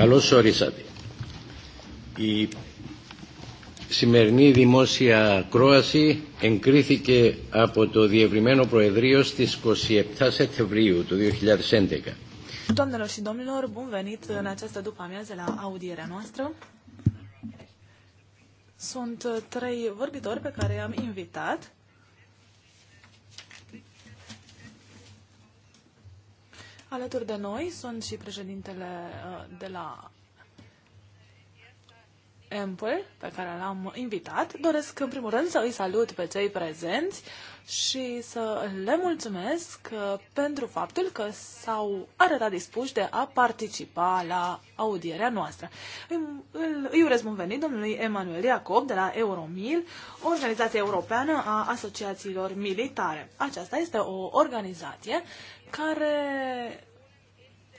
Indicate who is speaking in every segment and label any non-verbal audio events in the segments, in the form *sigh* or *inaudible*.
Speaker 1: Καλώς ορίσατε. Η
Speaker 2: σημερινή δημόσια κρόαση εγκρίθηκε από το Διευρυμένο Προεδρείο στις 27 Σεπτεμβρίου του 2011.
Speaker 1: Doamnelor și domnilor, bun venit în această după-amiază la audierea noastră. Sunt trei vorbitori pe care i-am invitat. Alături de noi sunt și președintele uh, de la Ample, pe care l-am invitat. Doresc în primul rând să îi salut pe cei prezenți și să le mulțumesc uh, pentru faptul că s-au arătat dispuși de a participa la audierea noastră. îi urez bun venit domnului Emanuel Iacob de la Euromil, o organizație europeană a asociațiilor militare. Aceasta este o organizație care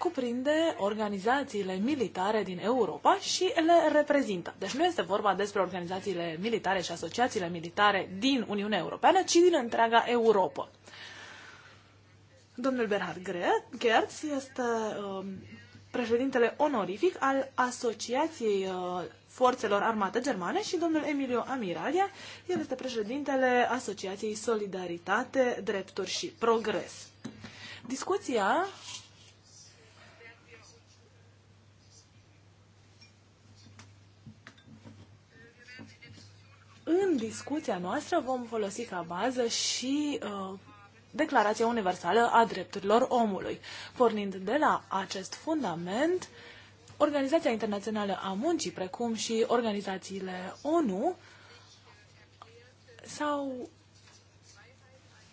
Speaker 1: cuprinde organizațiile militare din Europa și le reprezintă. Deci nu este vorba despre organizațiile militare și asociațiile militare din Uniunea Europeană, ci din întreaga Europa. Domnul Berhard Gertz este um, președintele onorific al Asociației uh, Forțelor Armate Germane și domnul Emilio Amiralia, el este președintele Asociației Solidaritate, Drepturi și Progres. Discuția în discuția noastră vom folosi ca bază și uh, Declarația Universală a Drepturilor Omului. Pornind de la acest fundament, Organizația Internațională a Muncii, precum și organizațiile ONU, sau au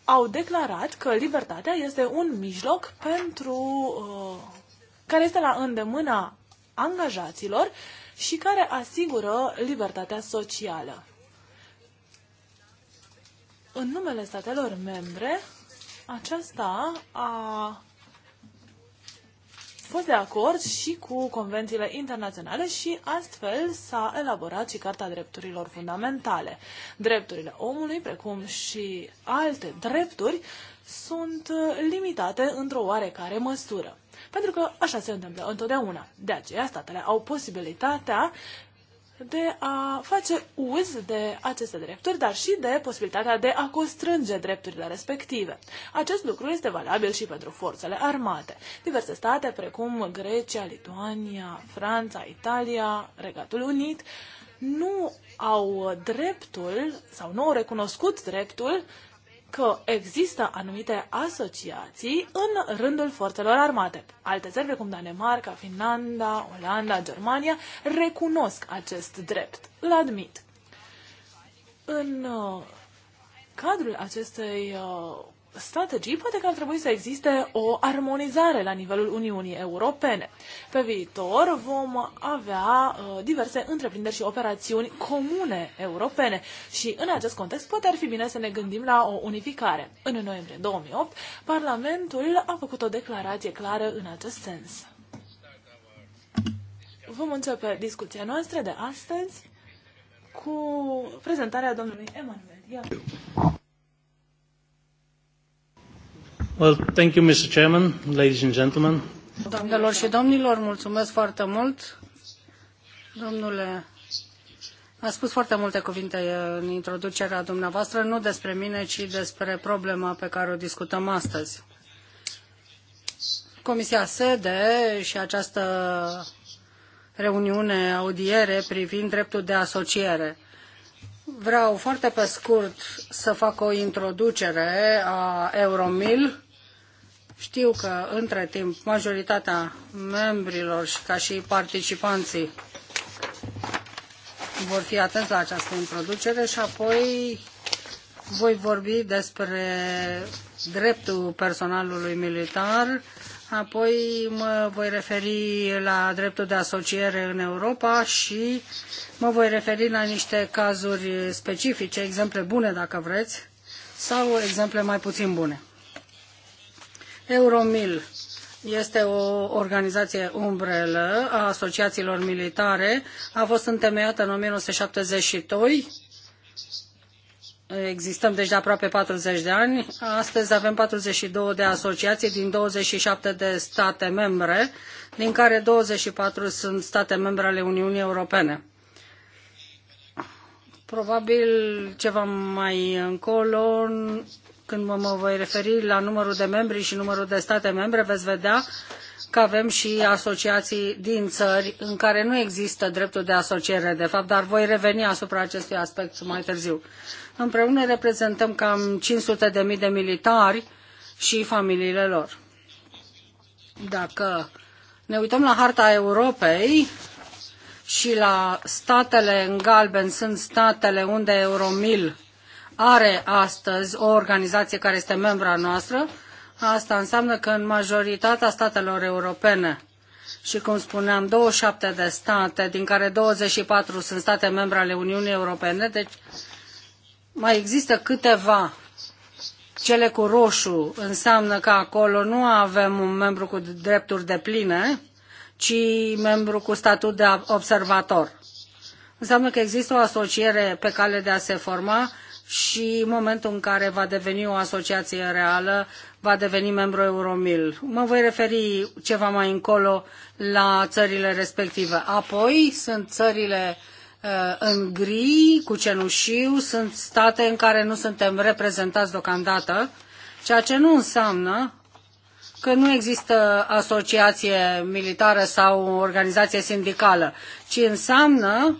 Speaker 1: au declarat că libertatea este un mijloc pentru uh, care este la îndemâna angajaților și care asigură libertatea socială în numele statelor membre, aceasta a fost de acord și cu convențiile internaționale și astfel s-a elaborat și Carta Drepturilor Fundamentale. Drepturile omului, precum și alte drepturi, sunt uh, limitate într-o oarecare măsură. Pentru că așa se întâmplă întotdeauna. De aceea, statele au posibilitatea de a face uz de aceste drepturi, dar și de posibilitatea de a constrânge drepturile respective. Acest lucru este valabil și pentru forțele armate. Diverse state, precum Grecia, Lituania, Franța, Italia, Regatul Unit, nu au dreptul sau nu au recunoscut dreptul că există anumite asociații în rândul forțelor armate. Alte țări, precum Danemarca, Finlanda, Olanda, Germania, recunosc acest drept. Îl admit. În uh, cadrul acestei uh, strategii, poate că ar trebui să existe o armonizare la nivelul Uniunii Europene. Pe viitor vom avea uh, diverse întreprinderi și operațiuni comune europene și în acest context poate ar fi bine să ne gândim la o unificare. În noiembrie 2008, Parlamentul a făcut o declarație clară în acest sens. Vom începe discuția noastră de astăzi cu prezentarea domnului Emanuel. Ia. Doamnelor și
Speaker 2: domnilor, mulțumesc foarte mult. Domnule, a spus foarte multe cuvinte în introducerea dumneavoastră, nu despre mine, ci despre problema pe care o discutăm astăzi. Comisia SEDE și această reuniune, audiere privind dreptul de asociere. Vreau foarte pe scurt să fac o introducere a Euromil știu că între timp majoritatea membrilor și ca și participanții vor fi atenți la această introducere și apoi voi vorbi despre dreptul personalului militar, apoi mă voi referi la dreptul de asociere în Europa și mă voi referi la niște cazuri specifice, exemple bune dacă vreți, sau exemple mai puțin bune. Euromil este o organizație umbrelă a asociațiilor militare. A fost întemeiată în 1972. Existăm deja de aproape 40 de ani. Astăzi avem 42 de asociații din 27 de state membre, din care 24 sunt state membre ale Uniunii Europene. Probabil ceva mai încolo când mă voi referi la numărul de membri și numărul de state membre, veți vedea că avem și asociații din țări în care nu există dreptul de asociere, de fapt, dar voi reveni asupra acestui aspect mai târziu. Împreună reprezentăm cam 500 de mii de militari și familiile lor. Dacă ne uităm la harta Europei și la statele în galben sunt statele unde Euromil are astăzi o organizație care este membra noastră. Asta înseamnă că în majoritatea statelor europene și, cum spuneam, 27 de state, din care 24 sunt state membre ale Uniunii Europene, deci mai există câteva cele cu roșu înseamnă că acolo nu avem un membru cu drepturi de pline, ci membru cu statut de observator. Înseamnă că există o asociere pe cale de a se forma și în momentul în care va deveni o asociație reală, va deveni membru Euromil. Mă voi referi ceva mai încolo la țările respective. Apoi sunt țările uh, în gri, cu cenușiu, sunt state în care nu suntem reprezentați deocamdată, ceea ce nu înseamnă că nu există asociație militară sau organizație sindicală, ci înseamnă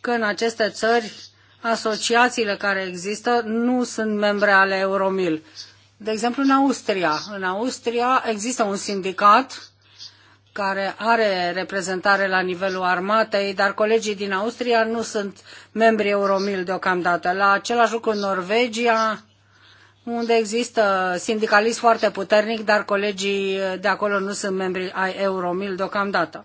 Speaker 2: că în aceste țări asociațiile care există nu sunt membre ale Euromil. De exemplu, în Austria. În Austria există un sindicat care are reprezentare la nivelul armatei, dar colegii din Austria nu sunt membri Euromil deocamdată. La același lucru în Norvegia, unde există sindicalist foarte puternic, dar colegii de acolo nu sunt membri ai Euromil deocamdată.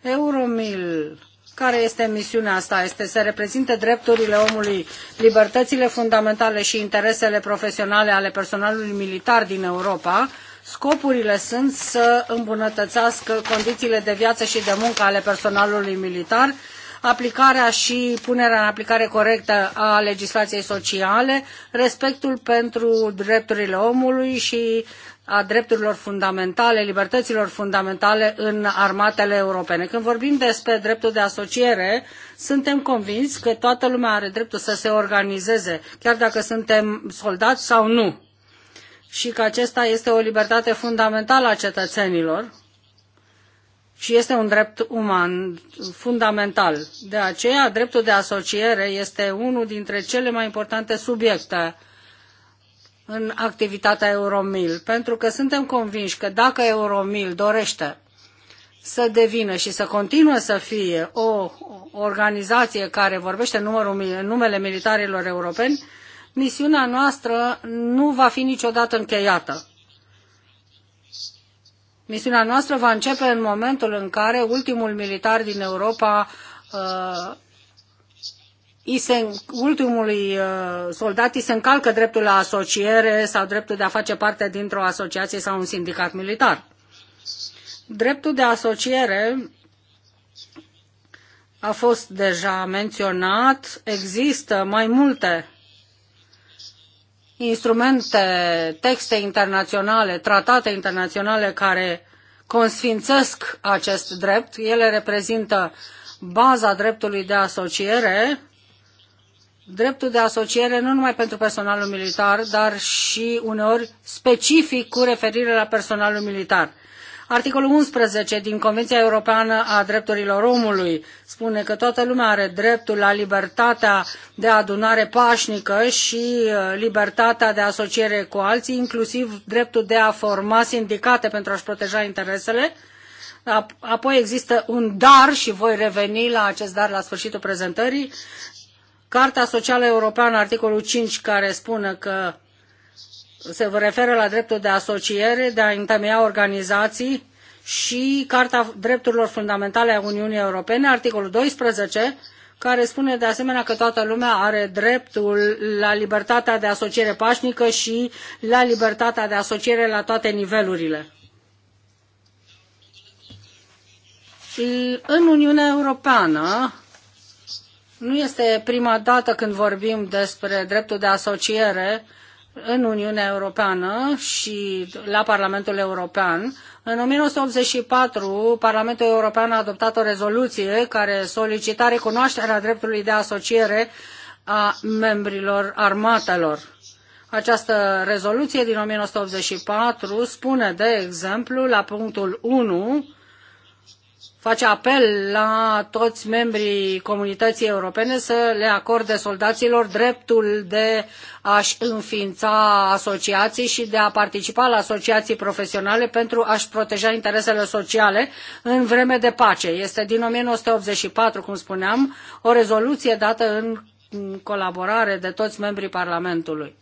Speaker 2: Euromil care este misiunea asta? Este să reprezinte drepturile omului, libertățile fundamentale și interesele profesionale ale personalului militar din Europa. Scopurile sunt să îmbunătățească condițiile de viață și de muncă ale personalului militar, aplicarea și punerea în aplicare corectă a legislației sociale, respectul pentru drepturile omului și a drepturilor fundamentale, libertăților fundamentale în armatele europene. Când vorbim despre dreptul de asociere, suntem convinși că toată lumea are dreptul să se organizeze, chiar dacă suntem soldați sau nu. Și că acesta este o libertate fundamentală a cetățenilor și este un drept uman fundamental. De aceea, dreptul de asociere este unul dintre cele mai importante subiecte în activitatea Euromil, pentru că suntem convinși că dacă Euromil dorește să devină și să continue să fie o organizație care vorbește numărul, numele militarilor europeni, misiunea noastră nu va fi niciodată încheiată. Misiunea noastră va începe în momentul în care ultimul militar din Europa uh, i se, ultimului uh, soldat îi se încalcă dreptul la asociere sau dreptul de a face parte dintr-o asociație sau un sindicat militar. Dreptul de asociere a fost deja menționat, există mai multe instrumente, texte internaționale, tratate internaționale care consfințesc acest drept. Ele reprezintă baza dreptului de asociere dreptul de asociere nu numai pentru personalul militar, dar și uneori specific cu referire la personalul militar. Articolul 11 din Convenția Europeană a Drepturilor Omului spune că toată lumea are dreptul la libertatea de adunare pașnică și uh, libertatea de asociere cu alții, inclusiv dreptul de a forma sindicate pentru a-și proteja interesele. Apoi există un dar și voi reveni la acest dar la sfârșitul prezentării, Carta Socială Europeană, articolul 5, care spune că se referă la dreptul de asociere, de a întemeia organizații și Carta Drepturilor Fundamentale a Uniunii Europene, articolul 12, care spune de asemenea că toată lumea are dreptul la libertatea de asociere pașnică și la libertatea de asociere la toate nivelurile. În Uniunea Europeană, nu este prima dată când vorbim despre dreptul de asociere în Uniunea Europeană și la Parlamentul European. În 1984, Parlamentul European a adoptat o rezoluție care solicita recunoașterea dreptului de asociere a membrilor armatelor. Această rezoluție din 1984 spune, de exemplu, la punctul 1, face apel la toți membrii comunității europene să le acorde soldaților dreptul de a-și înființa asociații și de a participa la asociații profesionale pentru a-și proteja interesele sociale în vreme de pace. Este din 1984, cum spuneam, o rezoluție dată în colaborare de toți membrii Parlamentului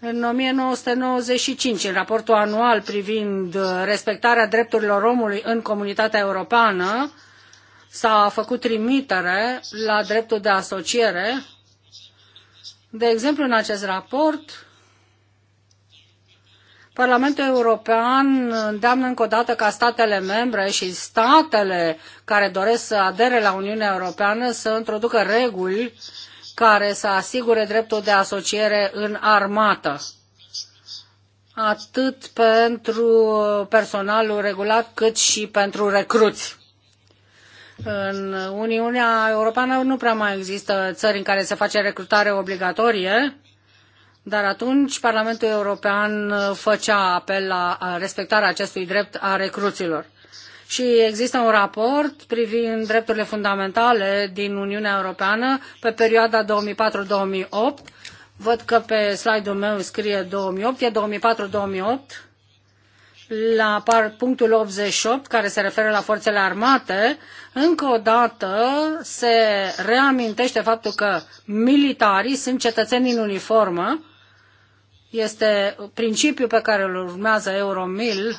Speaker 2: în 1995, în raportul anual privind respectarea drepturilor omului în comunitatea europeană, s-a făcut trimitere la dreptul de asociere. De exemplu, în acest raport, Parlamentul European îndeamnă încă o dată ca statele membre și statele care doresc să adere la Uniunea Europeană să introducă reguli care să asigure dreptul de asociere în armată, atât pentru personalul regulat, cât și pentru recruți. În Uniunea Europeană nu prea mai există țări în care se face recrutare obligatorie, dar atunci Parlamentul European făcea apel la respectarea acestui drept a recruților și există un raport privind drepturile fundamentale din Uniunea Europeană pe perioada 2004-2008. Văd că pe slide-ul meu scrie 2008, e 2004-2008 la punctul 88, care se referă la forțele armate, încă o dată se reamintește faptul că militarii sunt cetățeni în uniformă. Este principiul pe care îl urmează Euromil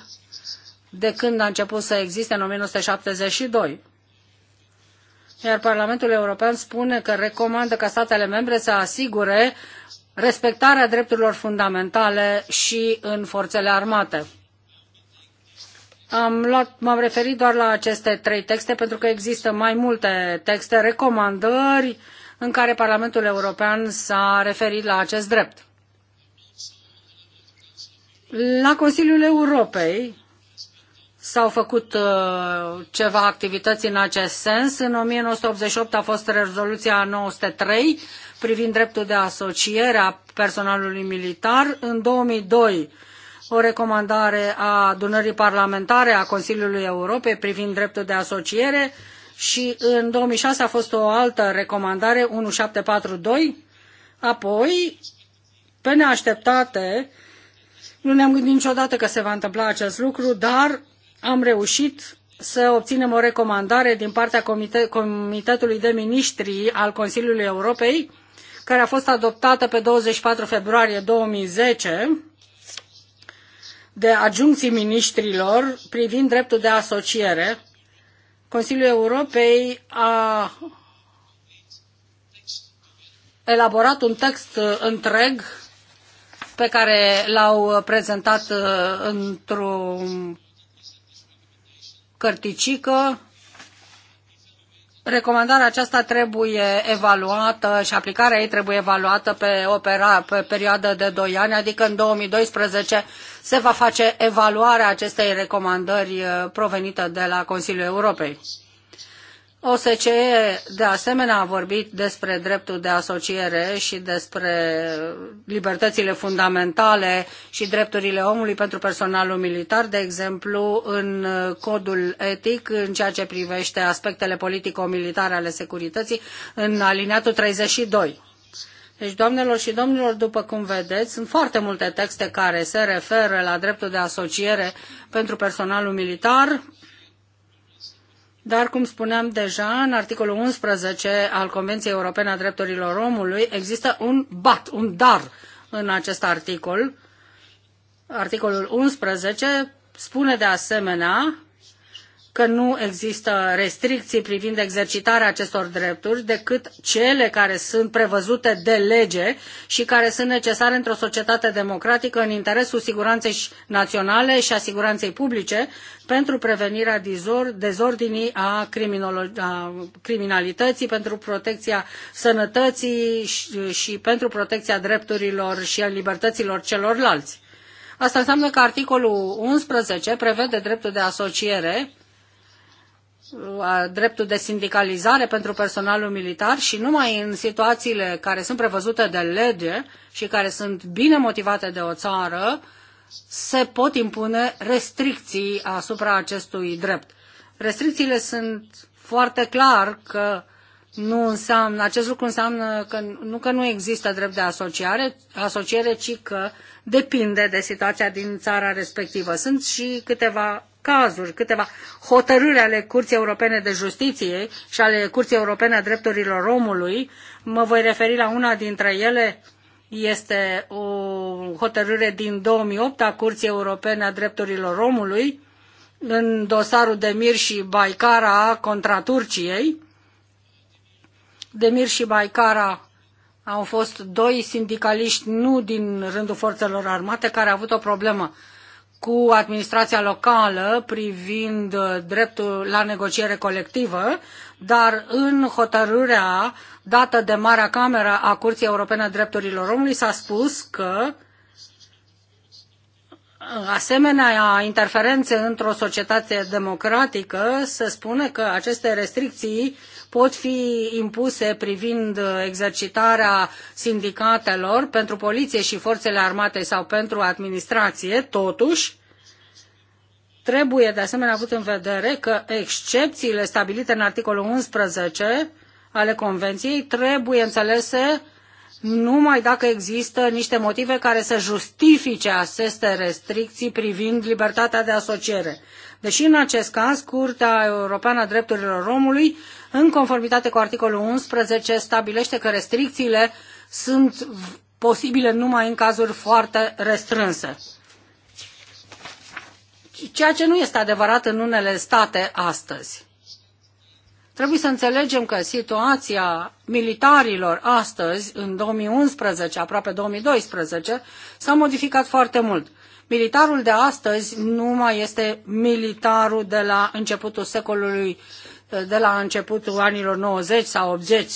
Speaker 2: de când a început să existe în 1972. Iar Parlamentul European spune că recomandă ca statele membre să asigure respectarea drepturilor fundamentale și în forțele armate. Am luat, m-am referit doar la aceste trei texte pentru că există mai multe texte, recomandări în care Parlamentul European s-a referit la acest drept. La Consiliul Europei S-au făcut uh, ceva activități în acest sens. În 1988 a fost rezoluția 903 privind dreptul de asociere a personalului militar. În 2002 o recomandare a adunării parlamentare a Consiliului Europei privind dreptul de asociere și în 2006 a fost o altă recomandare 1742. Apoi, pe neașteptate, nu ne-am gândit niciodată că se va întâmpla acest lucru, dar am reușit să obținem o recomandare din partea Comite Comitetului de Ministri al Consiliului Europei, care a fost adoptată pe 24 februarie 2010 de adjuncții ministrilor privind dreptul de asociere. Consiliul Europei a elaborat un text uh, întreg pe care l-au uh, prezentat uh, într-un cărticică. Recomandarea aceasta trebuie evaluată și aplicarea ei trebuie evaluată pe, opera, pe perioadă de 2 ani, adică în 2012 se va face evaluarea acestei recomandări uh, provenite de la Consiliul Europei. OSCE, de asemenea, a vorbit despre dreptul de asociere și despre libertățile fundamentale și drepturile omului pentru personalul militar, de exemplu, în codul etic, în ceea ce privește aspectele politico-militare ale securității, în aliniatul 32. Deci, doamnelor și domnilor, după cum vedeți, sunt foarte multe texte care se referă la dreptul de asociere pentru personalul militar, dar, cum spuneam deja, în articolul 11 al Convenției Europene a Drepturilor Omului există un bat, un dar în acest articol. Articolul 11 spune de asemenea că nu există restricții privind exercitarea acestor drepturi decât cele care sunt prevăzute de lege și care sunt necesare într-o societate democratică în interesul siguranței naționale și a siguranței publice pentru prevenirea dezordinii a, a criminalității, pentru protecția sănătății și, și pentru protecția drepturilor și a libertăților celorlalți. Asta înseamnă că articolul 11 prevede dreptul de asociere dreptul de sindicalizare pentru personalul militar și numai în situațiile care sunt prevăzute de lege și care sunt bine motivate de o țară, se pot impune restricții asupra acestui drept. Restricțiile sunt foarte clar că nu înseamnă, acest lucru înseamnă că nu că nu există drept de asociare, asociere, ci că depinde de situația din țara respectivă. Sunt și câteva cazuri, câteva hotărâri ale Curții Europene de Justiție și ale Curții Europene a Drepturilor Omului. Mă voi referi la una dintre ele, este o hotărâre din 2008 a Curții Europene a Drepturilor Omului în dosarul Demir și Baikara contra Turciei. Demir și Baikara au fost doi sindicaliști, nu din rândul forțelor armate, care au avut o problemă cu administrația locală privind uh, dreptul la negociere colectivă, dar în hotărârea dată de Marea Cameră a Curții Europene a Drepturilor Omului s-a spus că uh, asemenea interferențe într-o societate democratică, se spune că aceste restricții pot fi impuse privind exercitarea sindicatelor pentru poliție și forțele armate sau pentru administrație, totuși, Trebuie de asemenea avut în vedere că excepțiile stabilite în articolul 11 ale Convenției trebuie înțelese numai dacă există niște motive care să justifice aceste restricții privind libertatea de asociere. Deși în acest caz Curtea Europeană a Drepturilor Omului în conformitate cu articolul 11, stabilește că restricțiile sunt posibile numai în cazuri foarte restrânse. Ceea ce nu este adevărat în unele state astăzi. Trebuie să înțelegem că situația militarilor astăzi, în 2011, aproape 2012, s-a modificat foarte mult. Militarul de astăzi nu mai este militarul de la începutul secolului de la începutul anilor 90 sau 80.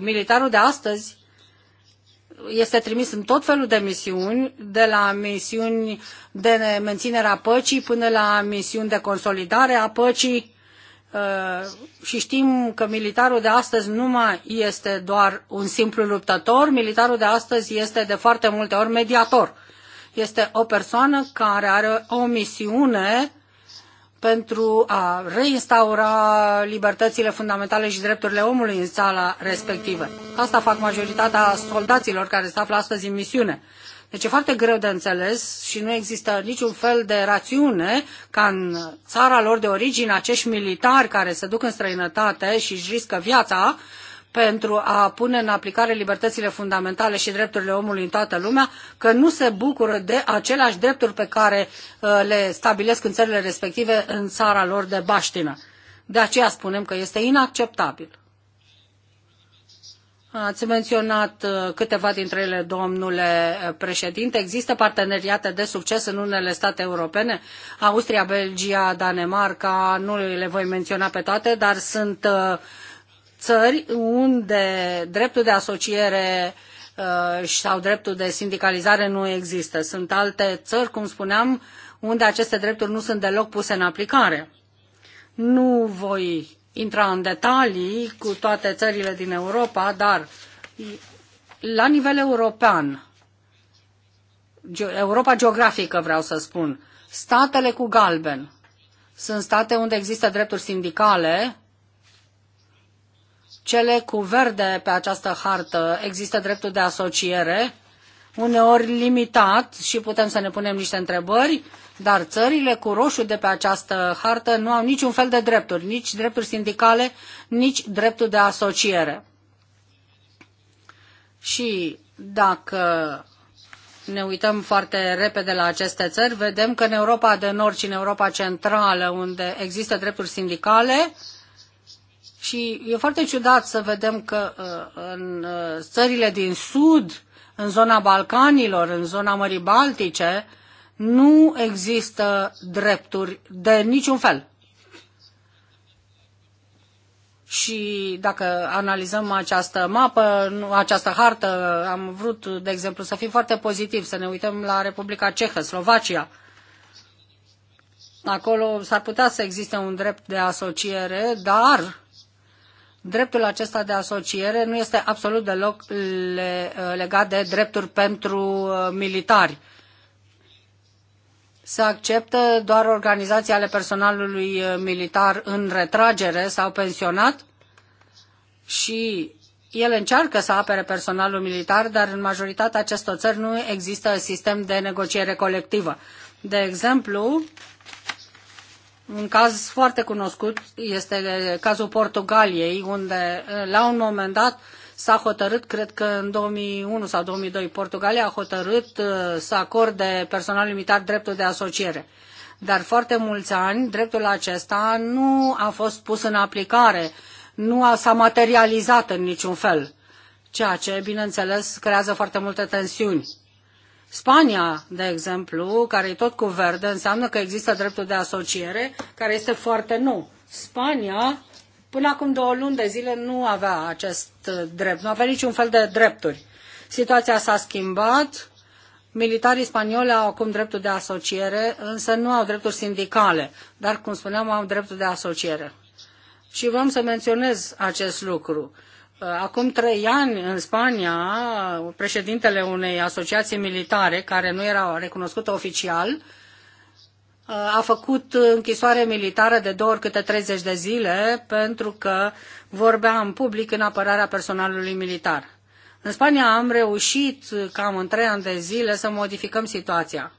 Speaker 2: Militarul de astăzi este trimis în tot felul de misiuni, de la misiuni de menținere a păcii până la misiuni de consolidare a păcii uh, și știm că militarul de astăzi nu mai este doar un simplu luptător, militarul de astăzi este de foarte multe ori mediator. Este o persoană care are o misiune pentru a reinstaura libertățile fundamentale și drepturile omului în țara respectivă. Asta fac majoritatea soldaților care se află astăzi în misiune. Deci e foarte greu de înțeles și nu există niciun fel de rațiune ca în țara lor de origine acești militari care se duc în străinătate și își riscă viața pentru a pune în aplicare libertățile fundamentale și drepturile omului în toată lumea, că nu se bucură de aceleași drepturi pe care uh, le stabilesc în țările respective în țara lor de baștină. De aceea spunem că este inacceptabil. Ați menționat uh, câteva dintre ele, domnule uh, președinte. Există parteneriate de succes în unele state europene, Austria, Belgia, Danemarca, nu le voi menționa pe toate, dar sunt țări unde dreptul de asociere uh, sau dreptul de sindicalizare nu există. Sunt alte țări, cum spuneam, unde aceste drepturi nu sunt deloc puse în aplicare. Nu voi intra în detalii cu toate țările din Europa, dar la nivel european, Europa geografică vreau să spun, statele cu galben sunt state unde există drepturi sindicale cele cu verde pe această hartă există dreptul de asociere, uneori limitat și putem să ne punem niște întrebări, dar țările cu roșu de pe această hartă nu au niciun fel de drepturi, nici drepturi sindicale, nici dreptul de asociere. Și dacă ne uităm foarte repede la aceste țări, vedem că în Europa de Nord și în Europa Centrală, unde există drepturi sindicale, și e foarte ciudat să vedem că uh, în uh, țările din Sud, în zona Balcanilor, în zona Mării Baltice, nu există drepturi de niciun fel. Și dacă analizăm această mapă, această hartă, am vrut, de exemplu, să fim foarte pozitiv, să ne uităm la Republica Cehă, Slovacia. Acolo s-ar putea să existe un drept de asociere, dar dreptul acesta de asociere nu este absolut deloc uh, legat de drepturi pentru uh, militari. Se acceptă doar organizații ale personalului uh, militar în retragere sau pensionat și el încearcă să apere personalul militar, dar în majoritatea acestor țări nu există sistem de negociere colectivă. De exemplu, un caz foarte cunoscut este cazul Portugaliei, unde eh, la un moment dat s-a hotărât, cred că în 2001 sau 2002, Portugalia a hotărât eh, să acorde personal limitat dreptul de asociere. Dar foarte mulți ani dreptul acesta nu a fost pus în aplicare, nu s-a materializat în niciun fel, ceea ce, bineînțeles, creează foarte multe tensiuni Spania, de exemplu, care e tot cu verde, înseamnă că există dreptul de asociere, care este foarte nou. Spania, până acum două luni de zile, nu avea acest uh, drept, nu avea niciun fel de drepturi. Situația s-a schimbat, militarii spanioli au acum dreptul de asociere, însă nu au drepturi sindicale, dar, cum spuneam, au dreptul de asociere. Și vreau să menționez acest lucru. Uh, acum trei ani, în Spania, președintele unei asociații militare, care nu era recunoscută oficial, uh, a făcut închisoare militară de două ori câte 30 de zile pentru că vorbea în public în apărarea personalului militar. În Spania am reușit cam în trei ani de zile să modificăm situația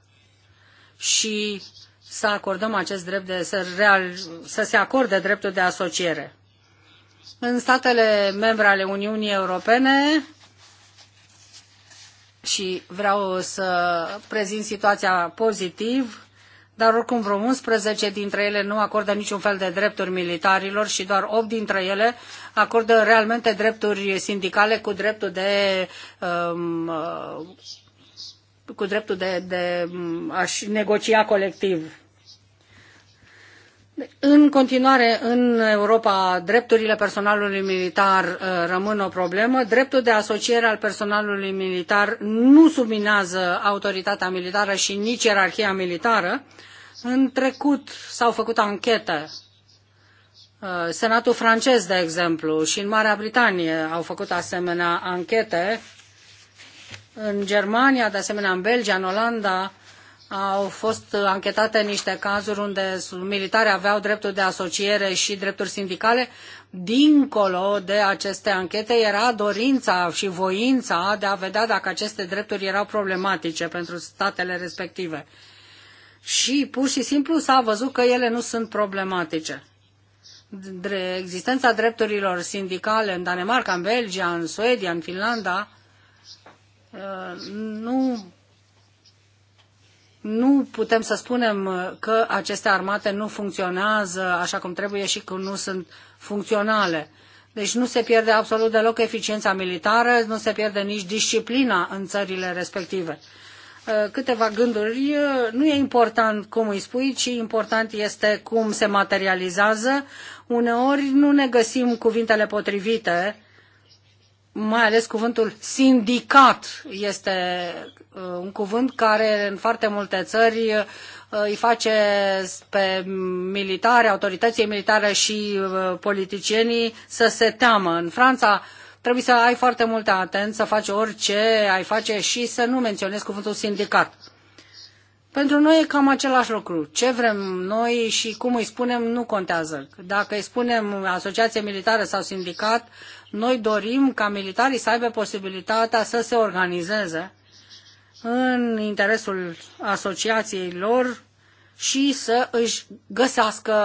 Speaker 2: și să acordăm acest drept de să, real, să se acorde dreptul de asociere. În statele membre ale Uniunii Europene, și vreau să prezint situația pozitiv, dar oricum vreo 11 dintre ele nu acordă niciun fel de drepturi militarilor și doar 8 dintre ele acordă realmente drepturi sindicale cu dreptul de um, uh, cu dreptul de, de um, a-și negocia colectiv. În continuare, în Europa, drepturile personalului militar uh, rămân o problemă. Dreptul de asociere al personalului militar nu subminează autoritatea militară și nici ierarhia militară. În trecut s-au făcut anchete. Uh, Senatul francez, de exemplu, și în Marea Britanie au făcut asemenea anchete. În Germania, de asemenea, în Belgia, în Olanda, au fost anchetate niște cazuri unde militari aveau dreptul de asociere și drepturi sindicale. Dincolo de aceste anchete era dorința și voința de a vedea dacă aceste drepturi erau problematice pentru statele respective. Și pur și simplu s-a văzut că ele nu sunt problematice. Existența drepturilor sindicale în Danemarca, în Belgia, în Suedia, în Finlanda, uh, nu nu putem să spunem că aceste armate nu funcționează așa cum trebuie și că nu sunt funcționale. Deci nu se pierde absolut deloc eficiența militară, nu se pierde nici disciplina în țările respective. Uh, câteva gânduri, nu e important cum îi spui, ci important este cum se materializează. Uneori nu ne găsim cuvintele potrivite, mai ales cuvântul sindicat este Uh, un cuvânt care în foarte multe țări uh, îi face pe militari, autorității militare și uh, politicienii să se teamă. În Franța trebuie să ai foarte multă atenție, să faci orice ai face și să nu menționezi cuvântul sindicat. Pentru noi e cam același lucru. Ce vrem noi și cum îi spunem nu contează. Dacă îi spunem asociație militară sau sindicat, noi dorim ca militarii să aibă posibilitatea să se organizeze în interesul asociației lor și să își găsească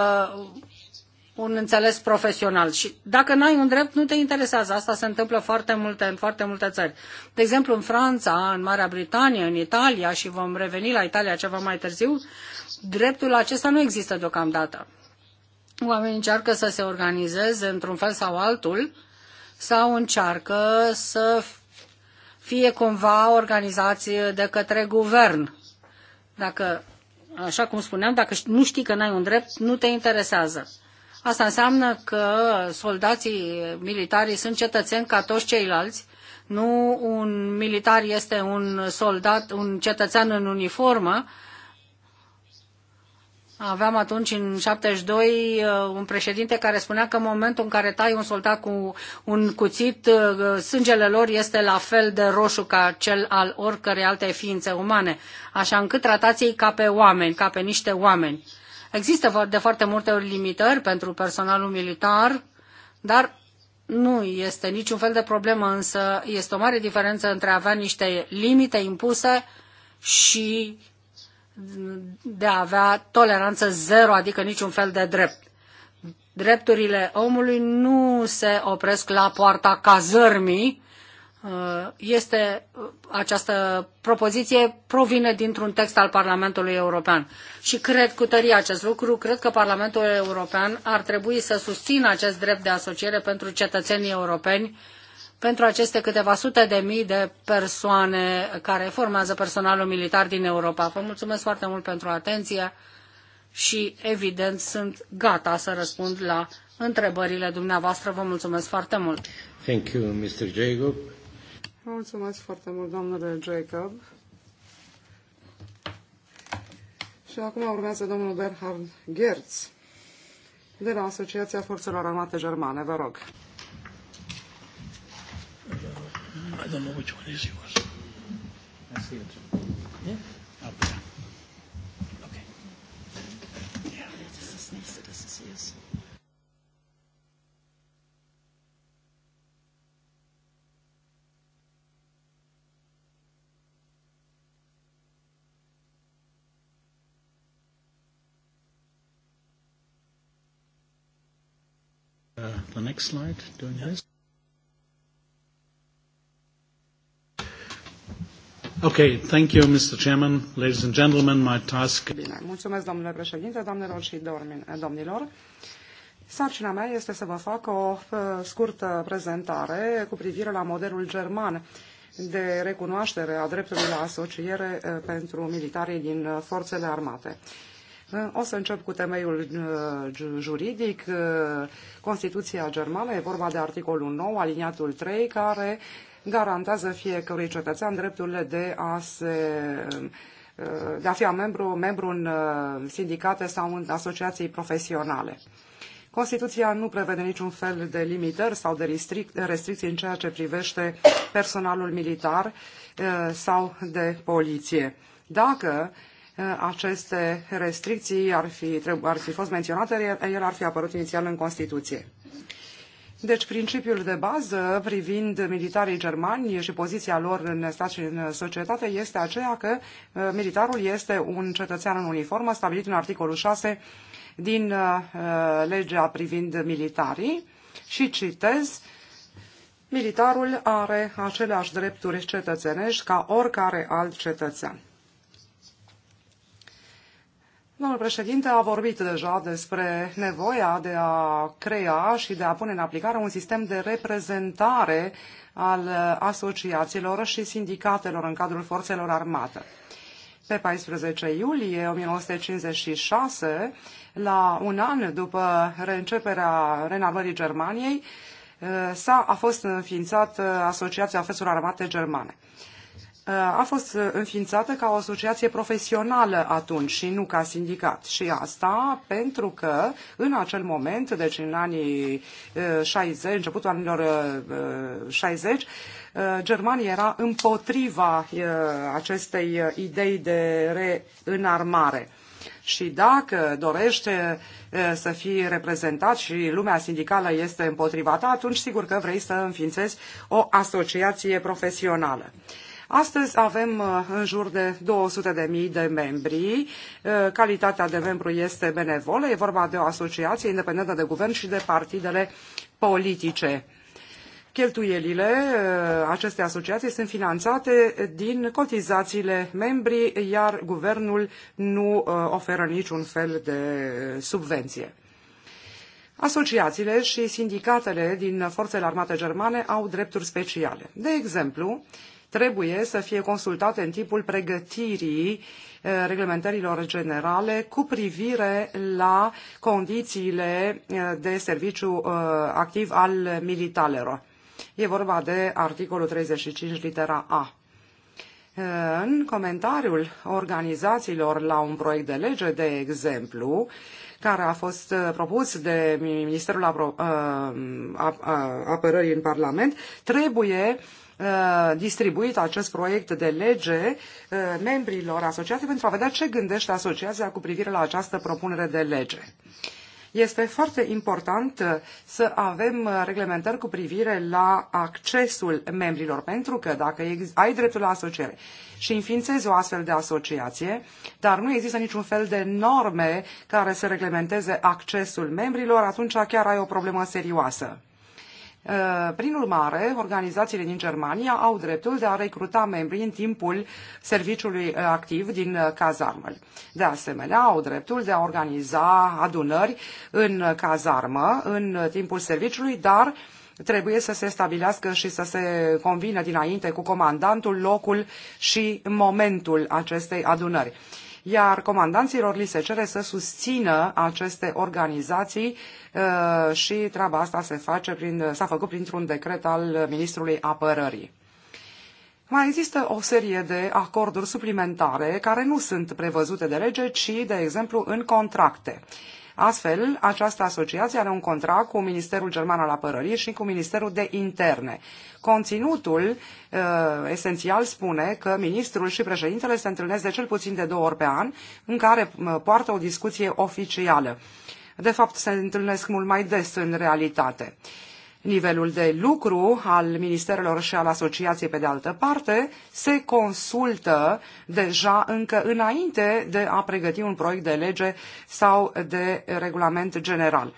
Speaker 2: un înțeles profesional. Și dacă n-ai un drept, nu te interesează. Asta se întâmplă foarte multe, în foarte multe țări. De exemplu, în Franța, în Marea Britanie, în Italia și vom reveni la Italia ceva mai târziu, dreptul acesta nu există deocamdată. Oamenii încearcă să se organizeze într-un fel sau altul sau încearcă să fie cumva organizație de către guvern. Dacă, așa cum spuneam, dacă nu știi că n-ai un drept, nu te interesează. Asta înseamnă că soldații militari sunt cetățeni ca toți ceilalți. Nu un militar este un soldat, un cetățean în uniformă, Aveam atunci, în 72, uh, un președinte care spunea că în momentul în care tai un soldat cu un cuțit, uh, sângele lor este la fel de roșu ca cel al oricărei alte ființe umane, așa încât tratați ca pe oameni, ca pe niște oameni. Există de foarte multe ori limitări pentru personalul militar, dar nu este niciun fel de problemă, însă este o mare diferență între a avea niște limite impuse și de a avea toleranță zero, adică niciun fel de drept. Drepturile omului nu se opresc la poarta cazărmii. Uh, este uh, această propoziție provine dintr-un text al Parlamentului European. Și cred cu tărie acest lucru, cred că Parlamentul European ar trebui să susțină acest drept de asociere pentru cetățenii europeni pentru aceste câteva sute de mii de persoane care formează personalul militar din Europa. Vă mulțumesc foarte mult pentru atenție și, evident, sunt gata să răspund la întrebările dumneavoastră.
Speaker 3: Vă mulțumesc foarte mult.
Speaker 2: Thank you, Mr. Jacob.
Speaker 3: Vă mulțumesc foarte mult, domnule Jacob. Și acum urmează domnul Berhard Gerz de la Asociația Forțelor Armate Germane. Vă rog.
Speaker 1: Da. know which one is yours. I see it. Yeah? Up there. Okay. Yeah. Uh, the
Speaker 2: next slide doing this.
Speaker 3: Okay, thank you, Mr. Chairman. Ladies and gentlemen, my task... Bine, mulțumesc, domnule președinte, doamnelor și domnilor. Sarcina mea este să vă fac o scurtă prezentare cu privire la modelul german de recunoaștere a dreptului la asociere pentru militarii din forțele armate. O să încep cu temeiul juridic. Constituția germană e vorba de articolul 9, aliniatul 3, care garantează fiecărui cetățean drepturile de a se uh, de a fi membru, membru în uh, sindicate sau în asociații profesionale. Constituția nu prevede niciun fel de limitări sau de restricții în ceea ce privește personalul militar uh, sau de poliție. Dacă aceste restricții ar fi, ar fi fost menționate, ele ar fi apărut inițial în Constituție. Deci principiul de bază privind militarii germani și poziția lor în stat și în societate este aceea că uh, militarul este un cetățean în uniformă stabilit în articolul 6 din uh, uh, legea privind militarii și citez Militarul are aceleași drepturi cetățenești ca oricare alt cetățean. Domnul președinte a vorbit deja despre nevoia de a crea și de a pune în aplicare un sistem de reprezentare al asociațiilor și sindicatelor în cadrul forțelor armate. Pe 14 iulie 1956, la un an după reînceperea renarmării Germaniei, s-a, a fost înființată Asociația Forțelor Armate Germane. Uh, a fost uh, înființată ca o asociație profesională atunci și nu ca sindicat. Și asta pentru că în acel moment, deci în anii 60, uh, începutul anilor 60, Germania era împotriva acestei idei de reînarmare. Și dacă dorește să fii reprezentat și lumea sindicală este împotriva ta, atunci sigur că vrei să înființezi o asociație profesională. Astăzi avem uh, în jur de 200.000 de membri. Uh, calitatea de membru este benevolă. E vorba de o asociație independentă de guvern și de partidele politice. Cheltuielile uh, acestei asociații sunt finanțate din cotizațiile membrii, iar guvernul nu oferă niciun fel de subvenție. Asociațiile și sindicatele din forțele armate germane au drepturi speciale. De exemplu, trebuie să fie consultate în timpul pregătirii eh, reglementărilor generale cu privire la condițiile eh, de serviciu eh, activ al militarelor. E vorba de articolul 35, litera A. În comentariul organizațiilor la un proiect de lege, de exemplu, care a fost propus de Ministerul Apărării în Parlament, trebuie Uh, distribuit acest proiect de lege uh, membrilor asociației pentru a vedea ce gândește asociația cu privire la această propunere de lege. Este foarte important uh, să avem reglementări cu privire la accesul membrilor, pentru că dacă ai dreptul la asociere și înființezi o astfel de asociație, dar nu există niciun fel de norme care să reglementeze accesul membrilor, atunci chiar ai o problemă serioasă. Uh, prin urmare, organizațiile din Germania au dreptul de a recruta membri în timpul serviciului uh, activ din uh, cazarmă. De asemenea, au dreptul de a organiza adunări în cazarmă în timpul serviciului, dar trebuie să se stabilească și să se convină dinainte cu comandantul locul și momentul acestei adunări iar comandanților li se cere să susțină aceste organizații uh, și treaba asta se face prin, s-a făcut printr-un decret al Ministrului Apărării. Mai există o serie de acorduri suplimentare care nu sunt prevăzute de lege, ci, de exemplu, în contracte. Astfel, această asociație are un contract cu Ministerul German al Apărării și cu Ministerul de Interne. Conținutul uh, esențial spune că ministrul și președintele se întâlnesc de cel puțin de două ori pe an, în care uh, poartă o discuție oficială. De fapt, se întâlnesc mult mai des în realitate. Uh, nivelul de lucru al ministerelor și al asociației pe de altă parte, se consultă deja încă înainte de a pregăti un proiect de lege sau de regulament general.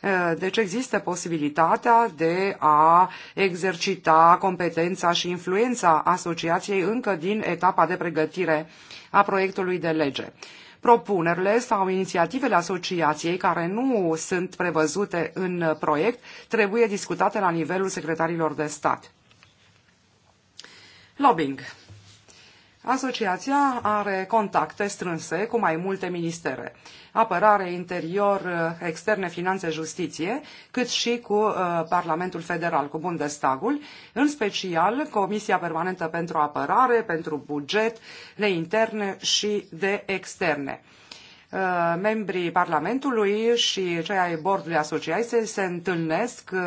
Speaker 3: Eh, deci există posibilitatea de a exercita competența și influența asociației încă din etapa de pregătire a proiectului de lege. Propunerile sau inițiativele asociației care nu sunt prevăzute în proiect trebuie discutate la nivelul secretarilor de stat. Lobbying. Asociația are contacte strânse cu mai multe ministere, apărare, interior, externe, finanțe, justiție, cât și cu uh, Parlamentul Federal, cu Bundestagul, în special Comisia Permanentă pentru Apărare, pentru buget, de interne și de externe uh, membrii Parlamentului și cei ai bordului asociației se întâlnesc uh,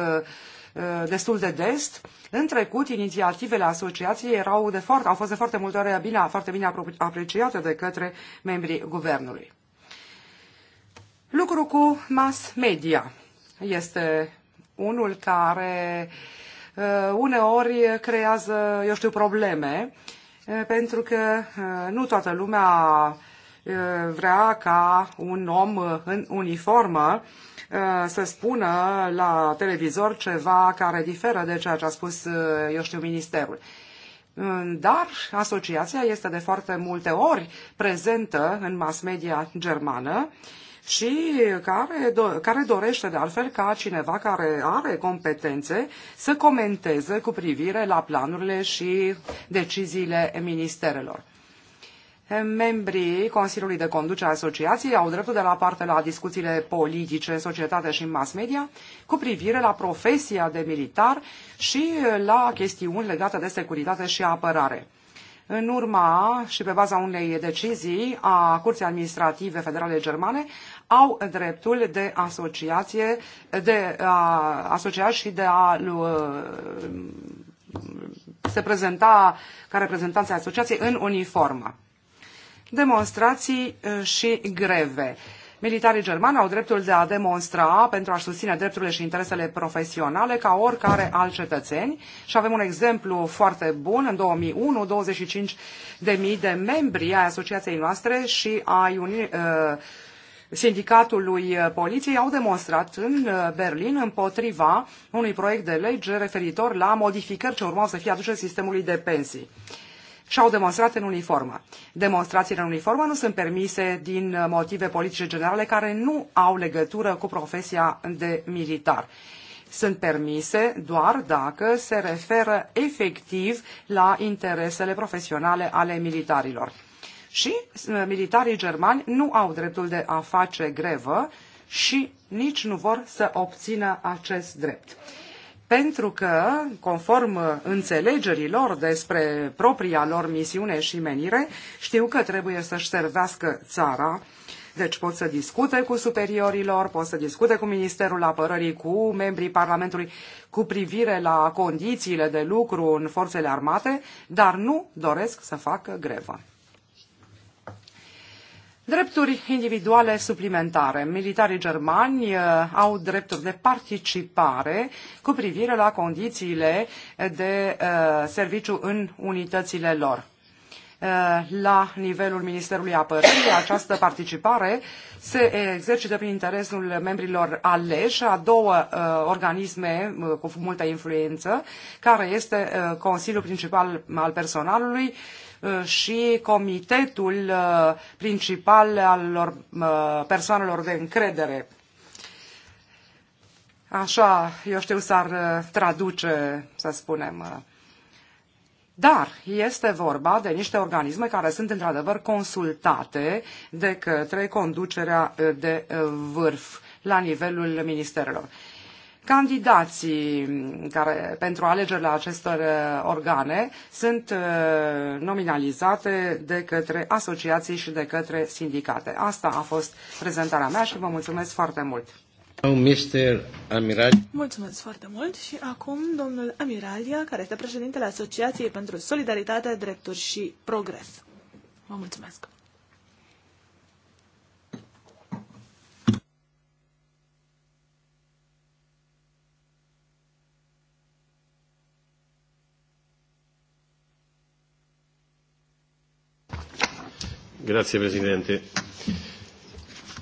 Speaker 3: Eh, destul de des. În trecut, inițiativele asociației erau de foarte, au fost de foarte multe ori bine, foarte bine apreciate de către membrii guvernului. Lucru cu mass media este unul care eh, uneori creează, eu știu, probleme, eh, pentru că nu toată lumea vrea ca un om în uniformă să spună la televizor ceva care diferă de ceea ce a spus, eu știu, ministerul. Dar asociația este de foarte multe ori prezentă în mass media germană și care, do- care dorește de altfel ca cineva care are competențe să comenteze cu privire la planurile și deciziile ministerelor membrii Consiliului de Conducere a Asociației au dreptul de la parte la discuțiile politice, societate și mass media cu privire la profesia de militar și la chestiuni legate de securitate și apărare. În urma și pe baza unei decizii a Curții Administrative Federale Germane, au dreptul de asociație, de a asocia și de a se prezenta ca reprezentanța asociației în uniformă demonstrații uh, și greve. Militarii germani au dreptul de a demonstra pentru a susține drepturile și interesele profesionale ca oricare alt cetățeni și avem un exemplu foarte bun. În 2001, 25 de mii de membri ai asociației noastre și ai Uni- uh, sindicatului uh, poliției au demonstrat în Berlin împotriva unui proiect de lege referitor la modificări ce urmau să fie aduse sistemului de pensii și-au demonstrat în uniformă. Demonstrațiile în uniformă nu sunt permise din uh, motive politice generale care nu au legătură cu profesia de militar sunt permise doar dacă se referă efectiv la interesele profesionale ale militarilor. Și uh, militarii germani nu au dreptul de a face grevă și nici nu vor să obțină acest drept pentru că, conform înțelegerilor despre propria lor misiune și menire, știu că trebuie să-și servească țara deci pot să discute cu superiorilor, pot să discute cu Ministerul Apărării, cu membrii Parlamentului, cu privire la condițiile de lucru în forțele armate, dar nu doresc să facă grevă. Drepturi individuale suplimentare. Militarii germani uh, au drepturi de participare cu privire la condițiile de uh, serviciu în unitățile lor. Uh, la nivelul Ministerului Apărării, această participare se exercită prin interesul membrilor aleși a două organisme cu multă influență, care este Consiliul Principal al Personalului Uh, și comitetul uh, principal al uh, persoanelor de încredere. Așa, eu știu, s-ar traduce, să spunem. Dar este vorba de niște organisme care sunt într-adevăr consultate de către conducerea de vârf la nivelul ministerelor. Candidații care, pentru alegerile acestor uh, organe sunt uh, nominalizate de către asociații și de către sindicate. Asta a fost prezentarea mea și vă mulțumesc foarte mult.
Speaker 2: Mr. Amiral.
Speaker 3: Mulțumesc foarte
Speaker 1: mult și acum domnul Amiralia, care este președintele Asociației pentru Solidaritate, Drepturi și Progres. Vă mulțumesc.
Speaker 2: Grazie, Presidente.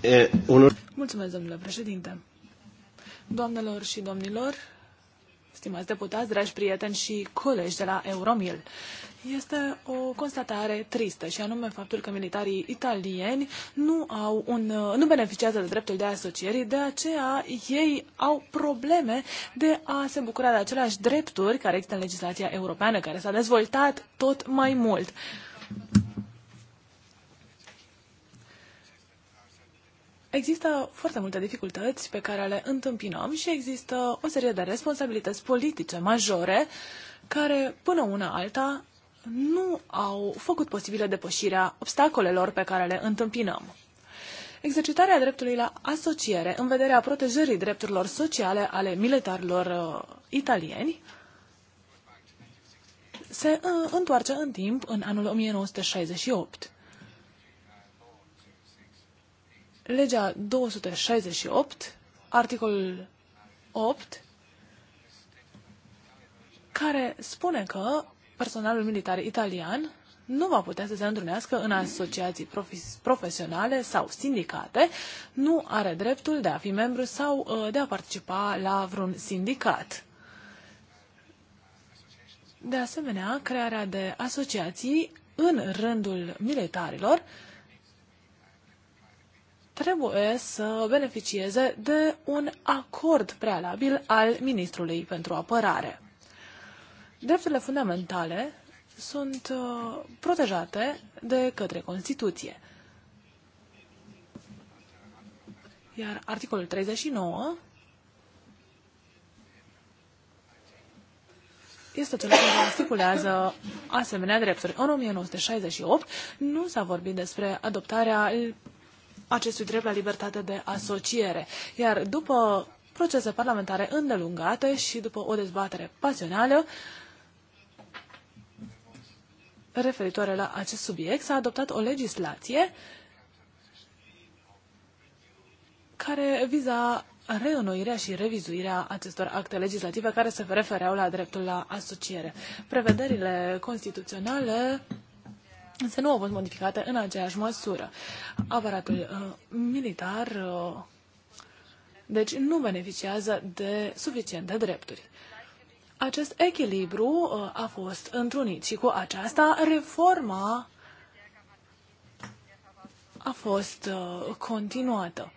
Speaker 3: E,
Speaker 1: Mulțumesc, domnule președinte. Doamnelor și domnilor, stimați deputați, dragi prieteni și colegi de la Euromil, este o constatare tristă și anume faptul că militarii italieni nu, au un, nu beneficiază de dreptul de asociere, de aceea ei au probleme de a se bucura de aceleași drepturi care există în legislația europeană, care s-a dezvoltat tot mai mult. Există foarte multe dificultăți pe care le întâmpinăm și există o serie de responsabilități politice majore care, până una alta, nu au făcut posibilă depășirea obstacolelor pe care le întâmpinăm. Exercitarea dreptului la asociere în vederea protejării drepturilor sociale ale militarilor uh, italieni se uh, întoarce în timp în anul 1968. legea 268, articolul 8, care spune că personalul militar italian nu va putea să se întrunească în asociații profes profesionale sau sindicate, nu are dreptul de a fi membru sau uh, de a participa la vreun sindicat. De asemenea, crearea de asociații în rândul militarilor trebuie să beneficieze de un acord prealabil al Ministrului pentru Apărare. Drepturile fundamentale sunt uh, protejate de către Constituție. Iar articolul 39 este cel care stipulează asemenea drepturi. În 1968 nu s-a vorbit despre adoptarea acestui drept la libertate de asociere. Iar după procese parlamentare îndelungate și după o dezbatere pasională referitoare la acest subiect, s-a adoptat o legislație care viza reînnoirea și revizuirea acestor acte legislative care se refereau la dreptul la asociere. Prevederile constituționale însă nu au fost modificate în aceeași măsură. Aparatul uh, militar uh, deci nu beneficiază de suficiente drepturi. Acest echilibru uh, a fost întrunit și cu aceasta reforma a fost uh, continuată.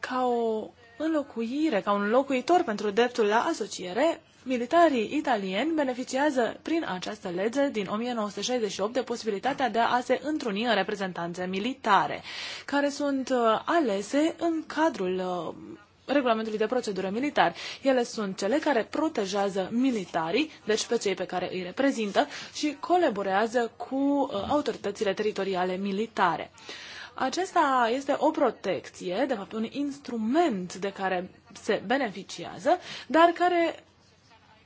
Speaker 1: Ca o înlocuire, ca un locuitor pentru dreptul la asociere, militarii italieni beneficiază prin această lege din 1968 de posibilitatea de a se întruni în reprezentanțe militare, care sunt uh, alese în cadrul uh, regulamentului de procedură militar. Ele sunt cele care protejează militarii, deci pe cei pe care îi reprezintă, și colaborează cu uh, autoritățile teritoriale militare. Acesta este o protecție, de fapt un instrument de care se beneficiază, dar care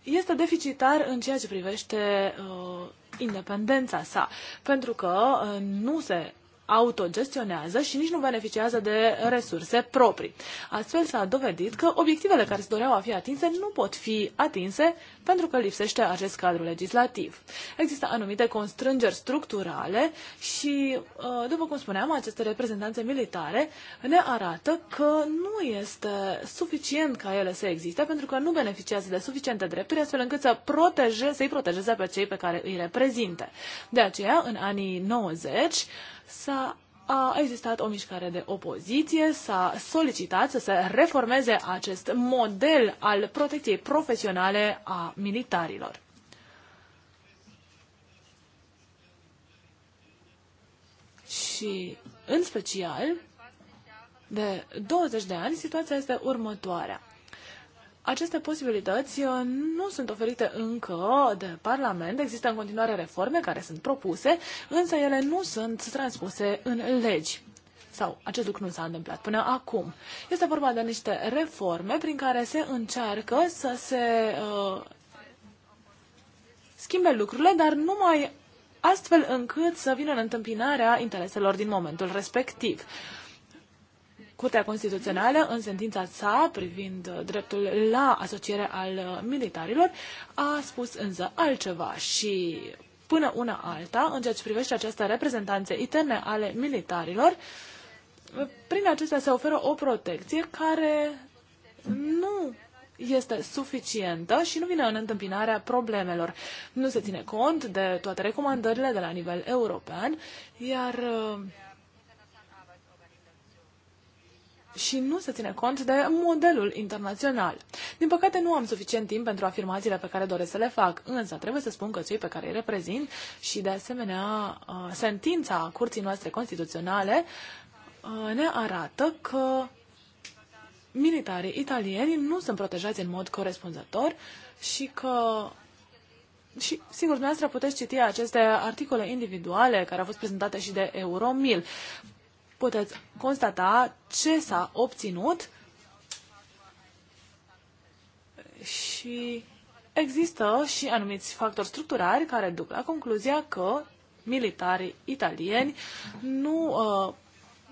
Speaker 1: este deficitar în ceea ce privește uh, independența sa, pentru că uh, nu se autogestionează și nici nu beneficiază de resurse proprii. Astfel s-a dovedit că obiectivele care se doreau a fi atinse nu pot fi atinse pentru că lipsește acest cadru legislativ. Există anumite constrângeri structurale și, uh, după cum spuneam, aceste reprezentanțe militare ne arată că nu este suficient ca ele să existe pentru că nu beneficiază de suficiente drepturi astfel încât să proteje, să-i protejeze pe cei pe care îi reprezinte. De aceea, în anii 90, S-a a existat o mișcare de opoziție, s-a solicitat să se reformeze acest model al protecției profesionale a militarilor. Și, în special, de 20 de ani, situația este următoarea. Aceste posibilități uh, nu sunt oferite încă de Parlament. Există în continuare reforme care sunt propuse, însă ele nu sunt transpuse în legi sau acest lucru nu s-a întâmplat până acum. Este vorba de niște reforme prin care se încearcă să se uh, schimbe lucrurile, dar numai astfel încât să vină în întâmpinarea intereselor din momentul respectiv. Uh, Curtea Constituțională, în sentința sa privind uh, dreptul la asociere al uh, militarilor, a spus însă altceva și până una alta, în ceea ce privește aceste reprezentanțe interne ale militarilor, prin acestea se oferă o protecție care nu este suficientă și nu vine în întâmpinarea problemelor. Nu se ține cont de toate recomandările de la nivel european, iar uh, și nu se ține cont de modelul internațional. Din păcate nu am suficient timp pentru afirmațiile pe care doresc să le fac, însă trebuie să spun că cei pe care îi reprezint și de asemenea uh, sentința curții noastre constituționale uh, ne arată că militarii italieni nu sunt protejați în mod corespunzător și că și, sigur, dumneavoastră puteți citi aceste articole individuale care au fost prezentate și de Euromil puteți constata ce s-a obținut și există și anumiți factori structurari care duc la concluzia că militarii italieni nu uh,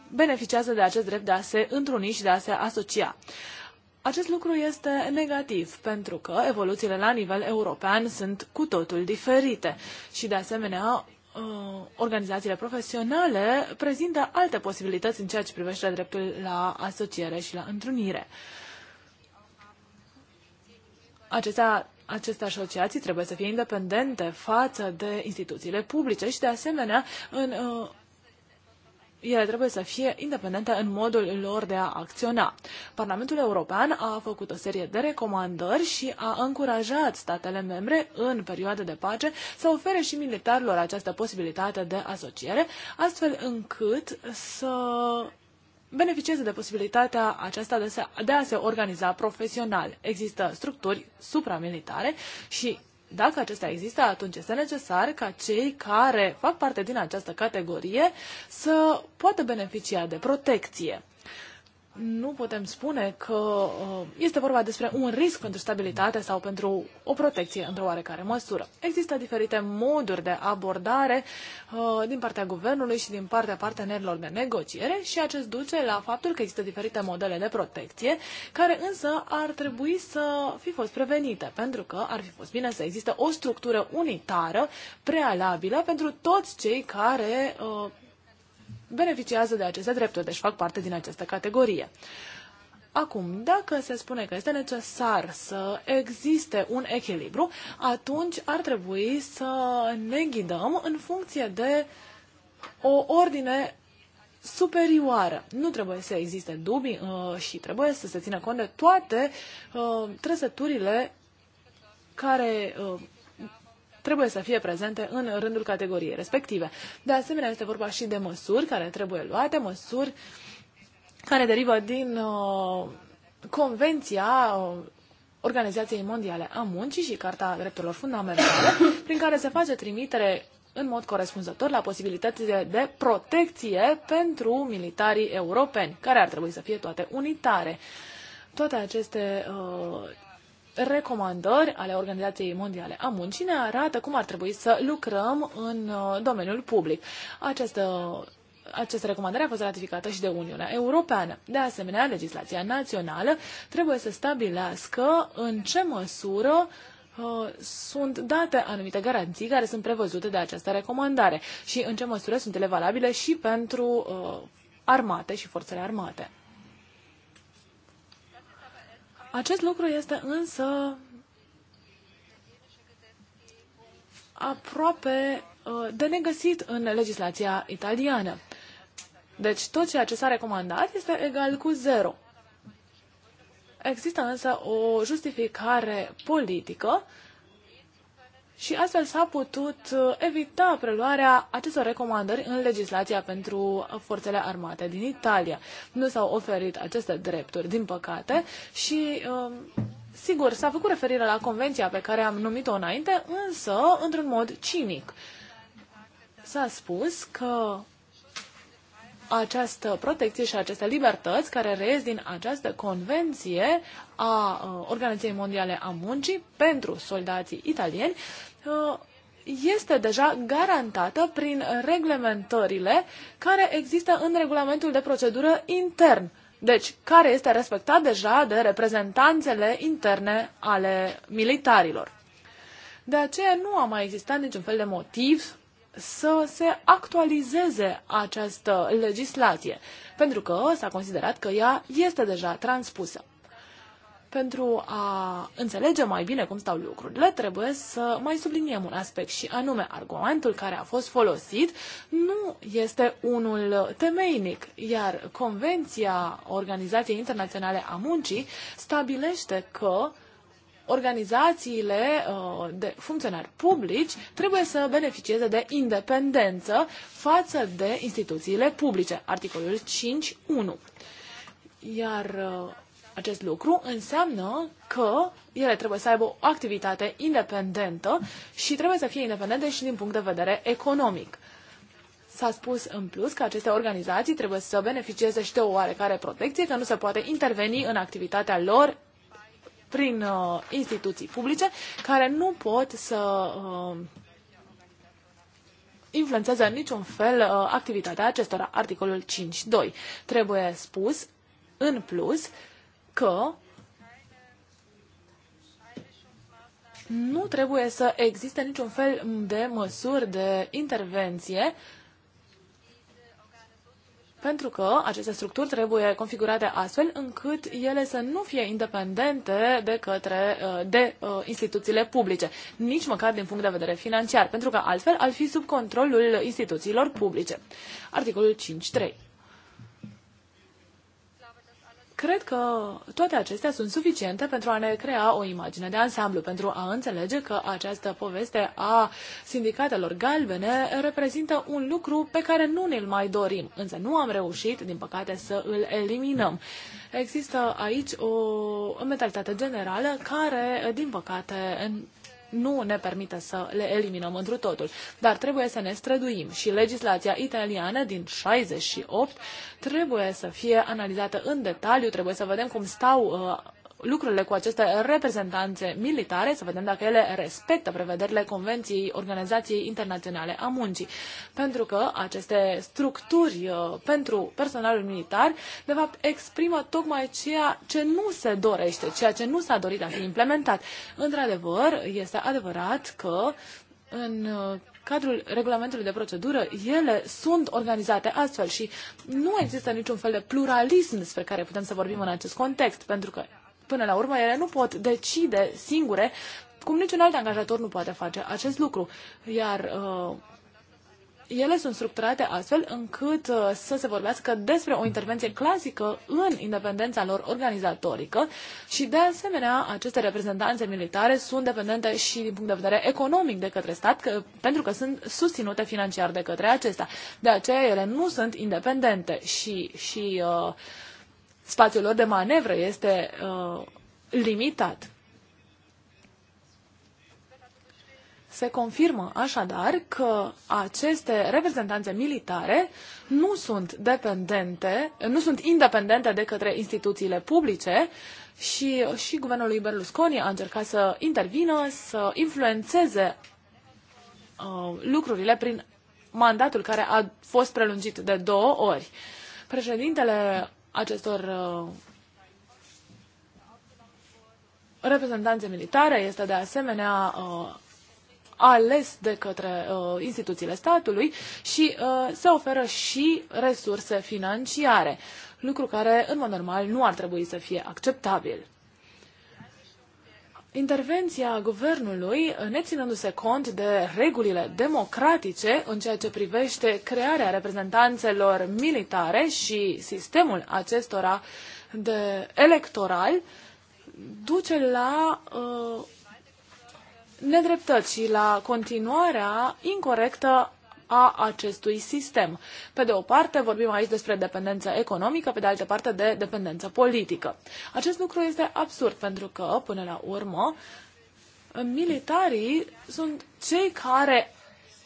Speaker 1: beneficiază de acest drept de a se întruni și de a se asocia. Acest lucru este negativ pentru că evoluțiile la nivel european sunt cu totul diferite și de asemenea Uh, organizațiile profesionale prezintă alte posibilități în ceea ce privește dreptul la asociere și la întrunire. Acestea, aceste asociații trebuie să fie independente față de instituțiile publice și, de asemenea, în uh, ele trebuie să fie independente în modul lor de a acționa. Parlamentul European a făcut o serie de recomandări și a încurajat statele membre în perioade de pace să ofere și militarilor această posibilitate de asociere, astfel încât să beneficieze de posibilitatea aceasta de, se, de a se organiza profesional. Există structuri supramilitare și dacă acestea există, atunci este necesar ca cei care fac parte din această categorie să poată beneficia de protecție nu putem spune că uh, este vorba despre un risc pentru stabilitate sau pentru o protecție într-o oarecare măsură. Există diferite moduri de abordare uh, din partea guvernului și din partea partenerilor de negociere și acest duce la faptul că există diferite modele de protecție care însă ar trebui să fi fost prevenite pentru că ar fi fost bine să existe o structură unitară prealabilă pentru toți cei care uh, beneficiază de aceste drepturi, deci fac parte din această categorie. Acum, dacă se spune că este necesar să existe un echilibru, atunci ar trebui să ne ghidăm în funcție de o ordine superioară. Nu trebuie să existe dubii uh, și trebuie să se țină cont de toate uh, trăsăturile care uh, trebuie să fie prezente în rândul categoriei respective. De asemenea, este vorba și de măsuri care trebuie luate, măsuri care derivă din uh, Convenția uh, Organizației Mondiale a Muncii și Carta Drepturilor Fundamentale, prin care se face trimitere în mod corespunzător la posibilitățile de protecție pentru militarii europeni, care ar trebui să fie toate unitare. Toate aceste uh, recomandări ale Organizației Mondiale a Muncii ne arată cum ar trebui să lucrăm în uh, domeniul public. Această această recomandare a fost ratificată și de Uniunea Europeană. De asemenea, legislația națională trebuie să stabilească în ce măsură uh, sunt date anumite garanții care sunt prevăzute de această recomandare și în ce măsură sunt ele valabile și pentru uh, armate și forțele armate. Acest lucru este însă aproape uh, de negăsit în legislația italiană. Deci tot ceea ce s-a recomandat este egal cu zero. Există însă o justificare politică și astfel s-a putut uh, evita preluarea acestor recomandări în legislația pentru uh, forțele armate din Italia. Nu s-au oferit aceste drepturi, din păcate, și um, sigur, s-a făcut referire la convenția pe care am numit-o înainte, însă într-un mod cinic. S-a spus că această protecție și aceste libertăți care reies din această convenție a uh, Organizației Mondiale a Muncii pentru soldații italieni uh, este deja garantată prin reglementările care există în regulamentul de procedură intern, deci care este respectat deja de reprezentanțele interne ale militarilor. De aceea nu a mai existat niciun fel de motiv să se actualizeze această legislație, pentru că s-a considerat că ea este deja transpusă. Pentru a înțelege mai bine cum stau lucrurile, trebuie să mai subliniem un aspect și anume argumentul care a fost folosit nu este unul temeinic, iar Convenția Organizației Internaționale a Muncii stabilește că organizațiile uh, de funcționari publici trebuie să beneficieze de independență față de instituțiile publice, articolul 5.1. Iar uh, acest lucru înseamnă că ele trebuie să aibă o activitate independentă și trebuie să fie independente și din punct de vedere economic. S-a spus în plus că aceste organizații trebuie să beneficieze și de o oarecare protecție, că nu se poate interveni în activitatea lor prin uh, instituții publice care nu pot să uh, influențeze în niciun fel uh, activitatea acestora. Articolul 5.2. Trebuie spus în plus că nu trebuie să existe niciun fel de măsuri de intervenție uh, pentru că aceste structuri trebuie configurate astfel încât ele să nu fie independente de către uh, de uh, instituțiile publice, nici măcar din punct de vedere financiar, pentru că altfel ar fi sub controlul instituțiilor publice. Articolul 5.3. Cred că toate acestea sunt suficiente pentru a ne crea o imagine de ansamblu, pentru a înțelege că această poveste a sindicatelor galbene reprezintă un lucru pe care nu ne-l mai dorim, însă nu am reușit, din păcate, să îl eliminăm. Există aici o mentalitate generală care, din păcate, nu ne permite să le eliminăm întru totul. Dar trebuie să ne străduim și legislația italiană din 68 trebuie să fie analizată în detaliu, trebuie să vedem cum stau uh, lucrurile cu aceste reprezentanțe militare, să vedem dacă ele respectă prevederile Convenției Organizației Internaționale a Muncii. Pentru că aceste structuri uh, pentru personalul militar, de fapt, exprimă tocmai ceea ce nu se dorește, ceea ce nu s-a dorit a fi implementat. Într-adevăr, este adevărat că în uh, cadrul regulamentului de procedură, ele sunt organizate astfel și nu există niciun fel de pluralism despre care putem să vorbim în acest context, pentru că Până la urmă, ele nu pot decide singure, cum niciun alt angajator nu poate face acest lucru. Iar uh, ele sunt structurate astfel încât uh, să se vorbească despre o intervenție clasică în independența lor organizatorică și, de asemenea, aceste reprezentanțe militare sunt dependente și din punct de vedere economic de către stat, că, pentru că sunt susținute financiar de către acesta. De aceea, ele nu sunt independente și, și uh, spațiul lor de manevră este uh, limitat. Se confirmă așadar că aceste reprezentanțe militare nu sunt dependente, nu sunt independente de către instituțiile publice și, și guvernul lui Berlusconi a încercat să intervină, să influențeze uh, lucrurile prin mandatul care a fost prelungit de două ori. Președintele acestor uh, reprezentanțe militare este de asemenea uh, ales de către uh, instituțiile statului și uh, se oferă și resurse financiare, lucru care, în mod normal, nu ar trebui să fie acceptabil intervenția guvernului, neținându-se cont de regulile democratice în ceea ce privește crearea reprezentanțelor militare și sistemul acestora de electoral, duce la uh, nedreptăți și la continuarea incorrectă a acestui sistem. Pe de o parte, vorbim aici despre dependență economică, pe de altă parte de dependență politică. Acest lucru este absurd pentru că, până la urmă, militarii sunt cei care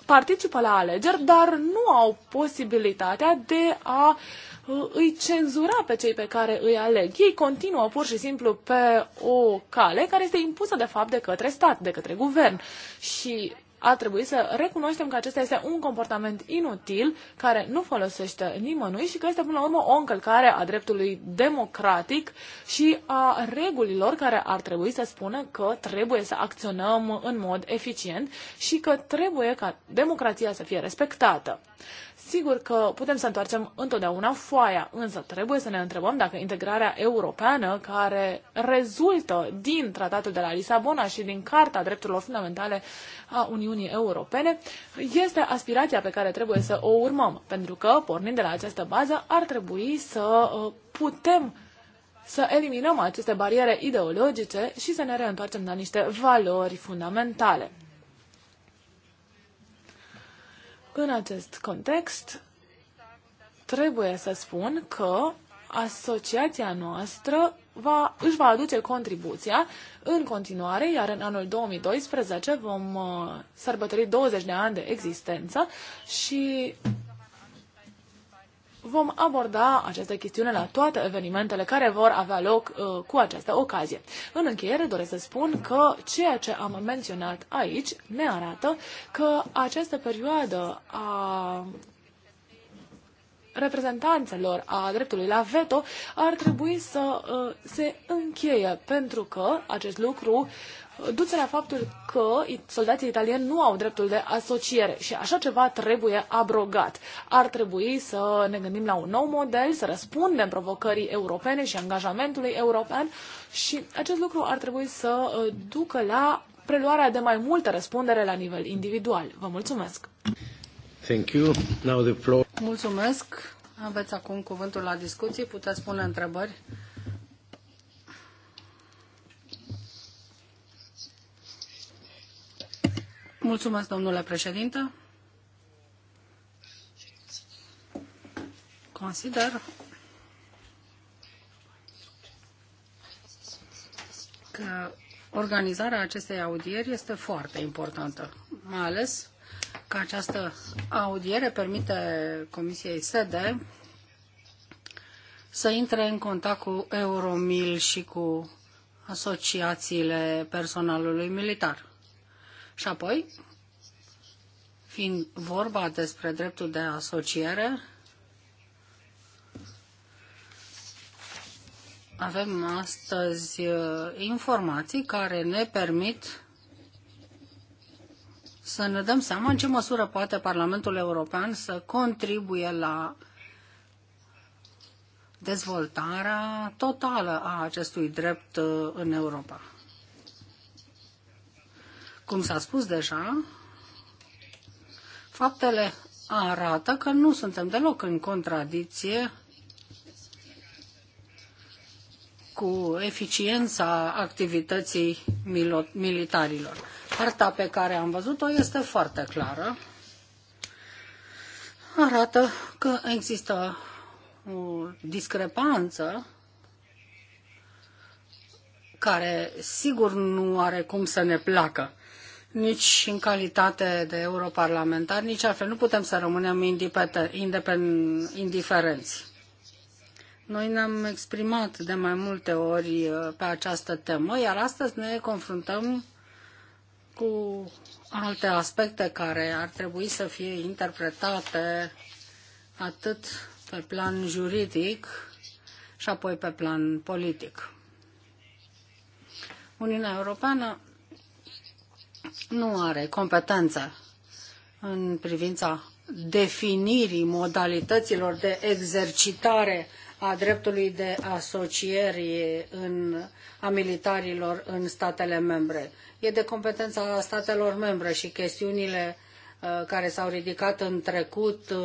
Speaker 1: participă la alegeri, dar nu au posibilitatea de a uh, îi cenzura pe cei pe care îi aleg. Ei continuă pur și simplu pe o cale care este impusă de fapt de către stat, de către guvern. Și a trebui să recunoaștem că acesta este un comportament inutil, care nu folosește nimănui și că este până la urmă o încălcare a dreptului democratic și a regulilor care ar trebui să spună că trebuie să acționăm în mod eficient și că trebuie ca democrația să fie respectată. Sigur că putem să întoarcem întotdeauna foaia, însă trebuie să ne întrebăm dacă integrarea europeană care rezultă din tratatul de la Lisabona și din Carta Drepturilor Fundamentale a Uniunii Europene este aspirația pe care trebuie să o urmăm, pentru că, pornind de la această bază, ar trebui să uh, putem să eliminăm aceste bariere ideologice și să ne reîntoarcem la niște valori fundamentale. În acest context, trebuie să spun că asociația noastră va, își va aduce contribuția în continuare, iar în anul 2012 vom uh, sărbători 20 de ani de existență și vom aborda această chestiune la toate evenimentele care vor avea loc uh, cu această ocazie. În încheiere doresc să spun că ceea ce am menționat aici ne arată că această perioadă a reprezentanțelor a dreptului la veto ar trebui să uh, se încheie, pentru că acest lucru duce la faptul că soldații italieni nu au dreptul de asociere și așa ceva trebuie abrogat. Ar trebui să ne gândim la un nou model, să răspundem provocării europene și angajamentului european și acest lucru ar trebui să uh, ducă la preluarea de mai multă răspundere la nivel individual. Vă mulțumesc!
Speaker 2: Thank you. Now the floor.
Speaker 1: Mulțumesc! Aveți acum cuvântul la discuții,
Speaker 2: puteți pune întrebări. domnule președinte. Consider că organizarea acestei audieri este foarte importantă, mai ales că această audiere permite Comisiei SEDE să intre în contact cu Euromil și cu asociațiile personalului militar. Și apoi, fiind vorba despre dreptul de asociere, avem astăzi uh, informații care ne permit să ne dăm seama în ce măsură poate Parlamentul European să contribuie la dezvoltarea totală a acestui drept uh, în Europa. Cum s-a spus deja, faptele arată că nu suntem deloc în contradicție cu eficiența activității militarilor. Harta pe care am văzut-o este foarte clară. Arată că există o discrepanță care sigur nu are cum să ne placă nici în calitate de europarlamentar, nici altfel. Nu putem să rămânem indiferenți. Noi ne-am exprimat de mai multe ori uh, pe această temă, iar astăzi ne confruntăm cu alte aspecte care ar trebui să fie interpretate atât pe plan juridic și apoi pe plan politic. Uniunea Europeană nu are competență în privința definirii modalităților de exercitare a dreptului de asociere în, a militarilor în statele membre. E de competența statelor membre și chestiunile uh, care s-au ridicat în trecut uh,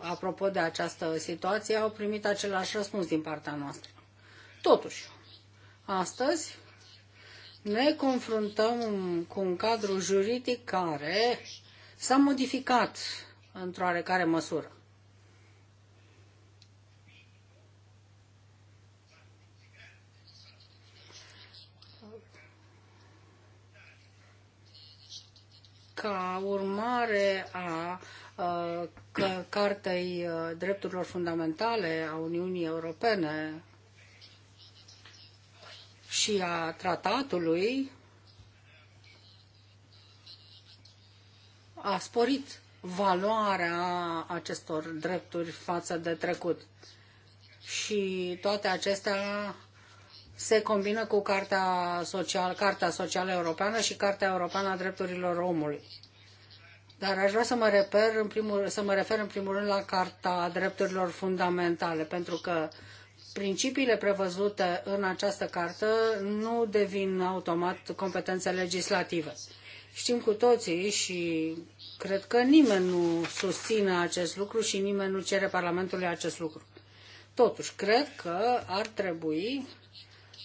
Speaker 2: apropo de această situație au primit același răspuns din partea noastră. Totuși, astăzi ne confruntăm cu un cadru juridic care s-a modificat într-o oarecare măsură. Ca urmare a Cartei Drepturilor Fundamentale a Uniunii Europene și a tratatului a sporit valoarea acestor drepturi față de trecut. Și toate acestea se combină cu Cartea, socială, Cartea Socială Europeană și Cartea Europeană a Drepturilor Omului. Dar aș vrea să mă, refer în primul, să mă refer în primul rând la Carta Drepturilor Fundamentale, pentru că uh, principiile prevăzute în această carte nu devin automat competențe legislative. Știm cu toții și cred că nimeni nu susține acest lucru și nimeni nu cere Parlamentului acest lucru. Totuși, cred că ar trebui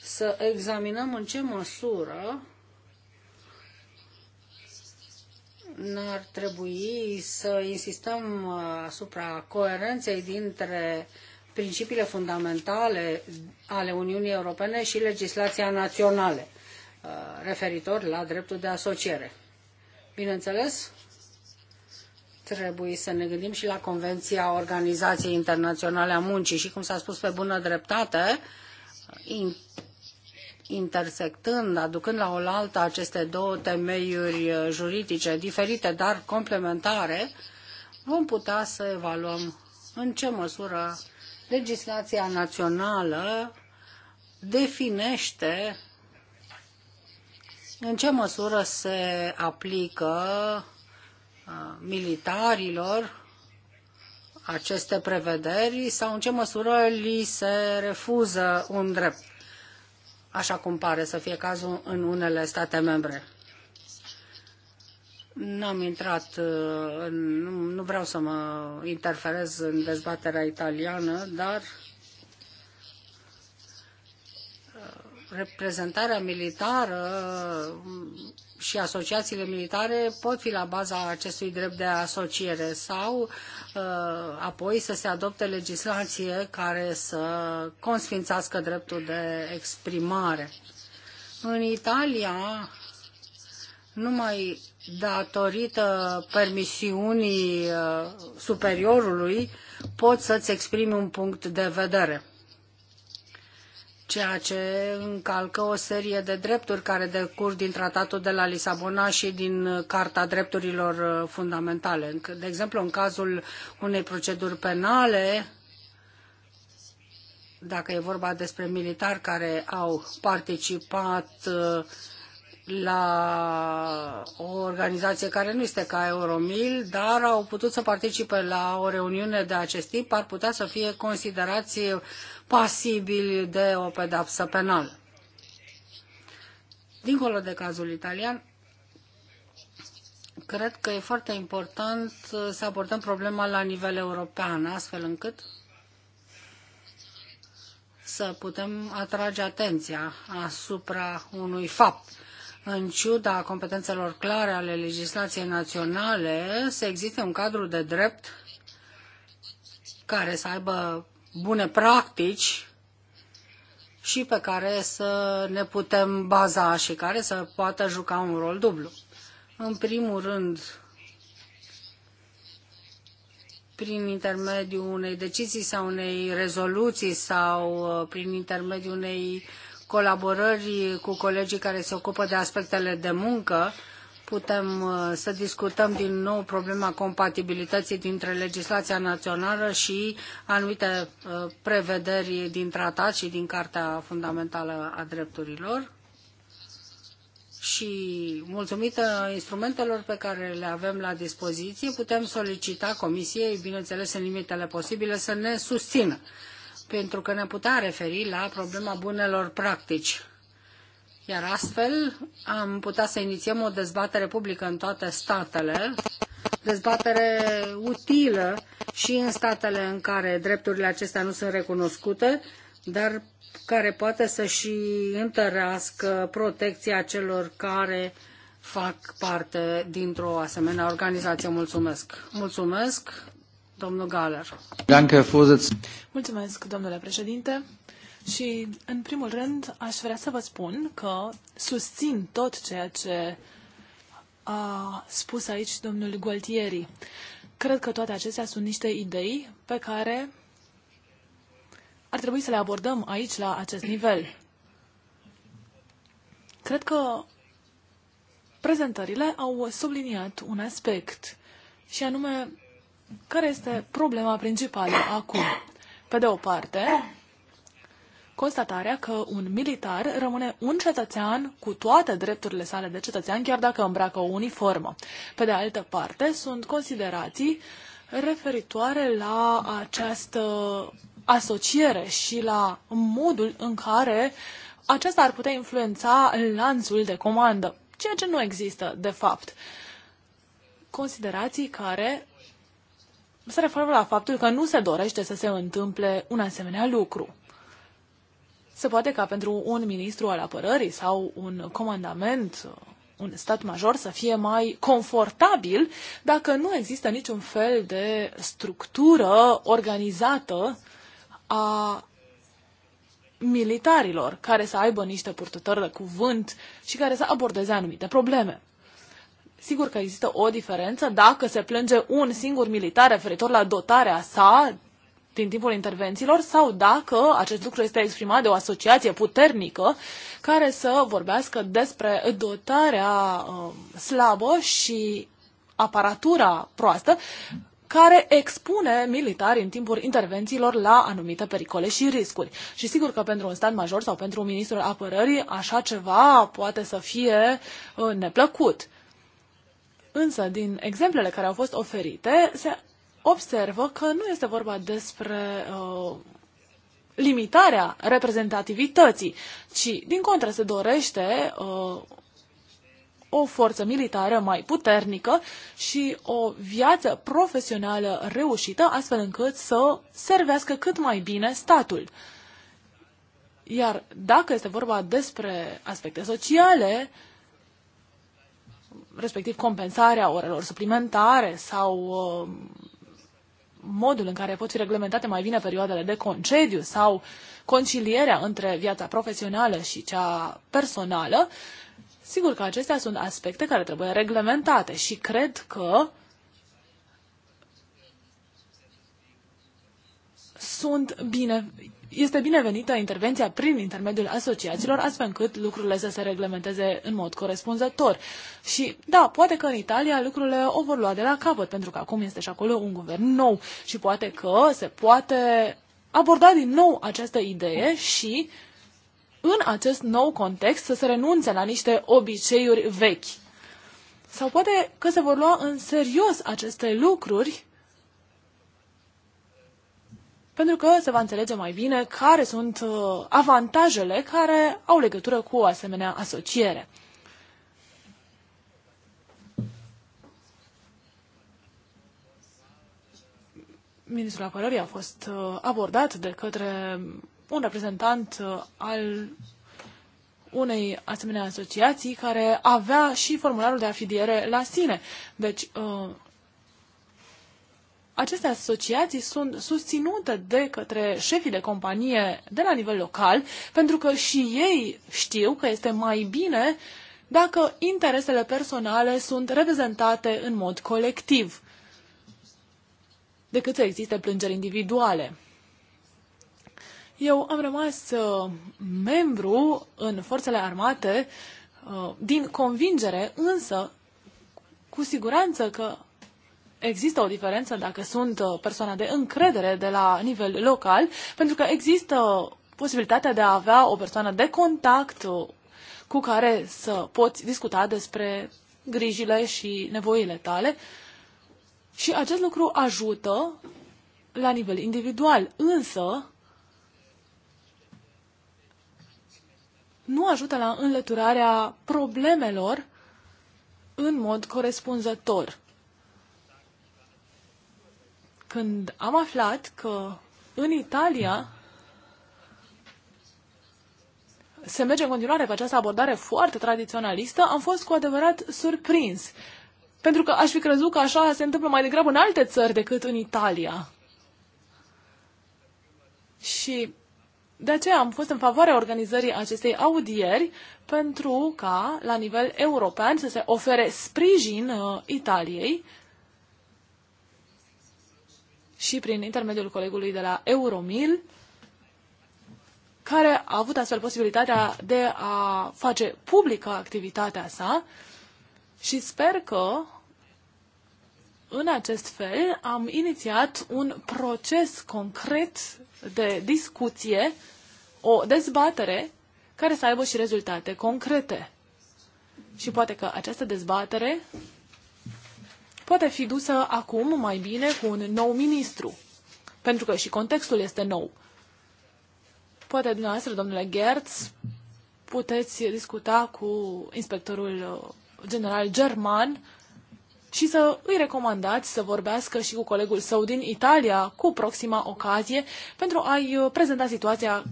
Speaker 2: să examinăm în ce măsură n-ar trebui să insistăm asupra coerenței dintre principiile fundamentale ale Uniunii Europene și legislația națională uh, referitor la dreptul de asociere. Bineînțeles, trebuie să ne gândim și la Convenția Organizației Internaționale a Muncii și, cum s-a spus pe bună dreptate, intersectând, aducând la oaltă aceste două temeiuri uh, juridice diferite, dar complementare, vom putea să evaluăm în ce măsură legislația națională definește în ce măsură se aplică uh, militarilor aceste prevederi sau în ce măsură li se refuză un drept, așa cum pare să fie cazul în unele state membre. N-am intrat, uh, nu, nu vreau să mă interferez în dezbaterea italiană, dar uh, reprezentarea militară uh, și asociațiile militare pot fi la baza acestui drept de asociere sau apoi să se adopte legislație care să consfințească dreptul de exprimare. În Italia, numai datorită permisiunii uh, superiorului, poți să-ți exprimi un punct de vedere ceea ce încalcă o serie de drepturi care decur din tratatul de la Lisabona și din Carta Drepturilor uh, Fundamentale. De exemplu, în cazul unei proceduri penale, dacă e vorba despre militari care au participat uh, la o organizație care nu este ca Euromil, dar au putut să participe la o reuniune de acest tip, ar putea să fie considerați pasibili de o pedapsă penală. Dincolo de cazul italian, cred că e foarte important să abordăm problema la nivel european, astfel încât să putem atrage atenția asupra unui fapt în ciuda competențelor clare ale legislației naționale, să existe un cadru de drept care să aibă bune practici și pe care să ne putem baza și care să poată juca un rol dublu. În primul rând, prin intermediul unei decizii sau unei rezoluții sau uh, prin intermediul unei colaborări cu colegii care se ocupă de aspectele de muncă, putem uh, să discutăm din nou problema compatibilității dintre legislația națională și anumite uh, prevederi din tratat și din Cartea Fundamentală a Drepturilor. Și mulțumită instrumentelor pe care le avem la dispoziție, putem solicita Comisiei, bineînțeles în limitele posibile, să ne susțină pentru că ne putea referi la problema bunelor practici. Iar astfel am putea să inițiem o dezbatere publică în toate statele, dezbatere utilă și în statele în care drepturile acestea nu sunt recunoscute, dar care poate să și întărească protecția celor care fac parte dintr-o asemenea organizație. Mulțumesc!
Speaker 1: Mulțumesc! Mulțumesc, domnule președinte. Și, în primul rând, aș vrea să vă spun că susțin tot ceea ce a spus aici domnul Gualtieri. Cred că toate acestea sunt niște idei pe care ar trebui să le abordăm aici, la acest nivel. Cred că prezentările au subliniat un aspect, și anume care este problema principală acum. Pe de o parte, constatarea că un militar rămâne un cetățean cu toate drepturile sale de cetățean, chiar dacă îmbracă o uniformă. Pe de altă parte, sunt considerații referitoare la această asociere și la modul în care aceasta ar putea influența lanțul de comandă, ceea ce nu există, de fapt. Considerații care se referă la faptul că nu se dorește să se întâmple un asemenea lucru. Se poate ca pentru un ministru al apărării sau un comandament, un stat major să fie mai confortabil dacă nu există niciun fel de structură organizată a militarilor care să aibă niște purtători de cuvânt și care să abordeze anumite probleme sigur că există o diferență dacă se plânge un singur militar referitor la dotarea sa din timpul intervențiilor sau dacă acest lucru este exprimat de o asociație puternică care să vorbească despre dotarea uh, slabă și aparatura proastă care expune militari în timpul intervențiilor la anumite pericole și riscuri. Și sigur că pentru un stat major sau pentru un ministru al apărării așa ceva poate să fie uh, neplăcut. Însă, din exemplele care au fost oferite, se observă că nu este vorba despre uh, limitarea reprezentativității, ci, din contră, se dorește uh, o forță militară mai puternică și o viață profesională reușită, astfel încât să servească cât mai bine statul. Iar dacă este vorba despre aspecte sociale, uh, respectiv compensarea orelor suplimentare sau uh, modul în care pot fi reglementate mai bine perioadele de concediu sau concilierea între viața profesională și cea personală, sigur că acestea sunt aspecte care trebuie reglementate și cred că sunt bine este binevenită intervenția prin intermediul asociațiilor, astfel încât lucrurile să se reglementeze în mod corespunzător. Și da, poate că în Italia lucrurile o vor lua de la capăt, pentru că acum este și acolo un guvern nou și poate că se poate aborda din nou această idee și în acest nou context să se renunțe la niște obiceiuri vechi. Sau poate că se vor lua în serios aceste lucruri pentru că se va înțelege mai bine care sunt uh, avantajele care au legătură cu o asemenea asociere. Ministrul Apărării a fost uh, abordat de către un reprezentant uh, al unei asemenea asociații care avea și formularul de afiliere la sine. Deci, aceste asociații sunt susținute de către șefii de companie de la nivel local, pentru că și ei știu că este mai bine dacă interesele personale sunt reprezentate în mod colectiv, decât să existe plângeri individuale. Eu am rămas uh, membru în forțele armate uh, din convingere, însă cu siguranță că există o diferență dacă sunt uh, persoana de încredere de la nivel local, pentru că există posibilitatea de a avea o persoană de contact uh, cu care să poți discuta despre grijile și nevoile tale. Și acest lucru ajută la nivel individual, însă nu ajută la înlăturarea problemelor în mod corespunzător când am aflat că în Italia se merge în continuare cu această abordare foarte tradiționalistă, am fost cu adevărat surprins. Pentru că aș fi crezut că așa se întâmplă mai degrabă în alte țări decât în Italia. Și de aceea am fost în favoarea organizării acestei audieri pentru ca, la nivel european, să se ofere sprijin uh, Italiei și prin intermediul colegului de la Euromil, care a avut astfel posibilitatea de a face publică activitatea sa și sper că în acest fel am inițiat un proces concret de discuție, o dezbatere care să aibă și rezultate concrete. Și poate că această dezbatere poate fi dusă acum mai bine cu un nou ministru, pentru că și contextul este nou. Poate dumneavoastră, domnule Gertz, puteți discuta cu inspectorul uh, general german și să îi recomandați să vorbească și cu colegul său din Italia cu proxima ocazie pentru a-i uh, prezenta situația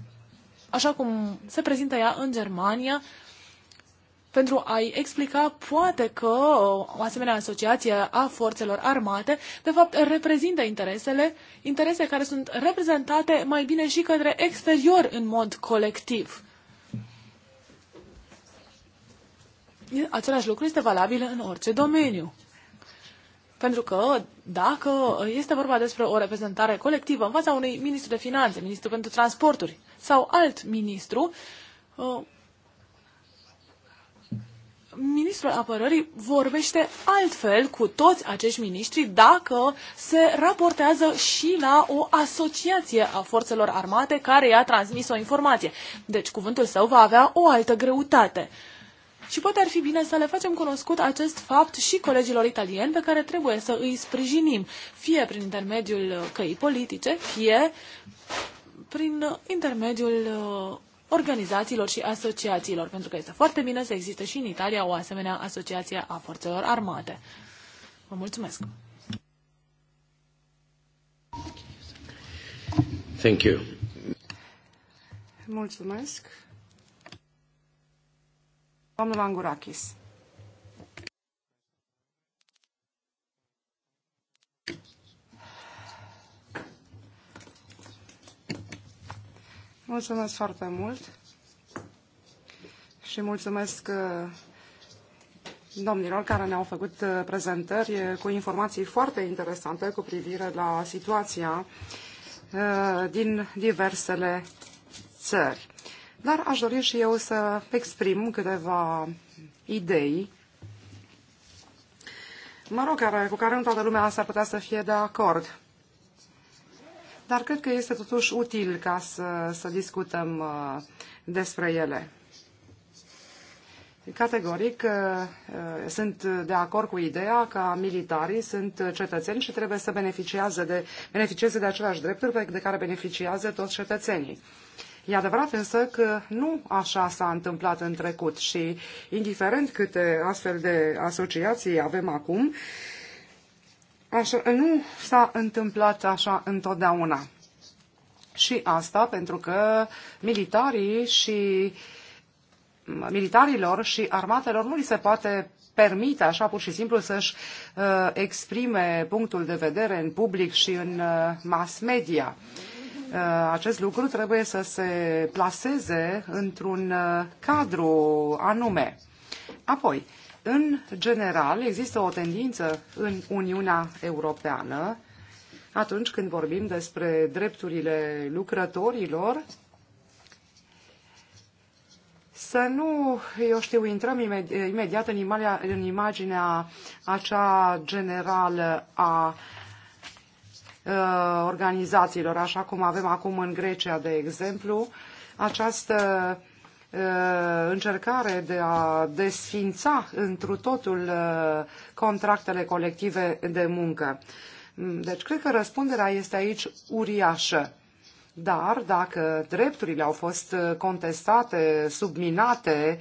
Speaker 1: așa cum se prezintă ea în Germania pentru a-i explica poate că o asemenea asociație a forțelor armate de fapt reprezintă interesele, interese care sunt reprezentate mai bine și către exterior în mod colectiv. Același lucru este valabil în orice domeniu. Pentru că dacă este vorba despre o reprezentare colectivă în fața unui ministru de finanțe, ministru pentru transporturi sau alt ministru, uh, ministrul apărării vorbește altfel cu toți acești miniștri dacă se raportează și la o asociație a forțelor armate care i-a transmis o informație. Deci cuvântul său va avea o altă greutate. Și poate ar fi bine să le facem cunoscut acest fapt și colegilor italieni pe care trebuie să îi sprijinim, fie prin intermediul căii politice, fie prin intermediul uh, organizațiilor și asociațiilor, pentru că este foarte bine să existe și în Italia o asemenea asociație a forțelor armate. Vă mulțumesc! Thank you.
Speaker 3: Mulțumesc. Domnul Angurakis. Mulțumesc foarte mult și mulțumesc uh, domnilor care ne-au făcut uh, prezentări cu informații foarte interesante cu privire la situația uh, din diversele țări. Dar aș dori și eu să exprim câteva idei mă rog, care, cu care nu toată lumea s-ar putea să fie de acord dar cred că este totuși util ca să, să discutăm uh, despre ele. Categoric uh, uh, sunt de acord cu ideea că militarii sunt cetățeni și trebuie să beneficieze de, beneficieze de aceleași drepturi de care beneficiază toți cetățenii. E adevărat însă că nu așa s-a întâmplat în trecut și indiferent câte astfel de asociații avem acum, așa, nu s-a întâmplat așa întotdeauna. Și asta pentru că militarii și militarilor și armatelor nu li se poate permite așa pur și simplu să-și uh, exprime punctul de vedere în public și în uh, mass media. Uh, acest lucru trebuie să se placeze într-un uh, cadru anume. Apoi, uh, în general, există o tendință în Uniunea Europeană, atunci când vorbim despre drepturile lucrătorilor, să nu, eu știu, intrăm imediat în, imalia, în imaginea acea generală a uh, organizațiilor, așa cum avem acum în Grecia, de exemplu, această Uh, încercare de a desfința întru totul uh, contractele colective de muncă. Mm, deci cred că răspunderea este aici uriașă. Dar dacă drepturile au fost uh, contestate, subminate,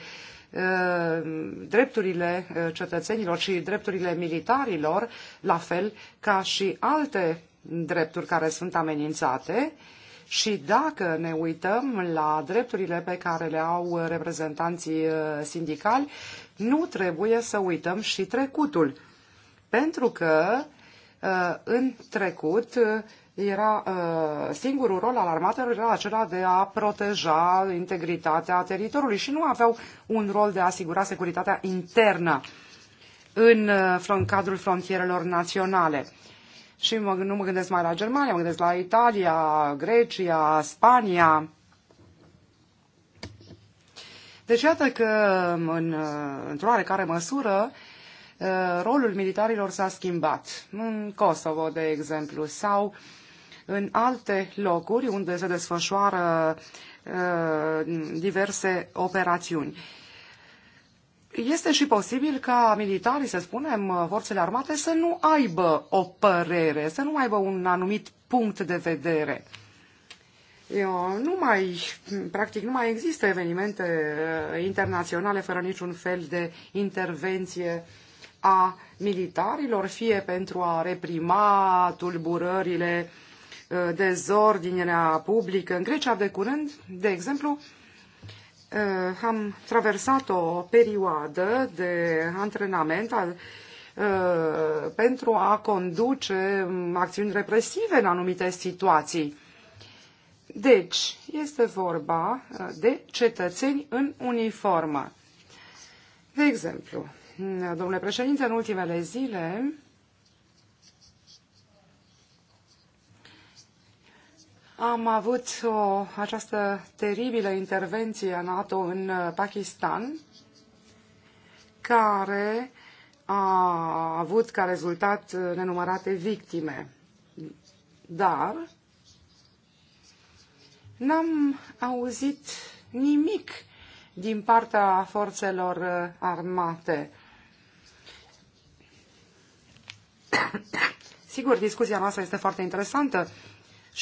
Speaker 3: drepturile cetățenilor și drepturile militarilor, la fel ca și alte drepturi care sunt amenințate, și dacă ne uităm la drepturile pe care le au reprezentanții uh, sindicali, nu trebuie să uităm și trecutul. Pentru că uh, în trecut uh, era singurul rol al armatelor era acela de a proteja integritatea teritoriului și nu aveau un rol de a asigura securitatea internă în, în cadrul frontierelor naționale. Și mă, nu mă gândesc mai la Germania, mă gândesc la Italia, Grecia, Spania. Deci iată că, în, într-o oarecare măsură, rolul militarilor s-a schimbat. În Kosovo, de exemplu, sau în alte locuri unde se desfășoară uh, diverse operațiuni este și posibil ca militarii, să spunem, forțele armate să nu aibă o părere, să nu aibă un anumit punct de vedere. Eu, nu mai, practic, nu mai există evenimente uh, internaționale fără niciun fel de intervenție a militarilor, fie pentru a reprima tulburările, uh, dezordinea publică. În Grecia, de curând, de exemplu, Eh, am traversat o perioadă de antrenament al, eh, pentru a conduce mm, acțiuni represive în anumite situații. Deci, este vorba eh, de cetățeni în uniformă. De exemplu, mm, domnule președinte, în ultimele zile Am avut o, această teribilă intervenție a NATO în uh, Pakistan, care a avut ca rezultat uh, nenumărate victime. Dar n-am auzit nimic din partea forțelor uh, armate. *coughs* Sigur, discuția noastră este foarte interesantă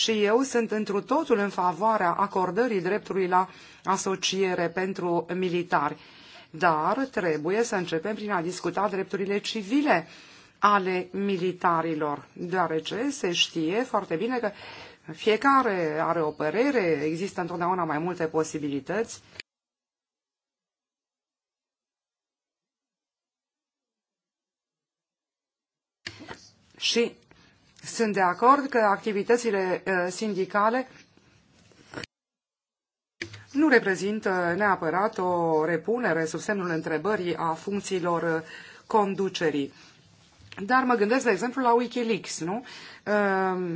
Speaker 3: și eu sunt întru totul în favoarea acordării dreptului la asociere pentru militari. Dar trebuie să începem prin a discuta drepturile civile ale militarilor, deoarece se știe foarte bine că fiecare are o părere, există întotdeauna mai multe posibilități. Și sunt de acord că activitățile uh, sindicale nu reprezintă neapărat o repunere sub semnul întrebării a funcțiilor uh, conducerii. Dar mă gândesc, de exemplu, la Wikileaks, nu? Um,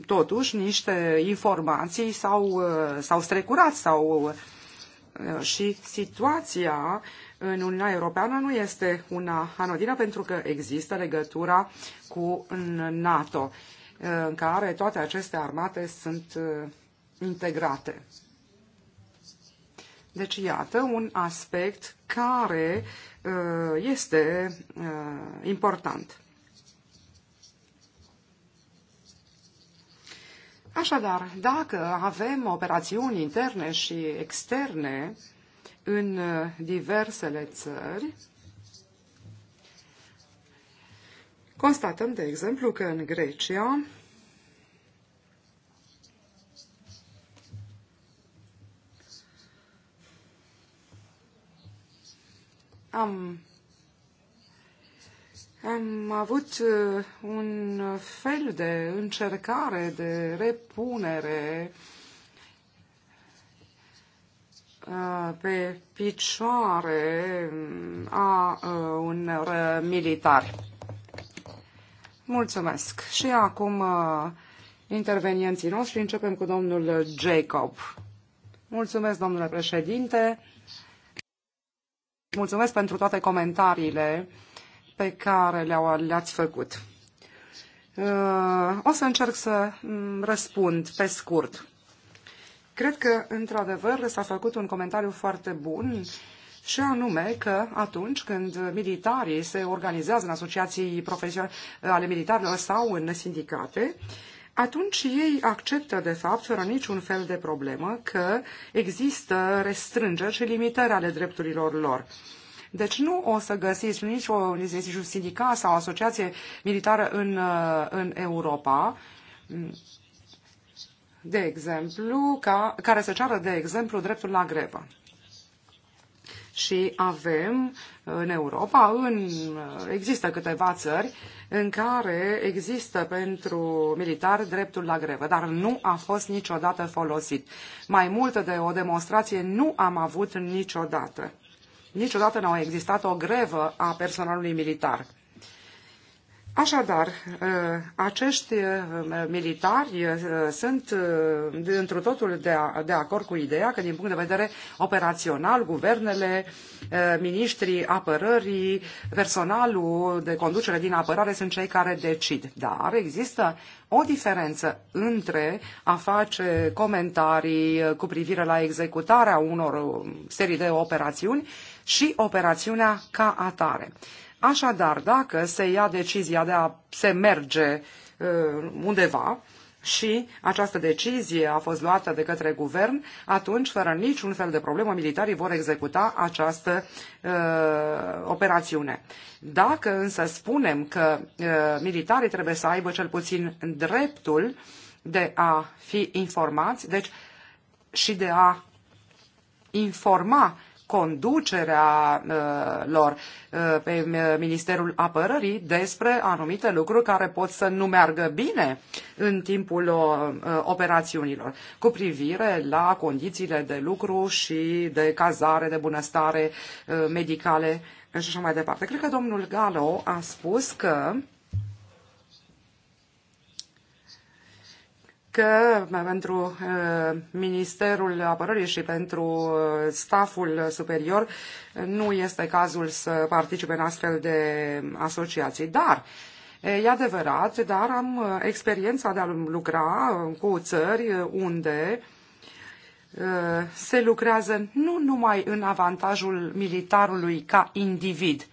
Speaker 3: totuși, niște informații s-au, uh, strecurat sau și situația în Uniunea Europeană nu este una anodină pentru că există legătura cu NATO, în care toate aceste armate sunt uh, integrate. Deci, iată un aspect care uh, este uh, important. Așadar, dacă avem operațiuni interne și externe, în uh, diversele țări, constatăm, de exemplu, că în Grecia am, am avut uh, un fel de încercare de repunere Uh, pe picioare mm, a uh, unor uh, militari. Mulțumesc. Și acum intervenienții noștri începem cu domnul Jacob. Mulțumesc, domnule președinte. Mulțumesc pentru toate comentariile pe care le-ați făcut. O să încerc să mm, răspund pe scurt. Cred că, într-adevăr, s-a făcut un comentariu foarte bun și anume că atunci când militarii se organizează în asociații profesionale ale militarilor sau în sindicate, atunci ei acceptă, de fapt, fără niciun fel de problemă, că există restrângeri și limitări ale drepturilor lor. Deci nu o să găsiți nici o, sindicat sau o asociație militară în, în Europa de exemplu, ca, care se ceară, de exemplu, dreptul la grevă. Și avem în Europa, în, există câteva țări în care există pentru militari dreptul la grevă, dar nu a fost niciodată folosit. Mai mult de o demonstrație nu am avut niciodată. Niciodată nu a existat o grevă a personalului militar. Așadar, ă, acești ă, militari ă, sunt într totul de acord cu ideea că, din punct de vedere operațional, guvernele, ministrii apărării, personalul de conducere din apărare sunt cei care decid. Dar există o diferență între a face comentarii cu privire la executarea unor serii de operațiuni și operațiunea ca atare. Așadar, dacă se ia decizia de a se merge uh, undeva, și această decizie a fost luată de către guvern, atunci, fără niciun fel de problemă, militarii vor executa această uh, operațiune. Dacă însă spunem că uh, militarii trebuie să aibă cel puțin dreptul de a fi informați, deci și de a informa conducerea uh, lor uh, pe uh, Ministerul Apărării despre anumite lucruri care pot să nu meargă bine în timpul operațiunilor cu privire la condițiile de lucru și de cazare, de bunăstare medicale și așa mai departe. Cred că domnul Galo a spus că că pentru uh, Ministerul Apărării și pentru uh, staful superior nu este cazul să participe în astfel de asociații. Dar E adevărat, dar am uh, experiența de a lucra cu țări unde se lucrează nu numai în avantajul militarului ca individ.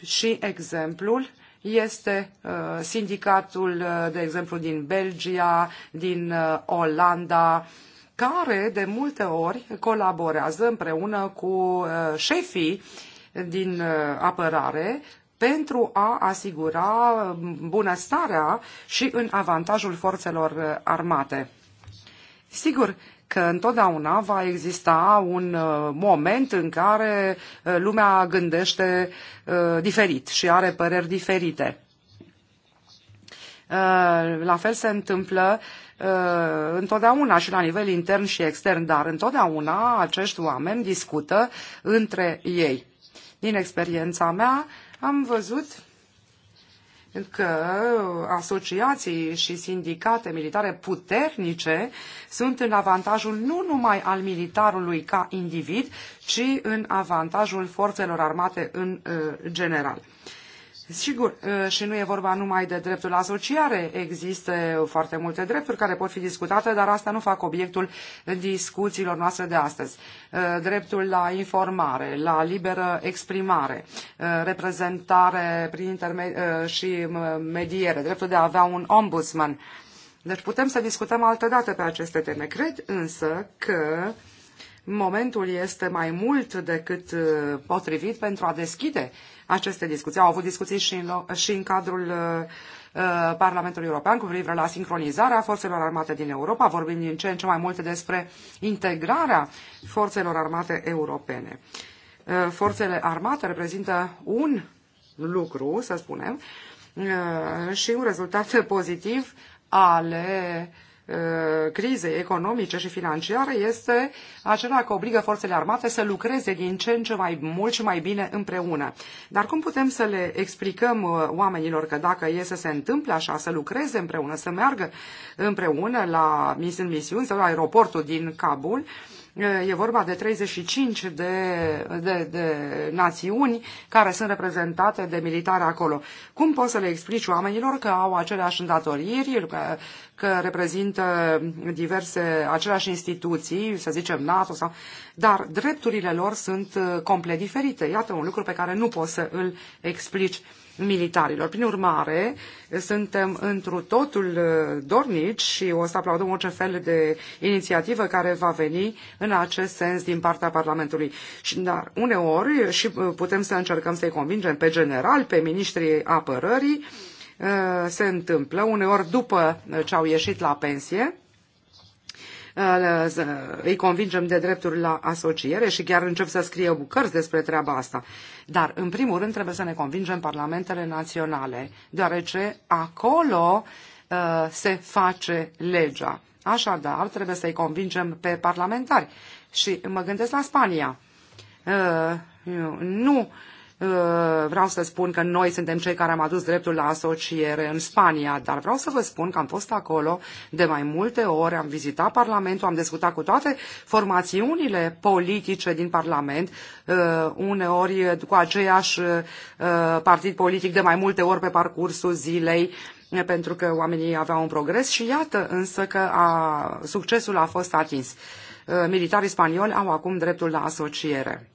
Speaker 3: Și exemplul este uh, sindicatul, uh, de exemplu, din Belgia, din uh, Olanda, care de multe ori colaborează împreună cu șefii din apărare pentru a asigura bunăstarea și în avantajul forțelor armate. Sigur, că întotdeauna va exista un uh, moment în care uh, lumea gândește uh, diferit și are păreri diferite. La fel se întâmplă întotdeauna și la nivel intern și extern, dar întotdeauna acești oameni discută între ei. Din experiența mea am văzut că asociații și sindicate militare puternice sunt în avantajul nu numai al militarului ca individ, ci în avantajul forțelor armate în uh, general. Sigur, și nu e vorba numai de dreptul la asociare, există foarte multe drepturi care pot fi discutate, dar asta nu fac obiectul discuțiilor noastre de astăzi. Dreptul la informare, la liberă exprimare, reprezentare prin și mediere, dreptul de a avea un ombudsman. Deci putem să discutăm altă dată pe aceste teme. Cred însă că uh, Momentul este mai mult decât uh, potrivit pentru a deschide aceste discuții. Au avut discuții și în, și în cadrul uh, uh, Parlamentului European cu privire la sincronizarea forțelor armate din Europa. Vorbim din ce în ce mai multe despre integrarea forțelor armate europene. Forțele armate reprezintă un lucru, să spunem, și un rezultat pozitiv ale Uh, crizei economice și financiare este acela că obligă forțele armate să lucreze din ce în ce mai mult și mai bine împreună. Dar cum putem să le explicăm uh, oamenilor că dacă e să se întâmple așa, să lucreze împreună, să meargă împreună la misiuni sau la aeroportul din Kabul, E vorba de 35 de, de, de națiuni care sunt reprezentate de militari acolo. Cum poți să le explici oamenilor că au aceleași îndatoriri, că, că reprezintă diverse, aceleași instituții, să zicem NATO, sau, dar drepturile lor sunt uh, complet diferite. Iată un lucru pe care nu poți să îl explici militarilor. Prin urmare, suntem întru totul uh, dornici și o să aplaudăm orice fel de inițiativă care va veni în acest sens din partea Parlamentului. Și, dar uneori și uh, putem să încercăm să-i convingem pe general, pe ministrii apărării, uh, se întâmplă uneori după ce au ieșit la pensie, îi convingem de drepturi la asociere și chiar încep să scrie bucărți despre treaba asta. Dar, în primul rând, trebuie să ne convingem parlamentele naționale, deoarece acolo uh, se face legea. Așadar, trebuie să-i convingem pe parlamentari. Și mă gândesc la Spania. Uh, nu Eh, vreau să spun că noi suntem cei care am adus dreptul la asociere în Spania, dar vreau să vă spun că am fost acolo de mai multe ori, am vizitat Parlamentul, am discutat cu toate formațiunile politice din Parlament, eh, uneori eh, cu aceeași partid politic de mai multe ori pe parcursul zilei, pentru că oamenii aveau un progres și iată însă că a, succesul a fost atins. Militarii spanioli au acum dreptul la asociere.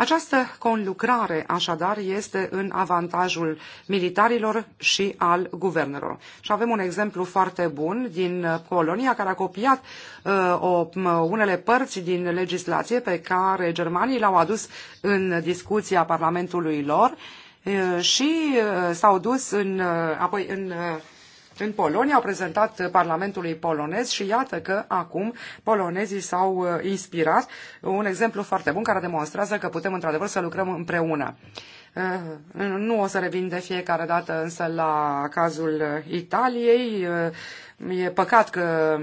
Speaker 3: Această conlucrare, așadar, este în avantajul militarilor și al guvernelor. Și avem un exemplu foarte bun din uh, Polonia, care a copiat uh, o, unele părți din legislație pe care germanii l au adus în discuția Parlamentului lor uh, și uh, s-au dus în, uh, apoi în uh, în Polonia, au prezentat Parlamentului polonez și iată că acum polonezii s-au uh, inspirat. Un exemplu foarte bun care demonstrează că putem într-adevăr să lucrăm împreună. Uh, nu o să revin de fiecare dată însă la cazul Italiei. Uh, e păcat că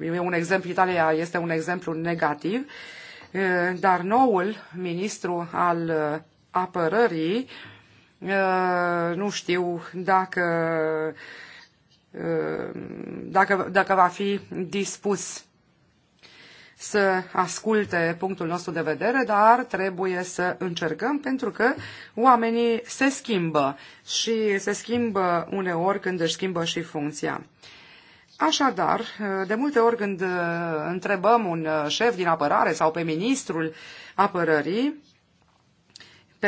Speaker 3: mm, e un exemplu, Italia este un exemplu negativ, dar noul ministru al apărării nu știu dacă Uh, dacă, dacă va fi dispus să asculte punctul nostru de vedere, dar trebuie să încercăm pentru că oamenii se schimbă și se schimbă uneori când își schimbă și funcția. Așadar, uh, de multe ori când uh, întrebăm un șef din apărare sau pe ministrul apărării,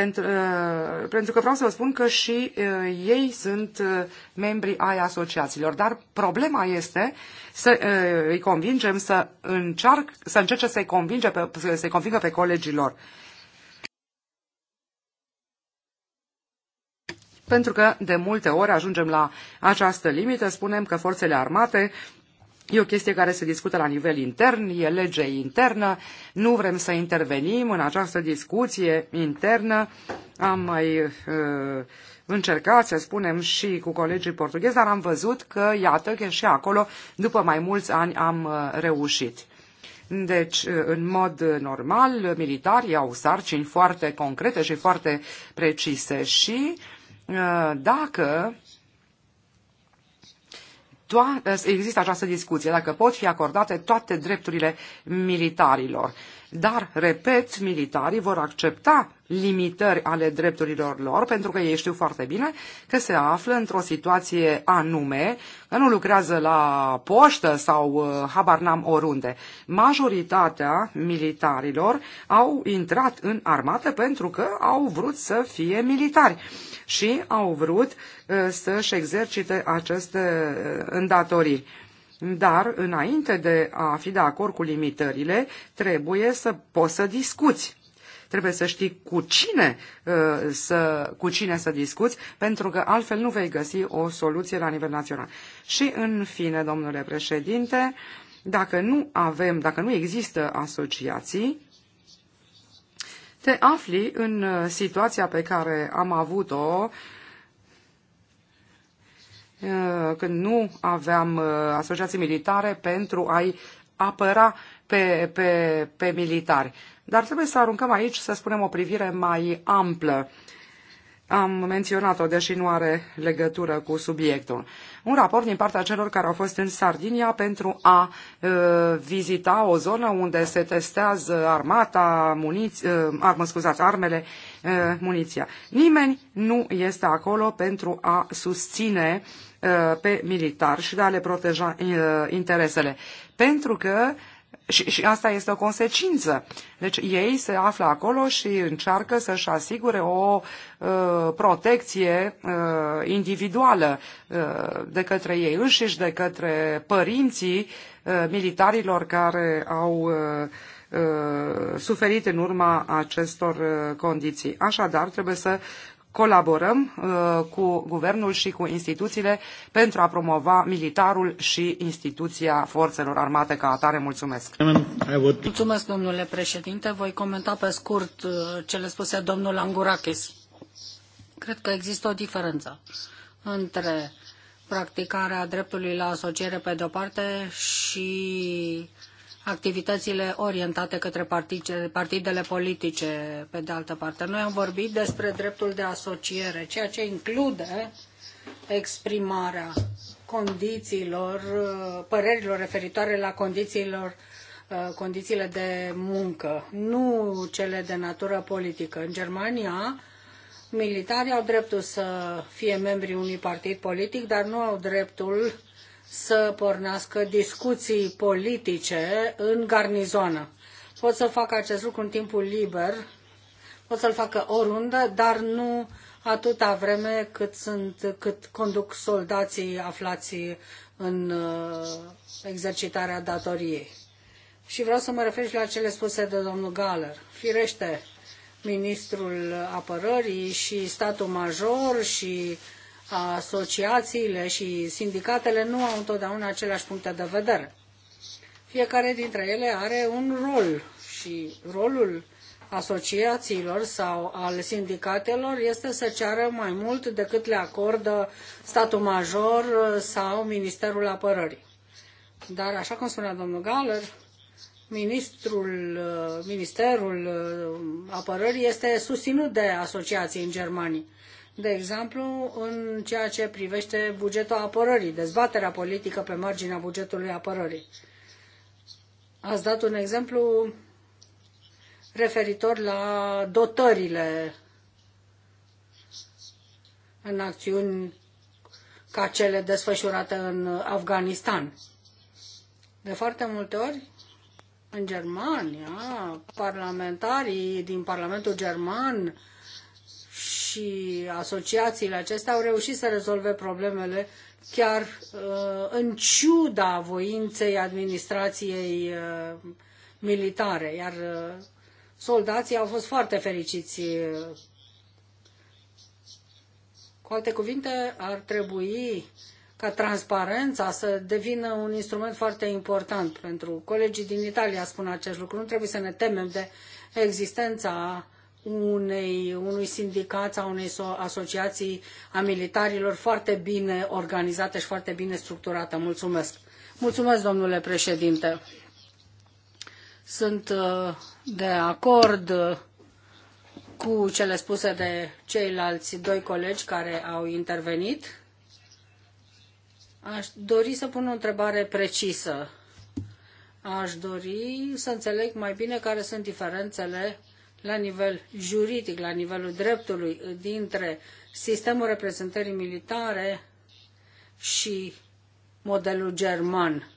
Speaker 3: pentru, uh, pentru că vreau să vă spun că și uh, ei sunt uh, membri ai asociațiilor. Dar problema este să îi convingem să, încearc, să încerce să-i, convinge pe, să-i convingă pe colegilor. Pentru că de multe ori ajungem la această limită, spunem că forțele armate E o chestie care se discută la nivel intern, e lege internă, nu vrem să intervenim în această discuție internă. Am mai uh, încercat să spunem și cu colegii portughezi, dar am văzut că, iată, că și acolo, după mai mulți ani, am uh, reușit. Deci, uh, în mod normal, militarii au sarcini foarte concrete și foarte precise și uh, dacă există această discuție, dacă pot fi acordate toate drepturile militarilor. Dar, repet, militarii vor accepta limitări ale drepturilor lor, pentru că ei știu foarte bine că se află într-o situație anume, că nu lucrează la poștă sau uh, habar n-am oriunde. Majoritatea militarilor au intrat în armată pentru că au vrut să fie militari și au vrut uh, să-și exercite aceste uh, îndatorii. Dar, înainte de a fi de acord cu limitările, trebuie să poți să discuți. Trebuie să știi cu cine, uh, să, cu cine să discuți, pentru că altfel nu vei găsi o soluție la nivel național. Și, în fine, domnule președinte, dacă nu avem, dacă nu există asociații, te afli în uh, situația pe care am avut-o Uh, când nu aveam uh, asociații militare pentru a-i apăra pe, pe, pe militari. Dar trebuie să aruncăm aici, să spunem, o privire mai amplă. Am menționat-o, deși nu are legătură cu subiectul. Un raport din partea celor care au fost în Sardinia pentru a e, uh, vizita o zonă unde se testează armata, muniți, e, ar, scuzați, armele Uh, muniția. Nimeni nu este acolo pentru a susține uh, pe militar și de a le proteja uh, interesele. Pentru că și, și asta este o consecință. Deci ei se află acolo și încearcă să-și asigure o uh, protecție uh, individuală uh, de către ei înșiși, de către părinții uh, militarilor care au uh, Uh, suferit în urma acestor uh, condiții. Așadar, trebuie să colaborăm uh, cu guvernul și cu instituțiile pentru a promova militarul și instituția forțelor armate ca atare. Mulțumesc!
Speaker 2: Mulțumesc, domnule președinte. Voi comenta pe scurt cele spuse domnul Angurakis. Cred că există o diferență între practicarea dreptului la asociere pe de-o parte și activitățile orientate către partidele politice, pe de altă parte. Noi am vorbit despre dreptul de asociere, ceea ce include exprimarea condițiilor, părerilor referitoare la condițiilor, condițiile de muncă, nu cele de natură politică. În Germania, militarii au dreptul să fie membri unui partid politic, dar nu au dreptul să pornească discuții politice în garnizoană. Pot să fac acest lucru în timpul liber, pot să-l facă oriunde, dar nu atâta vreme cât, sunt, cât conduc soldații aflați în uh, exercitarea datoriei. Și vreau să mă refer și la cele spuse de domnul Galer. Firește, ministrul apărării și statul major și asociațiile și sindicatele nu au întotdeauna aceleași puncte de vedere. Fiecare dintre ele are un rol și rolul asociațiilor sau al sindicatelor este să ceară mai mult decât le acordă statul major sau Ministerul Apărării. Dar, așa cum spunea domnul Galler, ministrul, Ministerul uh, Apărării este susținut de asociații în Germania de exemplu, în ceea ce privește bugetul apărării, dezbaterea politică pe marginea bugetului apărării. Ați dat un exemplu referitor la dotările în acțiuni ca cele desfășurate în Afganistan. De foarte multe ori, în Germania, parlamentarii din Parlamentul German și asociațiile acestea au reușit să rezolve problemele chiar uh, în ciuda voinței administrației uh, militare, iar uh, soldații au fost foarte fericiți. Cu alte cuvinte, ar trebui ca transparența să devină un instrument foarte important pentru colegii din Italia spun acest lucru. Nu trebuie să ne temem de existența unei, unui sindicat sau unei asociații a militarilor foarte bine organizată și foarte bine structurată. Mulțumesc! Mulțumesc, domnule președinte! Sunt uh, de acord uh, cu cele spuse de ceilalți doi colegi care au intervenit. Aș dori să pun o întrebare precisă. Aș dori să înțeleg mai bine care sunt diferențele la nivel juridic, la nivelul dreptului, dintre sistemul reprezentării militare și modelul german.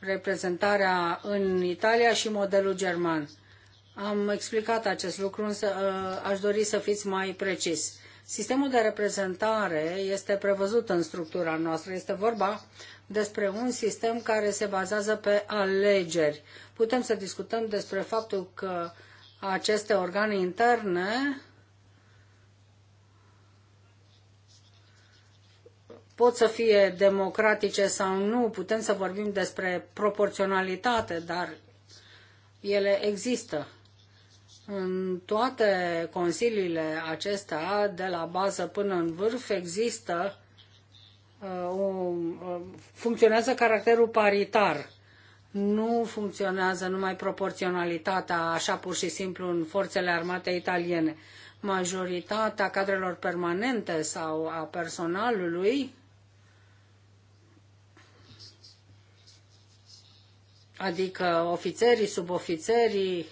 Speaker 2: Reprezentarea în Italia și modelul german. Am explicat acest lucru, însă ă, aș dori să fiți mai precis. Sistemul de reprezentare este prevăzut în structura noastră. Este vorba despre un sistem care se bazează pe alegeri. Putem să discutăm despre faptul că uh, aceste organe interne pot să fie democratice sau nu, putem să vorbim despre proporționalitate, dar ele există. În toate consiliile acestea, de la bază până în vârf, există uh, uh, funcționează caracterul paritar nu funcționează numai proporționalitatea, așa pur și simplu, în forțele armate italiene. Majoritatea cadrelor permanente sau a personalului adică ofițerii, subofițerii,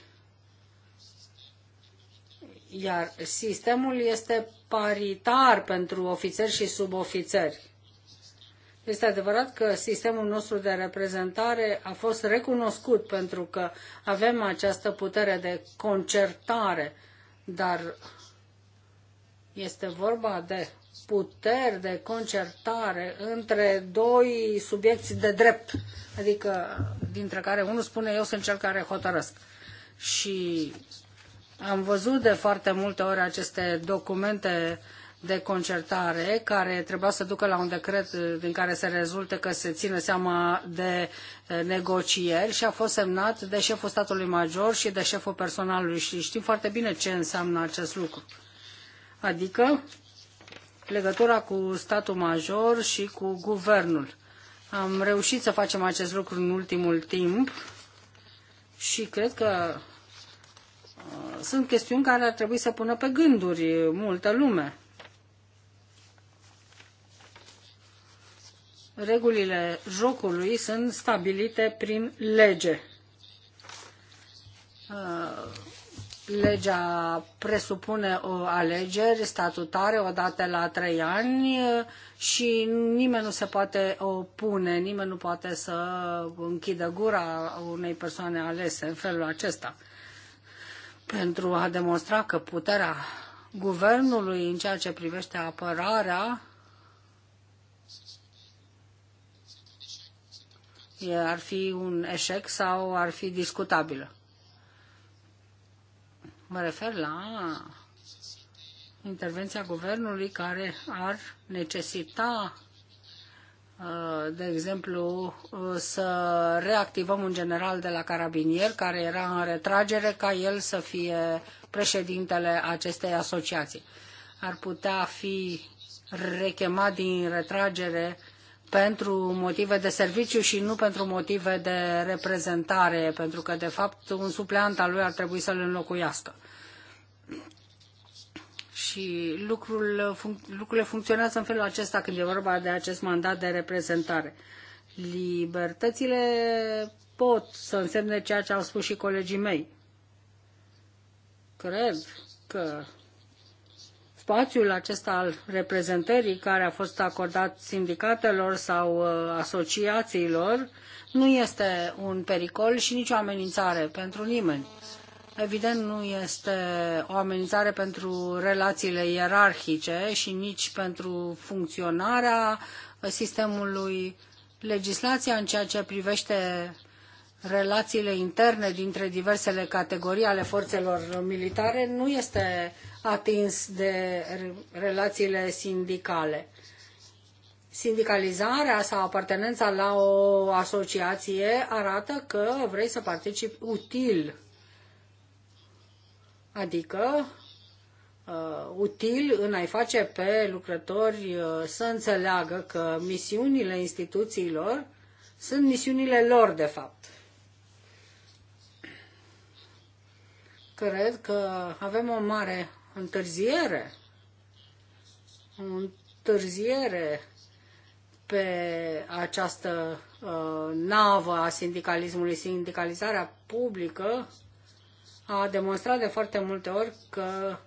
Speaker 2: iar sistemul este paritar pentru ofițeri și subofițeri. Este adevărat că sistemul nostru de reprezentare a fost recunoscut pentru că avem această putere de concertare, dar este vorba de puteri de concertare între doi subiecti de drept, adică dintre care unul spune eu sunt cel care hotărăsc. Și am văzut de foarte multe ori aceste documente uh, de concertare care trebuia să ducă la un decret uh, din care se rezultă că se ține seama de uh, negocieri și a fost semnat de șeful statului major și de șeful personalului și știm foarte bine ce înseamnă acest lucru. Adică legătura cu statul major și cu guvernul. Am reușit să facem acest lucru în ultimul timp și cred că uh, sunt chestiuni care ar trebui să pună pe gânduri multă lume regulile jocului sunt stabilite prin lege. Uh, legea presupune o alegeri statutare odată la trei ani uh, și nimeni nu se poate opune, nimeni nu poate să închidă gura unei persoane alese în felul acesta. Pentru a demonstra că puterea guvernului în ceea ce privește apărarea ar fi un eșec sau ar fi discutabilă. Mă refer la intervenția guvernului care ar necesita, de exemplu, să reactivăm un general de la carabinier care era în retragere ca el să fie președintele acestei asociații. Ar putea fi rechemat din retragere pentru motive de serviciu și nu pentru motive de reprezentare, pentru că, de fapt, un supleant al lui ar trebui să-l înlocuiască. Și lucrul, func- lucrurile funcționează în felul acesta când e vorba de acest mandat de reprezentare. Libertățile pot să însemne ceea ce au spus și colegii mei. Cred că spațiul acesta al reprezentării care a fost acordat sindicatelor sau uh, asociațiilor nu este un pericol și nicio amenințare pentru nimeni. Evident, nu este o amenințare pentru relațiile ierarhice și nici pentru funcționarea sistemului. Legislația în ceea ce privește relațiile interne dintre diversele categorii ale forțelor militare nu este atins de relațiile sindicale. Sindicalizarea sau apartenența la o asociație arată că vrei să participi util, adică uh, util în a-i face pe lucrători uh, să înțeleagă că misiunile instituțiilor sunt misiunile lor, de fapt. Cred că avem o mare întârziere. O întârziere pe această uh, navă a sindicalismului, sindicalizarea publică a demonstrat de foarte multe ori că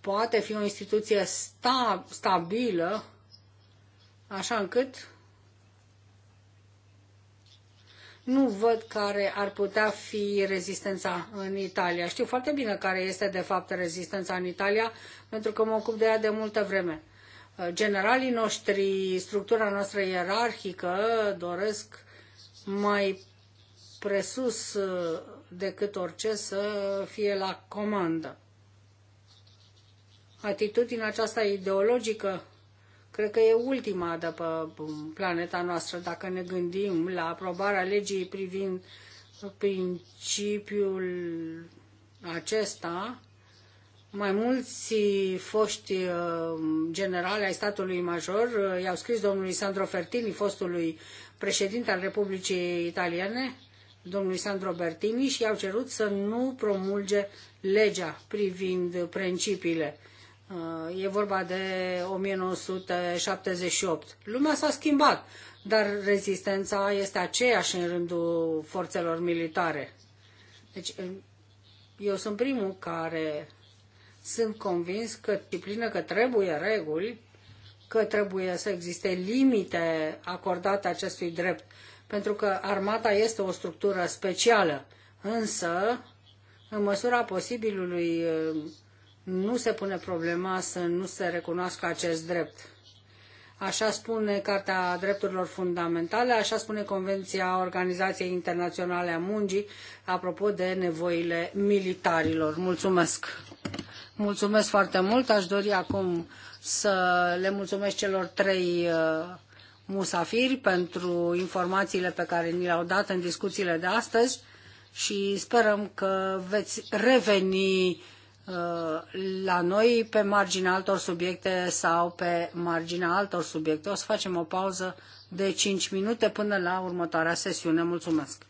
Speaker 2: poate fi o instituție sta, stabilă, așa încât nu văd care ar putea fi rezistența în Italia. Știu foarte bine care este de fapt rezistența în Italia, pentru că mă ocup de ea de multă vreme. Uh, generalii noștri, structura noastră ierarhică, doresc mai presus uh, decât orice să fie la comandă. Atitudinea aceasta ideologică Cred că e ultima de pe planeta noastră dacă ne gândim la aprobarea legii privind principiul acesta. Mai mulți foști uh, generali ai statului major uh, i-au scris domnului Sandro Fertini, fostului președinte al Republicii Italiene, domnului Sandro Bertini și i-au cerut să nu promulge legea privind principiile. Uh, e vorba de 1978. Lumea s-a schimbat, dar rezistența este aceeași în rândul forțelor militare. Deci, uh, eu sunt primul care sunt convins că disciplină, că trebuie reguli, că trebuie să existe limite acordate acestui drept, pentru că armata este o structură specială, însă, în măsura posibilului, uh, nu se pune problema să nu se recunoască acest drept. Așa spune Carta Drepturilor Fundamentale, așa spune Convenția Organizației Internaționale a Mungii, apropo de nevoile militarilor. Mulțumesc! Mulțumesc foarte mult! Aș dori acum să le mulțumesc celor trei uh, musafiri pentru informațiile pe care ni le-au dat în discuțiile de astăzi și sperăm că veți reveni la noi pe marginea altor subiecte sau pe marginea altor subiecte. O să facem o pauză de 5 minute până la următoarea sesiune. Mulțumesc!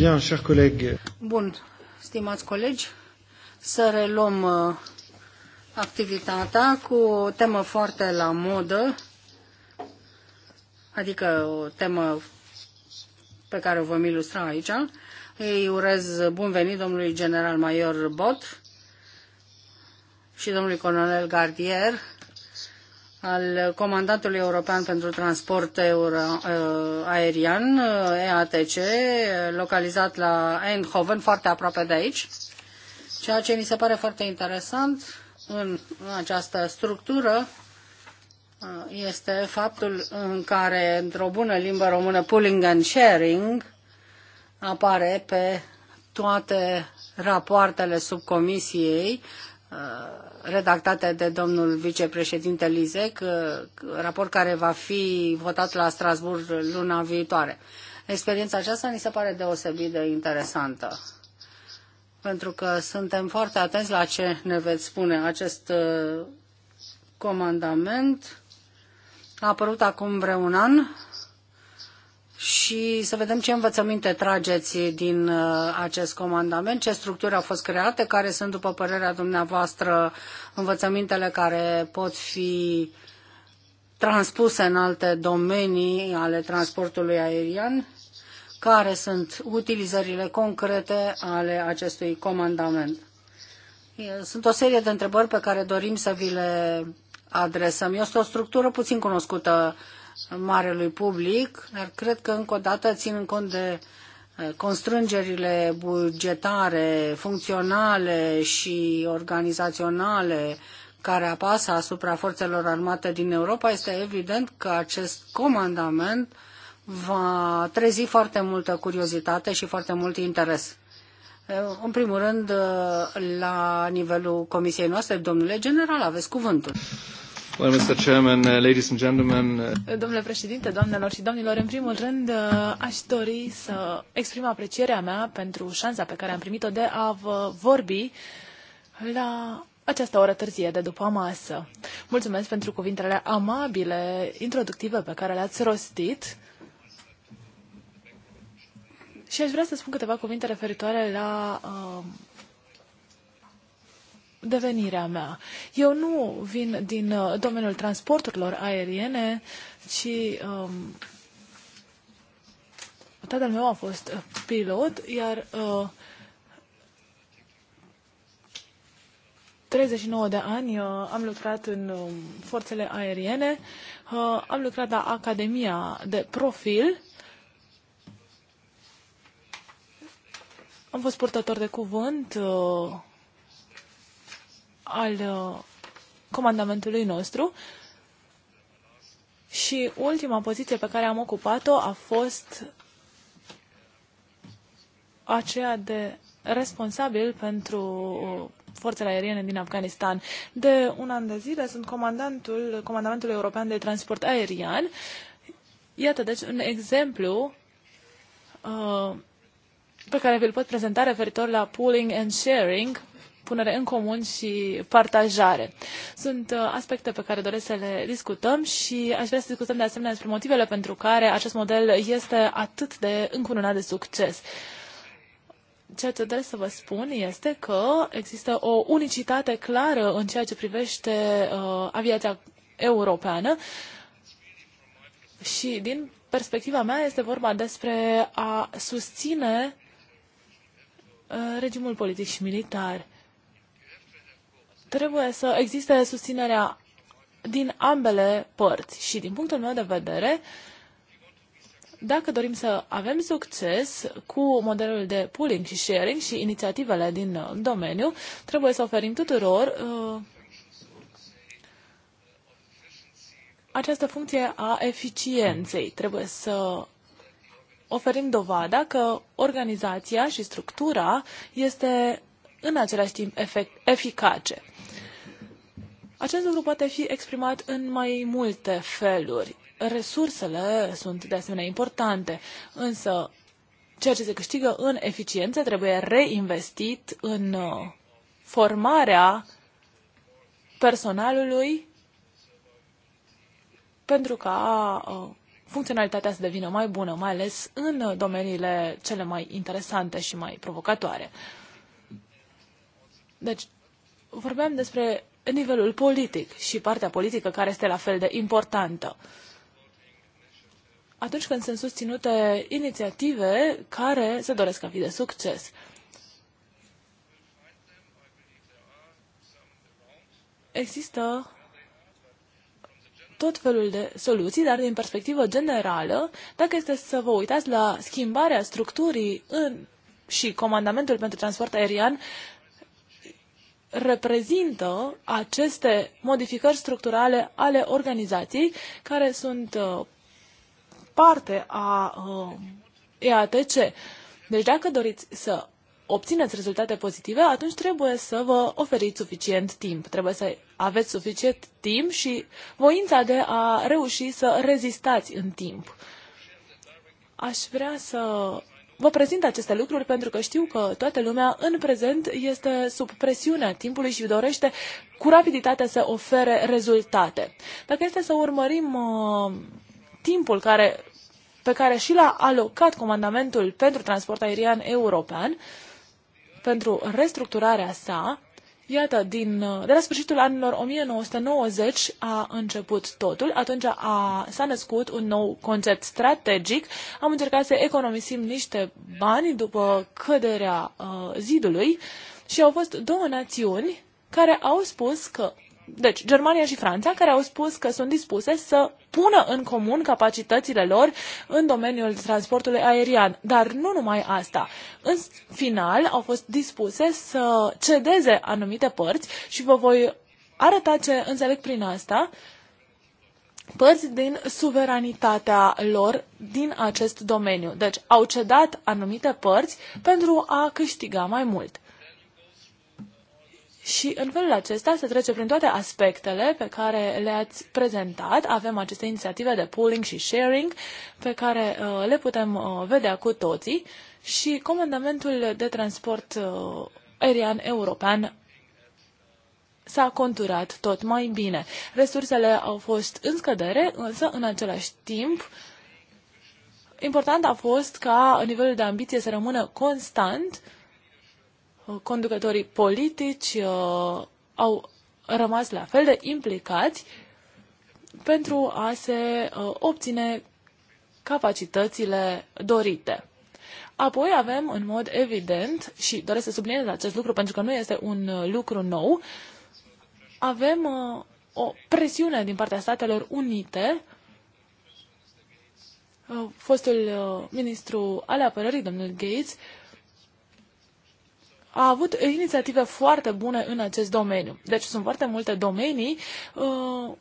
Speaker 2: Bien, chers collègues. Bun, stimați colegi, să reluăm uh, activitatea cu o temă foarte la modă, adică o temă pe care o vom ilustra aici. Îi urez bun venit domnului general major Bot și domnului colonel Gardier, al Comandatului European pentru Transport eh, Aerian, EATC, eh, localizat la Eindhoven, foarte aproape de aici. Ceea ce mi se pare foarte interesant în această structură eh, este faptul în care, într-o bună limbă română, pooling and sharing apare pe toate rapoartele subcomisiei redactate de domnul vicepreședinte Lizec, uh, raport care va fi votat la Strasburg luna viitoare. Experiența aceasta ni se pare deosebit de interesantă, pentru că suntem foarte atenți la ce ne veți spune. Acest uh, comandament a apărut acum vreun an și să vedem ce învățăminte trageți din uh, acest comandament, ce structuri au fost create, care sunt, după părerea dumneavoastră, învățămintele care pot fi transpuse în alte domenii ale transportului aerian, care sunt utilizările concrete ale acestui comandament. Sunt o serie de întrebări pe care dorim să vi le adresăm. Este o structură puțin cunoscută uh, marelui public, dar cred că încă o dată în cont de uh, constrângerile bugetare, funcționale și organizaționale care apasă asupra forțelor armate din Europa, este evident că acest comandament va trezi foarte multă curiozitate și foarte mult interes. Uh, în primul rând, uh, la nivelul comisiei noastre, domnule general, aveți cuvântul.
Speaker 3: Uh, uh,
Speaker 1: Domnule președinte, doamnelor și domnilor, în primul rând uh, aș dori să exprim aprecierea mea pentru șansa pe care am primit-o de a vă vorbi la această oră târzie de după masă. Mulțumesc pentru cuvintele amabile, introductive pe care le-ați rostit. Și aș vrea să spun câteva cuvinte referitoare la uh, devenirea mea. Eu nu vin din uh, domeniul transporturilor aeriene, ci um, tatăl meu a fost uh, pilot, iar uh, 39 de ani uh, am lucrat în uh, forțele aeriene, uh, am lucrat la Academia de Profil, am fost purtător de cuvânt uh, al uh, comandamentului nostru. Și ultima poziție pe care am ocupat-o a fost aceea de responsabil pentru forțele aeriene din Afganistan. De un an de zile sunt comandantul Comandamentului European de Transport Aerian. Iată, deci, un exemplu uh, pe care vi-l pot prezenta referitor la pooling and sharing punere în comun și partajare. Sunt uh, aspecte pe care doresc să le discutăm și aș vrea să discutăm de asemenea despre motivele pentru care acest model este atât de încununat de succes. Ceea ce doresc să vă spun este că există o unicitate clară în ceea ce privește uh, aviația europeană și din perspectiva mea este vorba despre a susține uh, regimul politic și militar trebuie să existe susținerea din ambele părți și din punctul meu de vedere, dacă dorim să avem succes cu modelul de pooling și sharing și inițiativele din uh, domeniu, trebuie să oferim tuturor uh, această funcție a eficienței. Trebuie să oferim dovada că organizația și structura este în același timp eficace. Acest lucru poate fi exprimat în mai multe feluri. Resursele sunt de asemenea importante, însă ceea ce se câștigă în eficiență trebuie reinvestit în uh, formarea personalului pentru ca uh, funcționalitatea să devină mai bună, mai ales în domeniile cele mai interesante și mai provocatoare. Deci, vorbeam despre nivelul politic și partea politică care este la fel de importantă. Atunci când sunt susținute inițiative care se doresc a fi de succes. Există tot felul de soluții, dar din perspectivă generală, dacă este să vă uitați la schimbarea structurii în și comandamentul pentru transport aerian, reprezintă aceste modificări structurale ale organizației care sunt uh, parte a uh, EATC. Deci dacă doriți să obțineți rezultate pozitive, atunci trebuie să vă oferiți suficient timp. Trebuie să aveți suficient timp și voința de a reuși să rezistați în timp. Aș vrea să Vă prezint aceste lucruri pentru că știu că toată lumea în prezent este sub presiunea timpului și dorește cu rapiditate să ofere rezultate. Dacă este să urmărim uh, timpul care, pe care și l-a alocat comandamentul pentru transport aerian european, pentru restructurarea sa, Iată, din, uh, de la sfârșitul anilor 1990 a început totul, atunci a, s-a născut un nou concept strategic, am încercat să economisim niște bani după căderea uh, zidului și au fost două națiuni care au spus că deci, Germania și Franța, care au spus că sunt dispuse să pună în comun capacitățile lor în domeniul transportului aerian. Dar nu numai asta. În final, au fost dispuse să cedeze anumite părți și vă voi arăta ce înțeleg prin asta părți din suveranitatea lor din acest domeniu. Deci au cedat anumite părți pentru a câștiga mai mult și în felul acesta se trece prin toate aspectele pe care le-ați prezentat. Avem aceste inițiative de pooling și sharing pe care uh, le putem uh, vedea cu toții și Comandamentul de Transport uh, Aerian European s-a conturat tot mai bine. Resursele au fost în scădere, însă în același timp important a fost ca nivelul de ambiție să rămână constant uh, conducătorii politici uh, au rămas la fel de implicați pentru a se uh, obține capacitățile dorite. Apoi avem, în mod evident, și doresc să subliniez acest lucru pentru că nu este un uh, lucru nou, avem uh, o presiune din partea Statelor Unite. Uh, fostul uh, ministru al apărării, domnul Gates, uh, a avut inițiative foarte bune în acest domeniu. Deci sunt foarte multe domenii uh,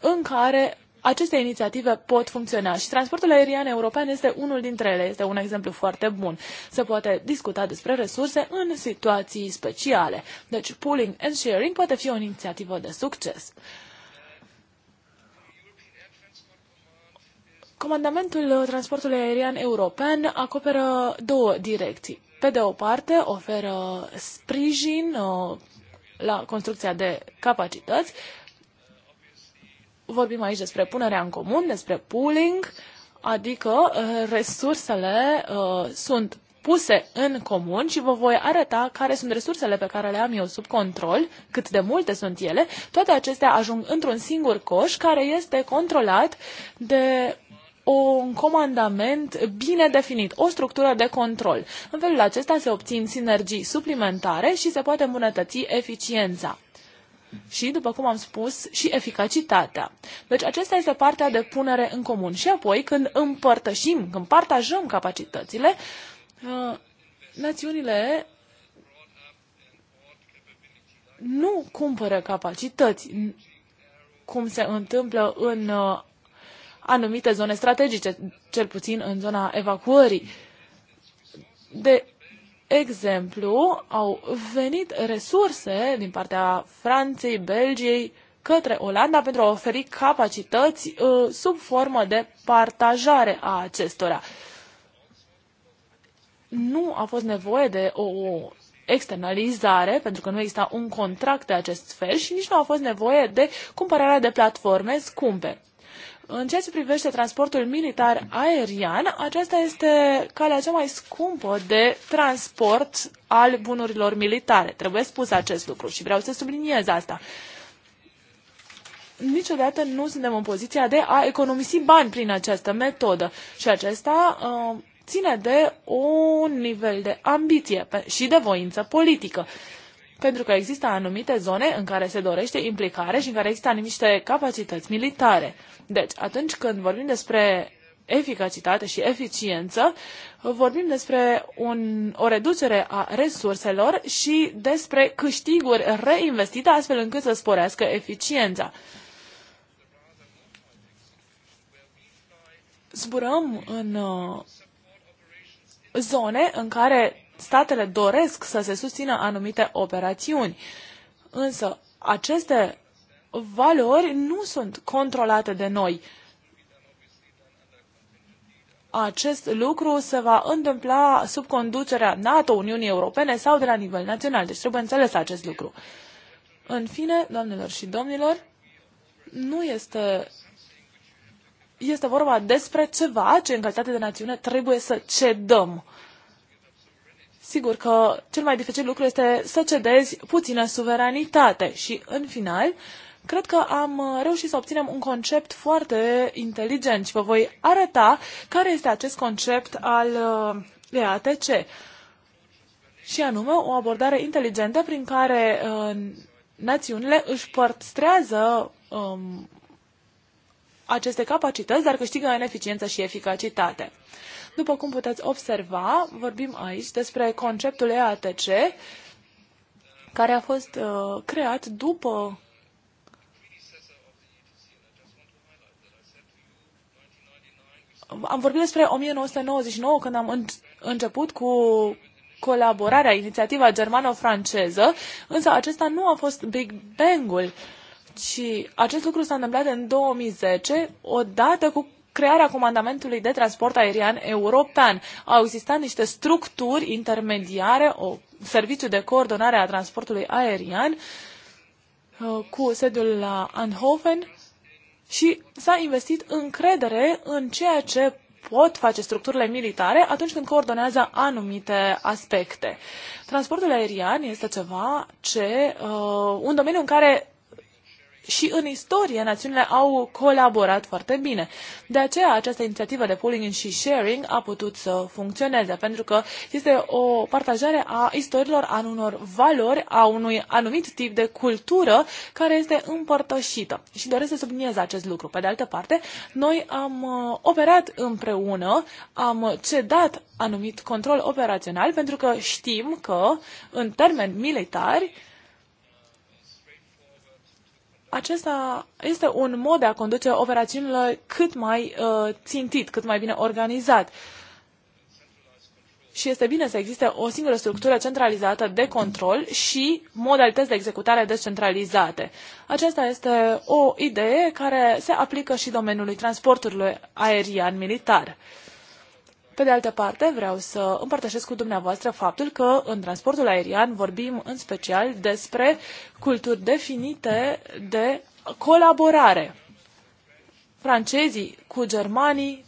Speaker 1: în care aceste inițiative pot funcționa și transportul aerian european este unul dintre ele, este un exemplu foarte bun. Se poate discuta despre resurse în situații speciale. Deci pooling and sharing poate fi o inițiativă de succes. Comandamentul transportului aerian european acoperă două direcții. Pe de o parte, oferă sprijin uh, la construcția de capacități. Vorbim aici despre punerea în comun, despre pooling, adică uh, resursele uh, sunt puse în comun și vă voi arăta care sunt resursele pe care le am eu sub control, cât de multe sunt ele, toate acestea ajung într-un singur coș care este controlat de un comandament bine definit, o structură de control. În felul acesta se obțin sinergii suplimentare și se poate îmbunătăți eficiența și, după cum am spus, și eficacitatea. Deci aceasta este partea de punere în comun. Și apoi, când împărtășim, când partajăm capacitățile, uh, națiunile nu cumpără capacități, cum se întâmplă în uh, anumite zone strategice, cel puțin în zona evacuării. De exemplu, au venit resurse din partea Franței, Belgiei, către Olanda pentru a oferi capacități uh, sub formă de partajare a acestora. Nu a fost nevoie de o externalizare, pentru că nu exista un contract de acest fel și nici nu a fost nevoie de cumpărarea de platforme scumpe. În ceea ce privește transportul militar aerian, aceasta este calea cea mai scumpă de transport al bunurilor militare. Trebuie spus acest lucru și vreau să subliniez asta. Niciodată nu suntem în poziția de a economisi bani prin această metodă și acesta uh, ține de un nivel de ambiție și de voință politică pentru că există anumite zone în care se dorește implicare și în care există anumite capacități militare. Deci, atunci când vorbim despre eficacitate și eficiență, vorbim despre un, o reducere a resurselor și despre câștiguri reinvestite astfel încât să sporească eficiența. Zburăm în uh, zone în care statele doresc să se susțină anumite operațiuni. Însă aceste valori nu sunt controlate de noi. Acest lucru se va întâmpla sub conducerea NATO, Uniunii Europene sau de la nivel național. Deci trebuie înțeles acest lucru. În fine, doamnelor și domnilor, nu este este vorba despre ceva ce în calitate de națiune trebuie să cedăm. Sigur că cel mai dificil lucru este să cedezi puțină suveranitate și, în final, cred că am uh, reușit să obținem un concept foarte inteligent și vă voi arăta care este acest concept al uh, EATC. Și anume o abordare inteligentă prin care uh, națiunile își păstrează um, aceste capacități, dar câștigă în eficiență și eficacitate. După cum puteți observa, vorbim aici despre conceptul EATC, care a fost uh, creat după Am vorbit despre 1999 când am început cu colaborarea, inițiativa germano-franceză, însă acesta nu a fost Big Bang-ul, ci acest lucru s-a întâmplat în 2010, odată cu crearea comandamentului de transport aerian european. Au existat niște structuri intermediare, o serviciu de coordonare a transportului aerian uh, cu sediul la Anhoven și s-a investit încredere în ceea ce pot face structurile militare atunci când coordonează anumite aspecte. Transportul aerian este ceva ce, uh, un domeniu în care și în istorie națiunile au colaborat foarte bine. De aceea această inițiativă de pooling și sharing a putut să funcționeze, pentru că este o partajare a istoriilor, a unor valori, a unui anumit tip de cultură care este împărtășită. Și doresc să subliniez acest lucru. Pe de altă parte, noi am uh, operat împreună, am cedat anumit control operațional, pentru că știm că, în termeni militari, acesta este un mod de a conduce operațiunile cât mai uh, țintit, cât mai bine organizat. Și este bine să existe o singură structură centralizată de control și modalități de executare descentralizate. Aceasta este o idee care se aplică și domeniului transporturilor aerian militar. Pe de altă parte, vreau să împărtășesc cu dumneavoastră faptul că în transportul aerian vorbim în special despre culturi definite de colaborare. Francezii cu germanii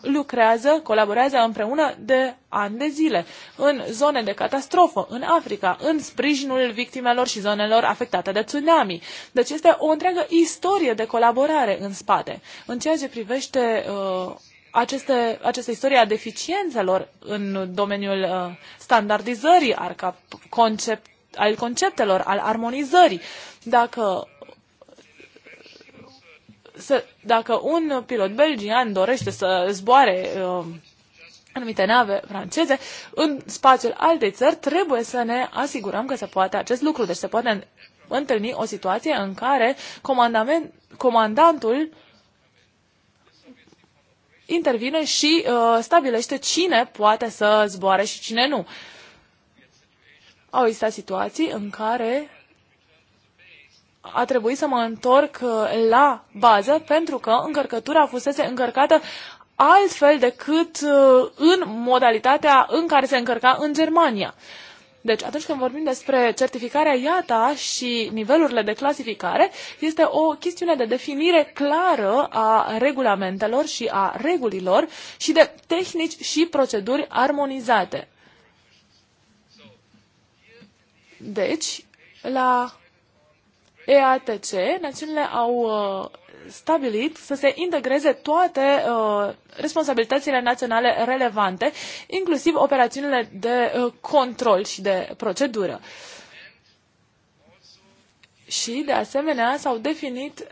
Speaker 1: lucrează, colaborează împreună de ani de zile în zone de catastrofă, în Africa, în sprijinul victimelor și zonelor afectate de tsunami. Deci este o întreagă istorie de colaborare în spate. În ceea ce privește uh, aceste, această istorie a deficiențelor în domeniul uh, standardizării, ar ca concept, al conceptelor, al armonizării. Dacă să, dacă un pilot belgian dorește să zboare uh, anumite nave franceze în spațiul altei țări, trebuie să ne asigurăm că se poate acest lucru. Deci se poate întâlni o situație în care comandantul intervine și uh, stabilește cine poate să zboare și cine nu. Au existat situații în care a trebuit să mă întorc uh, la bază pentru că încărcătura fusese încărcată altfel decât uh, în modalitatea în care se încărca în Germania. Uh, deci, atunci când vorbim despre certificarea IATA și nivelurile de clasificare, este o chestiune de definire clară a regulamentelor și a regulilor și de tehnici și proceduri armonizate. Deci, la EATC, națiunile au uh, stabilit să se integreze toate uh, responsabilitățile naționale relevante, inclusiv operațiunile de uh, control și de procedură. Și, de asemenea, s-au definit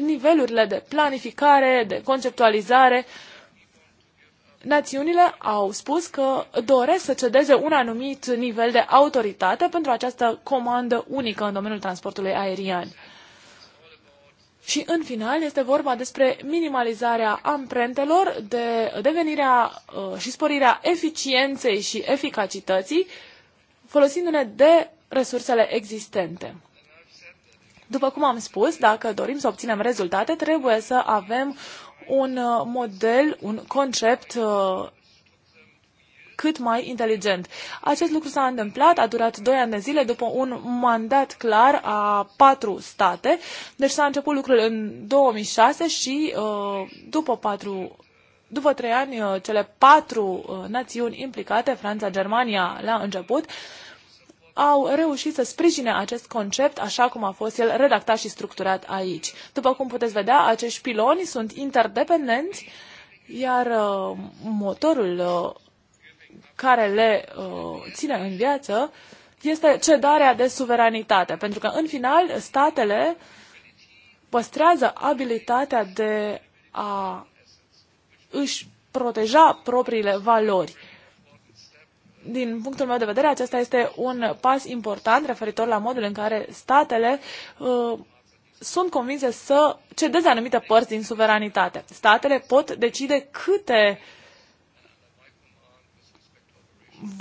Speaker 1: nivelurile de planificare, de conceptualizare uh, națiunile au spus că doresc să cedeze un anumit nivel de autoritate pentru această comandă unică în domeniul transportului aerian. Și în final este vorba despre minimalizarea amprentelor, de devenirea uh, și sporirea eficienței și eficacității, folosindu-ne de resursele existente. După cum am spus, dacă dorim să obținem rezultate, trebuie să avem un uh, model, un concept uh, cât mai inteligent. Acest lucru s-a întâmplat, a durat doi ani de zile după un mandat clar a patru state, deci s-a început lucrul în 2006 și uh, după patru după trei ani, cele patru națiuni implicate, Franța, Germania, la început, au reușit să sprijine acest concept așa cum a fost el redactat și structurat aici. După cum puteți vedea, acești piloni sunt interdependenți, iar uh, motorul uh, care le uh, ține în viață este cedarea de suveranitate, pentru că în final statele păstrează abilitatea de a își proteja propriile valori din punctul meu de vedere, acesta este un pas important referitor la modul în care statele uh, sunt convinse să cedeze anumite părți din suveranitate. Statele pot decide câte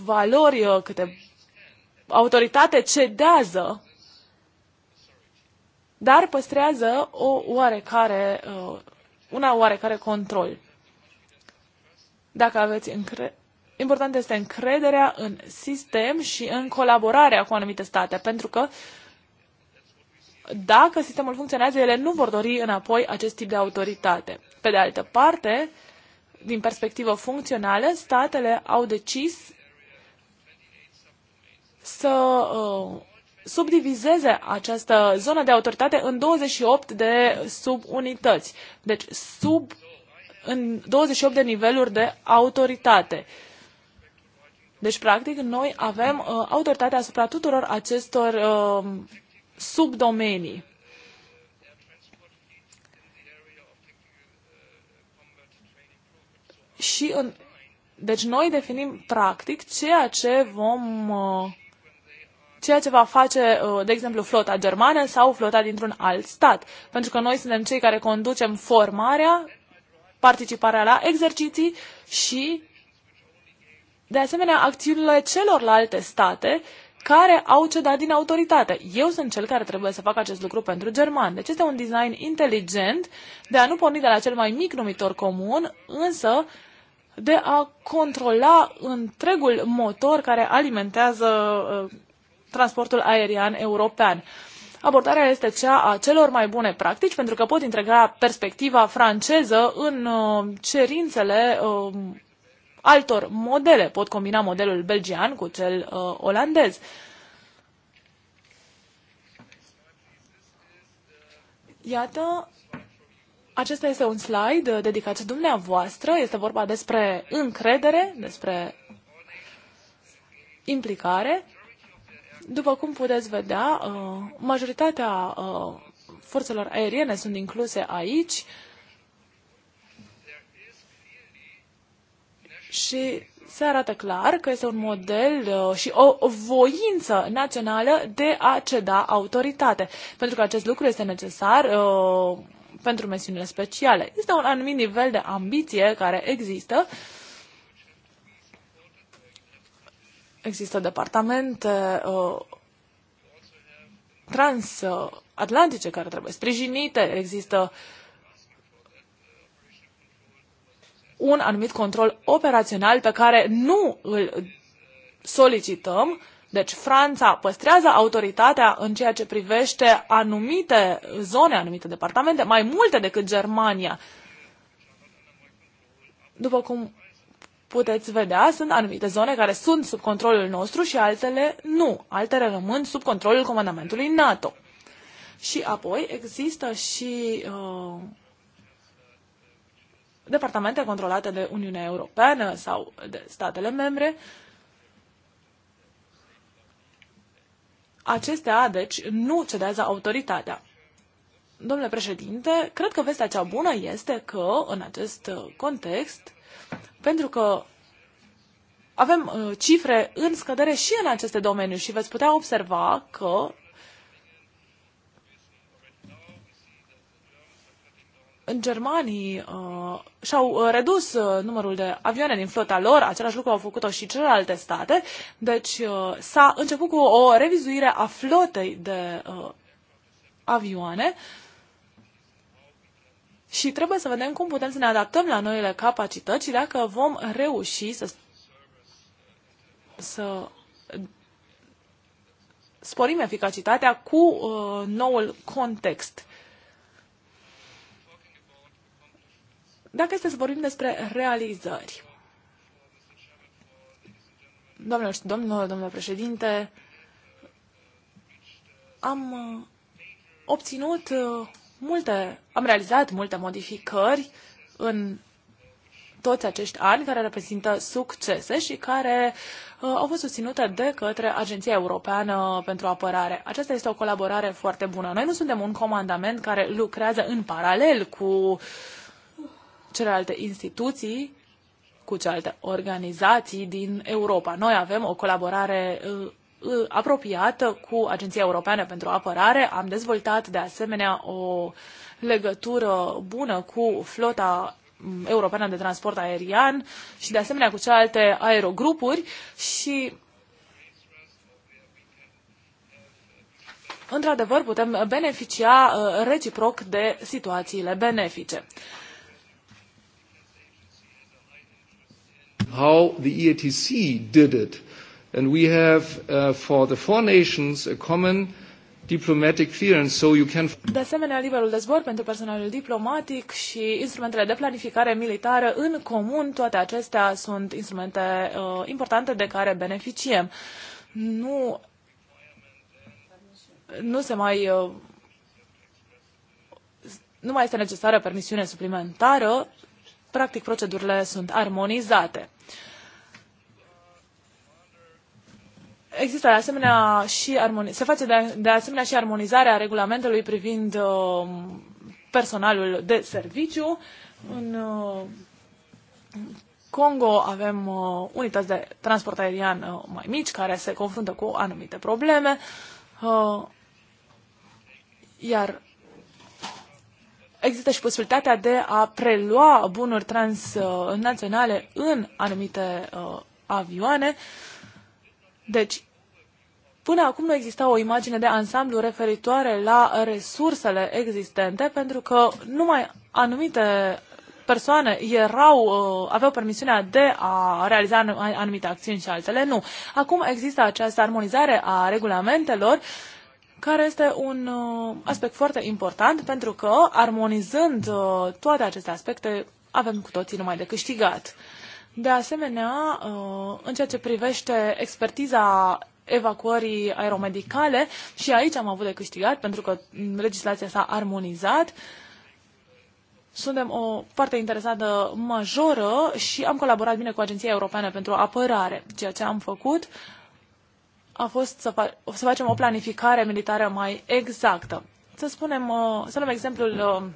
Speaker 1: valori, uh, câte autoritate cedează, dar păstrează o oarecare, uh, una oarecare control. Dacă aveți încredere Important este încrederea în sistem și în colaborarea cu anumite state, pentru că dacă sistemul funcționează, ele nu vor dori înapoi acest tip de autoritate. Pe de altă parte, din perspectivă funcțională, statele au decis să uh, subdivizeze această zonă de autoritate în 28 de subunități, deci sub în 28 de niveluri de autoritate. Uh, deci, practic, noi avem uh, autoritatea asupra tuturor acestor uh, subdomenii. Și în, deci noi definim practic ceea ce vom uh, ceea ce va face, uh, de exemplu, flota germană sau flota dintr-un alt stat. Pentru că noi suntem cei care conducem formarea, participarea la exerciții și de asemenea acțiunile celorlalte state care au cedat din autoritate. Eu sunt cel care trebuie să fac acest lucru pentru german. Deci este un design inteligent de a nu porni de la cel mai mic numitor comun, însă de a controla întregul motor care alimentează uh, transportul aerian european. Abordarea este cea a celor mai bune practici, pentru că pot integra perspectiva franceză în uh, cerințele uh, altor modele. Pot combina modelul belgian cu cel uh, olandez. Iată, acesta este un slide uh, dedicat dumneavoastră. Este vorba despre încredere, despre implicare. După cum puteți vedea, uh, majoritatea uh, forțelor aeriene sunt incluse aici. și se arată clar că este un model uh, și o voință națională de a ceda autoritate, pentru că acest lucru este necesar uh, pentru mesiunile speciale. Este un anumit nivel de ambiție care există. Există departamente uh, transatlantice care trebuie sprijinite, există uh, un anumit control operațional pe care nu îl solicităm. Deci Franța păstrează autoritatea în ceea ce privește anumite zone, anumite departamente, mai multe decât Germania. După cum puteți vedea, sunt anumite zone care sunt sub controlul nostru și altele nu. Altele rămân sub controlul comandamentului NATO. Și apoi există și uh, departamente controlate de Uniunea Europeană sau de statele membre. Acestea, deci, nu cedează autoritatea. Domnule președinte, cred că vestea cea bună este că, în acest uh, context, pentru că avem uh, cifre în scădere și în aceste domenii și veți putea observa că germanii uh, și-au uh, redus uh, numărul de avioane din flota lor, același lucru au făcut-o și celelalte state, deci uh, s-a început cu o revizuire a flotei de uh, avioane și trebuie să vedem cum putem să ne adaptăm la noile capacități și dacă vom reuși să, să sporim eficacitatea cu uh, noul context. Dacă este să vorbim despre realizări, Domnilor și domnilor, domnule președinte, am uh, obținut uh, multe, am realizat multe modificări în toți acești ani care reprezintă succese și care uh, au fost susținute de către Agenția Europeană pentru Apărare. Aceasta este o colaborare foarte bună. Noi nu suntem un comandament care lucrează în paralel cu uh, celelalte instituții, cu celelalte organizații din Europa. Noi avem o colaborare uh, uh, apropiată cu Agenția Europeană pentru Apărare. Am dezvoltat de asemenea o legătură bună cu flota mm, europeană de transport aerian și de asemenea cu celelalte aerogrupuri și într-adevăr putem beneficia uh, reciproc de situațiile benefice. how the EATC did it. And we have uh, for the four nations a common diplomatic clearance, so you can... De asemenea, nivelul de zbor pentru personalul diplomatic și instrumentele de planificare militară în comun, toate acestea sunt instrumente uh, importante de care beneficiem. Nu, nu se mai... Uh, nu mai este necesară permisiune suplimentară, practic procedurile sunt armonizate. Există de asemenea și se face de, de asemenea și armonizarea regulamentului privind uh, personalul de serviciu. În uh, Congo avem uh, unități de transport aerian uh, mai mici care se confruntă cu anumite probleme. Uh, iar există și posibilitatea de a prelua bunuri transnaționale în anumite uh, avioane. Uh, deci, Până acum nu exista o imagine de ansamblu referitoare la resursele existente, pentru că numai anumite persoane erau, uh, aveau permisiunea de a realiza anumite acțiuni și altele nu. Acum există această armonizare a regulamentelor care este un uh, aspect foarte important pentru că armonizând uh, toate aceste aspecte avem cu toții numai de câștigat. De asemenea, uh, în ceea ce privește expertiza evacuării aeromedicale, și aici am avut de câștigat pentru că mm, legislația s-a armonizat. Suntem o parte interesată majoră și am colaborat bine cu Agenția Europeană pentru Apărare. Ceea ce am făcut a fost să, fa- să facem o planificare militară mai exactă. Să spunem, uh, să luăm exemplul uh,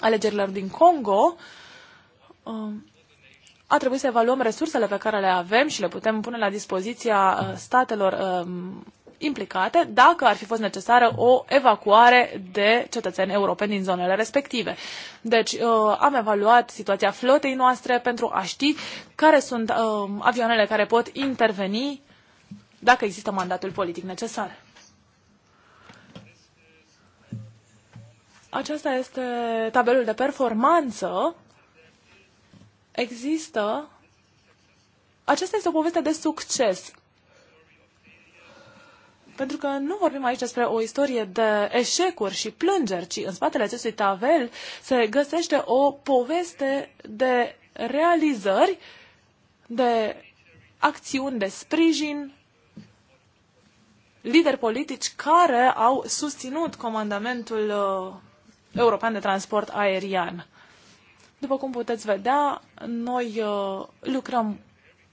Speaker 1: alegerilor din Congo a trebuit să evaluăm resursele pe care le avem și le putem pune la dispoziția uh, statelor um, implicate dacă ar fi fost necesară o evacuare de cetățeni europeni din zonele respective. Deci uh, am evaluat situația flotei noastre pentru a ști care sunt um, avioanele care pot interveni dacă există mandatul politic necesar. Aceasta este tabelul de performanță există. Aceasta este o poveste de succes. Pentru că nu vorbim aici despre o istorie de eșecuri și plângeri, ci în spatele acestui tavel se găsește o poveste de realizări, de acțiuni, de sprijin, lideri politici care au susținut comandamentul uh, european de transport aerian. După cum puteți vedea, noi uh, lucrăm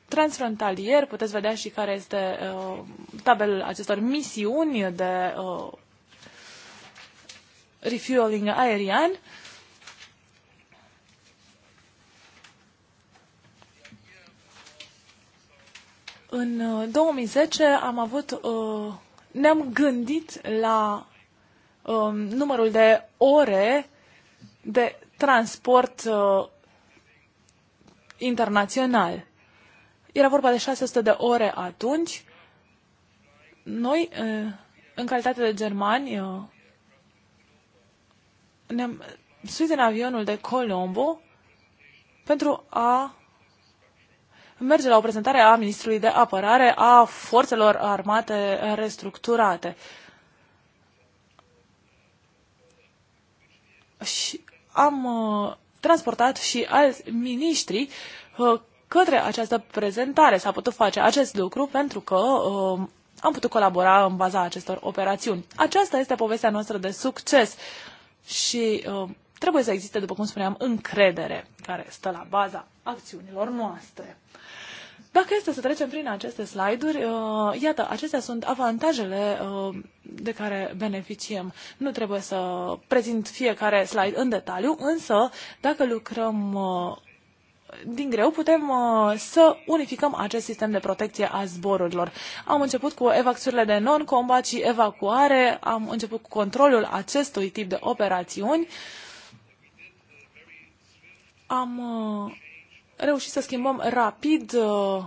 Speaker 1: transfrontalier, puteți vedea și care este uh, tabelul acestor misiuni de uh, refueling aerian. În 2010 am avut, ne-am gândit la um, numărul de ore de transport uh, internațional. Era vorba de 600 de ore atunci. Noi, uh, în calitate de germani, uh, ne-am suit în avionul de Colombo pentru a merge la o prezentare a Ministrului de Apărare a forțelor armate restructurate. Și am uh, transportat și alți miniștri uh, către această prezentare. S-a putut face acest lucru pentru că uh, am putut colabora în baza acestor operațiuni. Aceasta este povestea noastră de succes și trebuie să existe, după cum spuneam, încredere care stă la baza acțiunilor noastre. Dacă este să trecem prin aceste slide-uri, uh, iată, acestea sunt avantajele uh, de care beneficiem. Nu trebuie să prezint fiecare slide în detaliu, însă dacă lucrăm uh, din greu putem uh, să unificăm acest sistem de protecție a zborurilor. Am început cu evacuările de non-combat și evacuare, am început cu controlul acestui tip de operațiuni. Am uh, reușit să schimbăm rapid uh,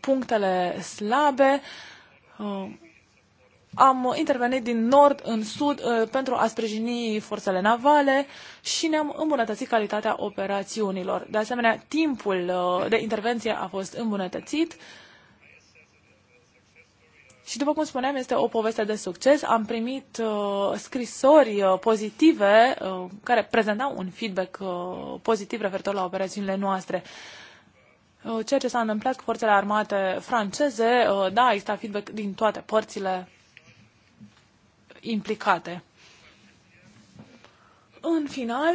Speaker 1: punctele slabe. Uh, am intervenit din nord în sud uh, pentru a sprijini forțele navale și ne-am îmbunătățit calitatea operațiunilor. De asemenea, timpul de intervenție a fost îmbunătățit și după cum spuneam, este o poveste de succes. Am primit uh, scrisori uh, pozitive uh, care prezentau un feedback uh, pozitiv referitor la operațiunile noastre. Uh, ceea ce s-a întâmplat cu forțele armate franceze, uh, da, există feedback din toate părțile implicate. În final,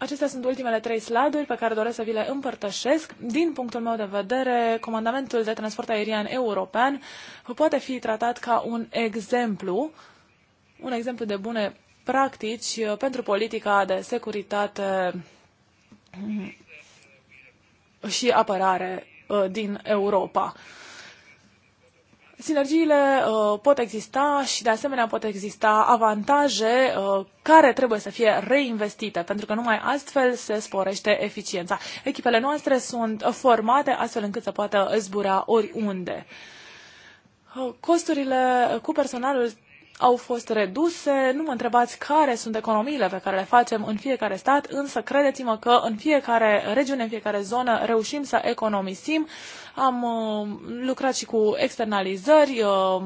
Speaker 1: Acestea sunt ultimele trei slide-uri pe care doresc să vi le împărtășesc. Din punctul meu de vedere, Comandamentul de Transport Aerian European poate fi tratat ca un exemplu, un exemplu de bune practici pentru politica de securitate și apărare uh, din Europa. Sinergiile uh, pot exista și, de asemenea, pot exista avantaje uh, care trebuie să fie reinvestite, pentru că numai astfel se sporește eficiența. Echipele noastre sunt formate astfel încât să poată zbura oriunde. Uh, costurile cu personalul au fost reduse. Nu mă întrebați care sunt economiile pe care le facem în fiecare stat, însă credeți-mă că în fiecare regiune, în fiecare zonă reușim să economisim. Am uh, lucrat și cu externalizări. Uh,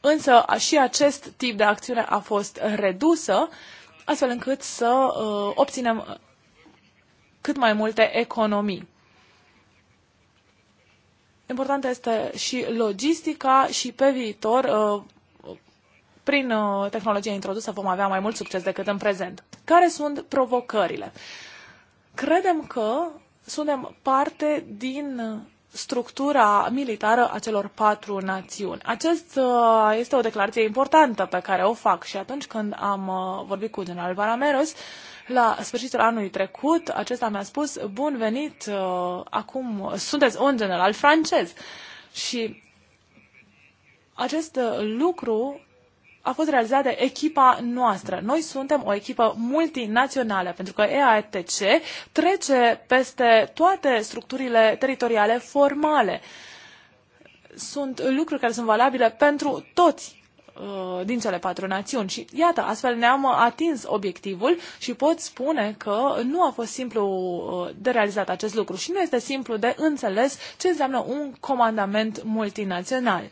Speaker 1: însă și acest tip de acțiune a fost redusă, astfel încât să uh, obținem cât mai multe economii. Importantă este și logistica și pe viitor, uh, prin uh, tehnologia introdusă, vom avea mai mult succes decât în prezent. Care sunt provocările? Credem că suntem parte din structura militară a celor patru națiuni. Aceasta uh, este o declarație importantă pe care o fac și atunci când am vorbit cu general Barameros, la sfârșitul anului trecut, acesta mi-a spus, bun venit, uh, acum sunteți un general francez. Și acest uh, lucru a fost realizat de echipa noastră. Noi suntem o echipă multinațională, pentru că EATC trece peste toate structurile teritoriale formale. Sunt lucruri care sunt valabile pentru toți Uh, din cele patru națiuni. Și iată, astfel ne-am atins obiectivul și pot spune că nu a fost simplu uh, de realizat acest lucru și nu este simplu de înțeles ce înseamnă un comandament multinațional.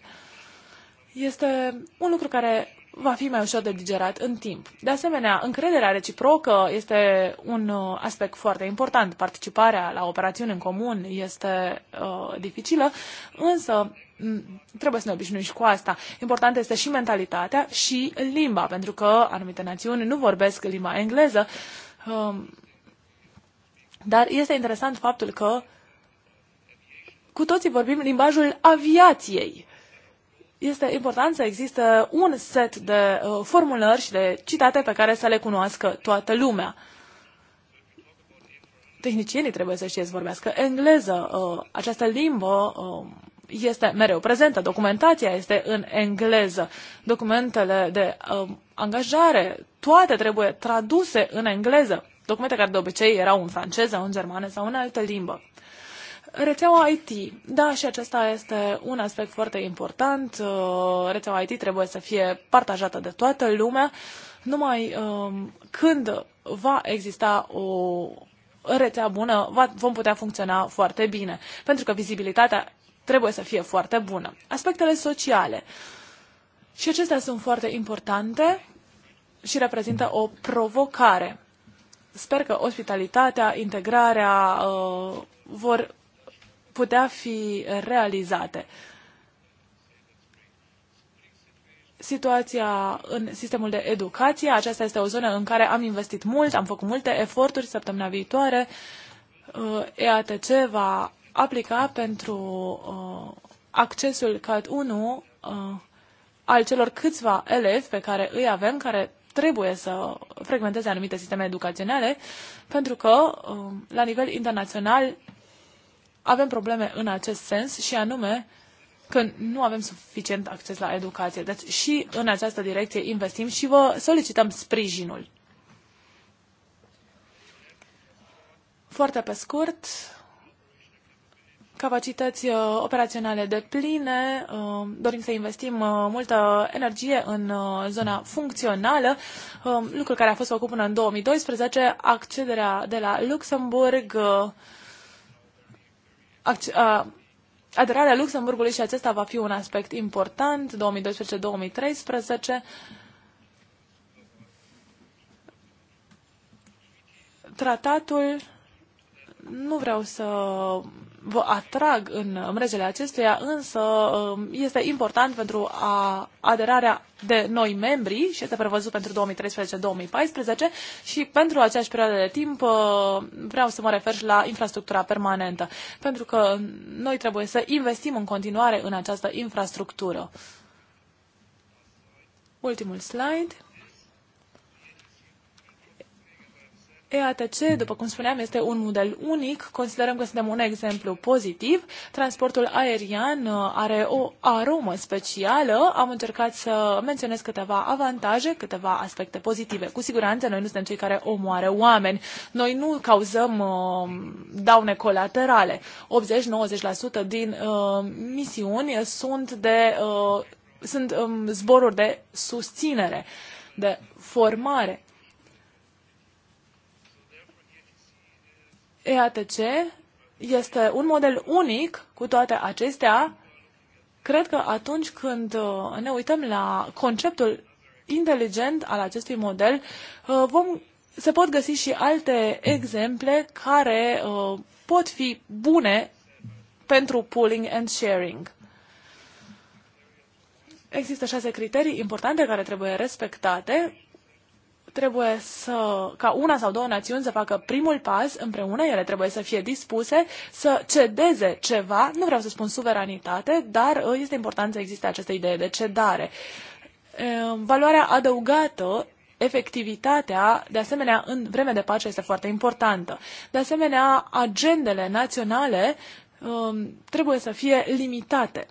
Speaker 1: Este un lucru care va fi mai ușor de digerat în timp. De asemenea, încrederea reciprocă este un uh, aspect foarte important. Participarea la operațiuni în comun este uh, dificilă, însă trebuie să ne obișnuim și cu asta. Important este și mentalitatea și limba, pentru că anumite națiuni nu vorbesc limba engleză, uh, dar este interesant faptul că cu toții vorbim limbajul aviației este important să existe un set de uh, formulări și de citate pe care să le cunoască toată lumea. Tehnicienii trebuie să știe să vorbească engleză. Uh, această limbă uh, este mereu prezentă. Documentația este în engleză. Documentele de uh, angajare, toate trebuie traduse în engleză. Documente care de obicei erau în franceză, în germană sau în altă limbă. Rețeaua IT. Da, și acesta este un aspect foarte important. Uh, rețeaua IT trebuie să fie partajată de toată lumea. Numai um, când va exista o rețea bună, vom putea funcționa foarte bine, pentru că vizibilitatea trebuie să fie foarte bună. Aspectele sociale. Și acestea sunt foarte importante și reprezintă o provocare. Sper că ospitalitatea, integrarea uh, vor putea fi realizate. Situația în sistemul de educație, aceasta este o zonă în care am investit mult, am făcut multe eforturi săptămâna viitoare. Uh, EATC va aplica pentru uh, accesul CAT 1 uh, al celor câțiva elevi pe care îi avem, care trebuie să frecventeze anumite sisteme educaționale, pentru că la nivel internațional avem probleme în acest sens și anume când nu avem suficient acces la educație. Deci și în această direcție investim și vă solicităm sprijinul. Foarte pe scurt, capacități uh, operaționale de pline, uh, dorim să investim uh, multă energie în zona funcțională, lucru care a fost făcut până în 2012, accederea de la Luxemburg, aderarea Luxemburgului și acesta va fi un aspect important, 2012-2013. Tratatul, nu vreau să vă atrag în mrejele acestuia, însă um, este important pentru a aderarea de noi membri și este prevăzut pentru 2013-2014 și pentru aceeași perioadă de timp uh, vreau să mă refer și la infrastructura permanentă, pentru că noi trebuie să investim în continuare în această infrastructură. Ultimul slide. EATC, după cum spuneam, este un model unic. Considerăm că suntem un exemplu pozitiv. Transportul aerian uh, are o aromă specială. Am încercat să menționez câteva avantaje, câteva aspecte pozitive. Cu siguranță, noi nu suntem cei care omoară oameni. Noi nu cauzăm uh, daune colaterale. 80-90% din uh, misiuni sunt, de, uh, sunt um, zboruri de susținere de formare EATC este un model unic, cu toate acestea, cred că atunci când uh, ne uităm la conceptul inteligent al acestui model, uh, vom, se pot găsi și alte exemple care uh, pot fi bune pentru pooling and sharing. Există șase criterii importante care trebuie respectate trebuie să, ca una sau două națiuni să facă primul pas împreună, ele trebuie să fie dispuse să cedeze ceva, nu vreau să spun suveranitate, dar uh, este important să existe această idee de cedare. Um, valoarea adăugată efectivitatea, de asemenea, în vreme de pace este foarte importantă. De asemenea, agendele naționale um, trebuie să fie limitate.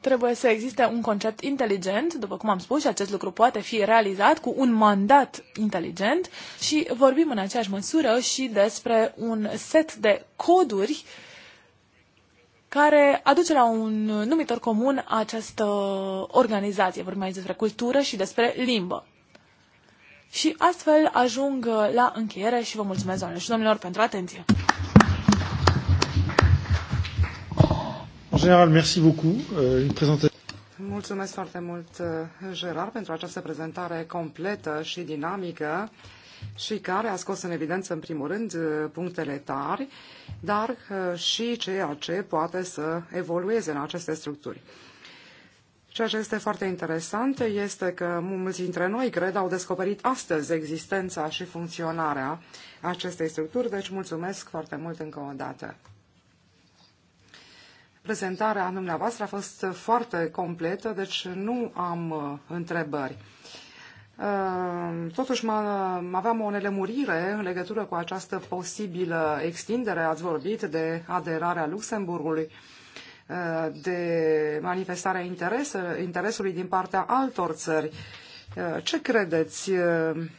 Speaker 1: Trebuie să existe un concept inteligent, după cum am spus, și acest lucru poate fi realizat cu un mandat inteligent și vorbim în aceeași măsură și despre un set de coduri care aduce la un numitor comun această organizație. Vorbim aici despre cultură și despre limbă. Și astfel ajung la încheiere și vă mulțumesc, doamne și domnilor, pentru atenție.
Speaker 2: general, merci beaucoup. Euh, une présentation...
Speaker 3: Mulțumesc foarte mult, uh, Gerard, pentru această prezentare completă și dinamică și care a scos în evidență, în primul rând, uh, punctele tari, dar uh, și ceea ce poate să evolueze în aceste structuri. Ceea ce este foarte interesant este că mulți dintre noi, cred, au descoperit astăzi existența și funcționarea acestei structuri, deci mulțumesc foarte mult încă o dată. Prezentarea dumneavoastră a fost foarte completă, deci nu am uh, întrebări. Uh, totuși aveam o nelemurire în legătură cu această posibilă extindere. Ați vorbit de aderarea Luxemburgului, uh, de manifestarea interes, interesului din partea altor țări. Ce credeți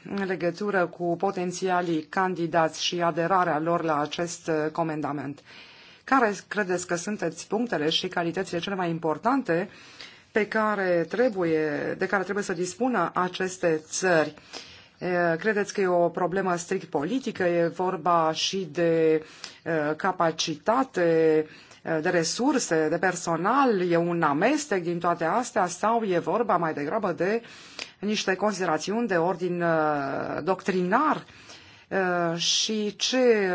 Speaker 3: în legătură cu potențialii candidați și aderarea lor la acest comandament? Care credeți că sunteți punctele și calitățile cele mai importante pe care trebuie, de care trebuie să dispună aceste țări? Credeți că e o problemă strict politică? E vorba și de capacitate, de resurse, de personal? E un amestec din toate astea? Sau e vorba mai degrabă de niște considerațiuni de ordin doctrinar? Și ce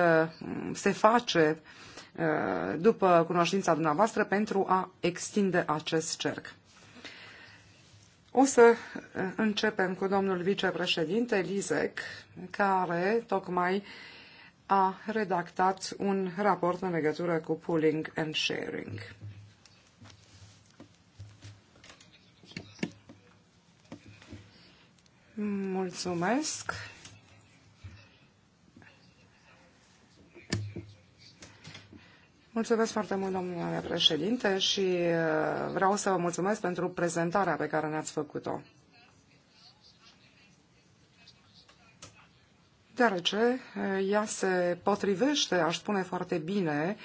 Speaker 3: se face Uh, după cunoștința dumneavoastră pentru a extinde acest cerc. O să uh, începem cu domnul vicepreședinte Lizec, care tocmai a redactat un raport în legătură cu pooling and sharing. Mulțumesc! Mulțumesc foarte mult, domnule președinte, și uh, vreau să vă mulțumesc pentru prezentarea pe care ne-ați făcut-o. Deoarece uh, ea se potrivește, aș spune foarte bine,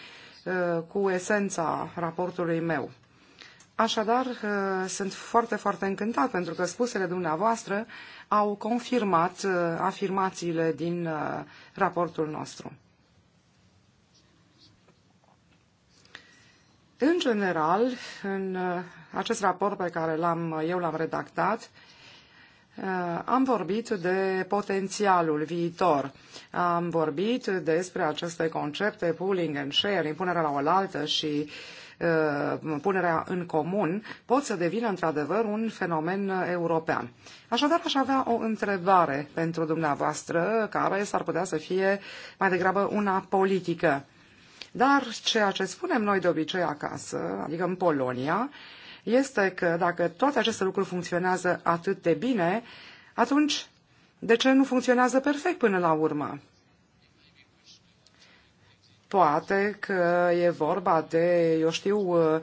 Speaker 3: uh, cu esența raportului meu. Așadar, sunt foarte, foarte încântat pentru că spusele dumneavoastră au confirmat afirmațiile din raportul nostru. În general, în uh, acest raport pe care l-am, uh, eu l-am redactat, uh, am vorbit de potențialul viitor. Am vorbit despre aceste concepte, pooling and sharing, punerea la oaltă și punerea în comun, pot să devină într-adevăr un fenomen european. Așadar, aș avea o întrebare pentru dumneavoastră, care s-ar putea să fie mai degrabă una politică. Dar ceea ce spunem noi de obicei acasă, adică în Polonia, este că dacă toate aceste lucruri funcționează atât de bine, atunci de ce nu funcționează perfect până la urmă? Poate că e vorba de, eu știu, uh,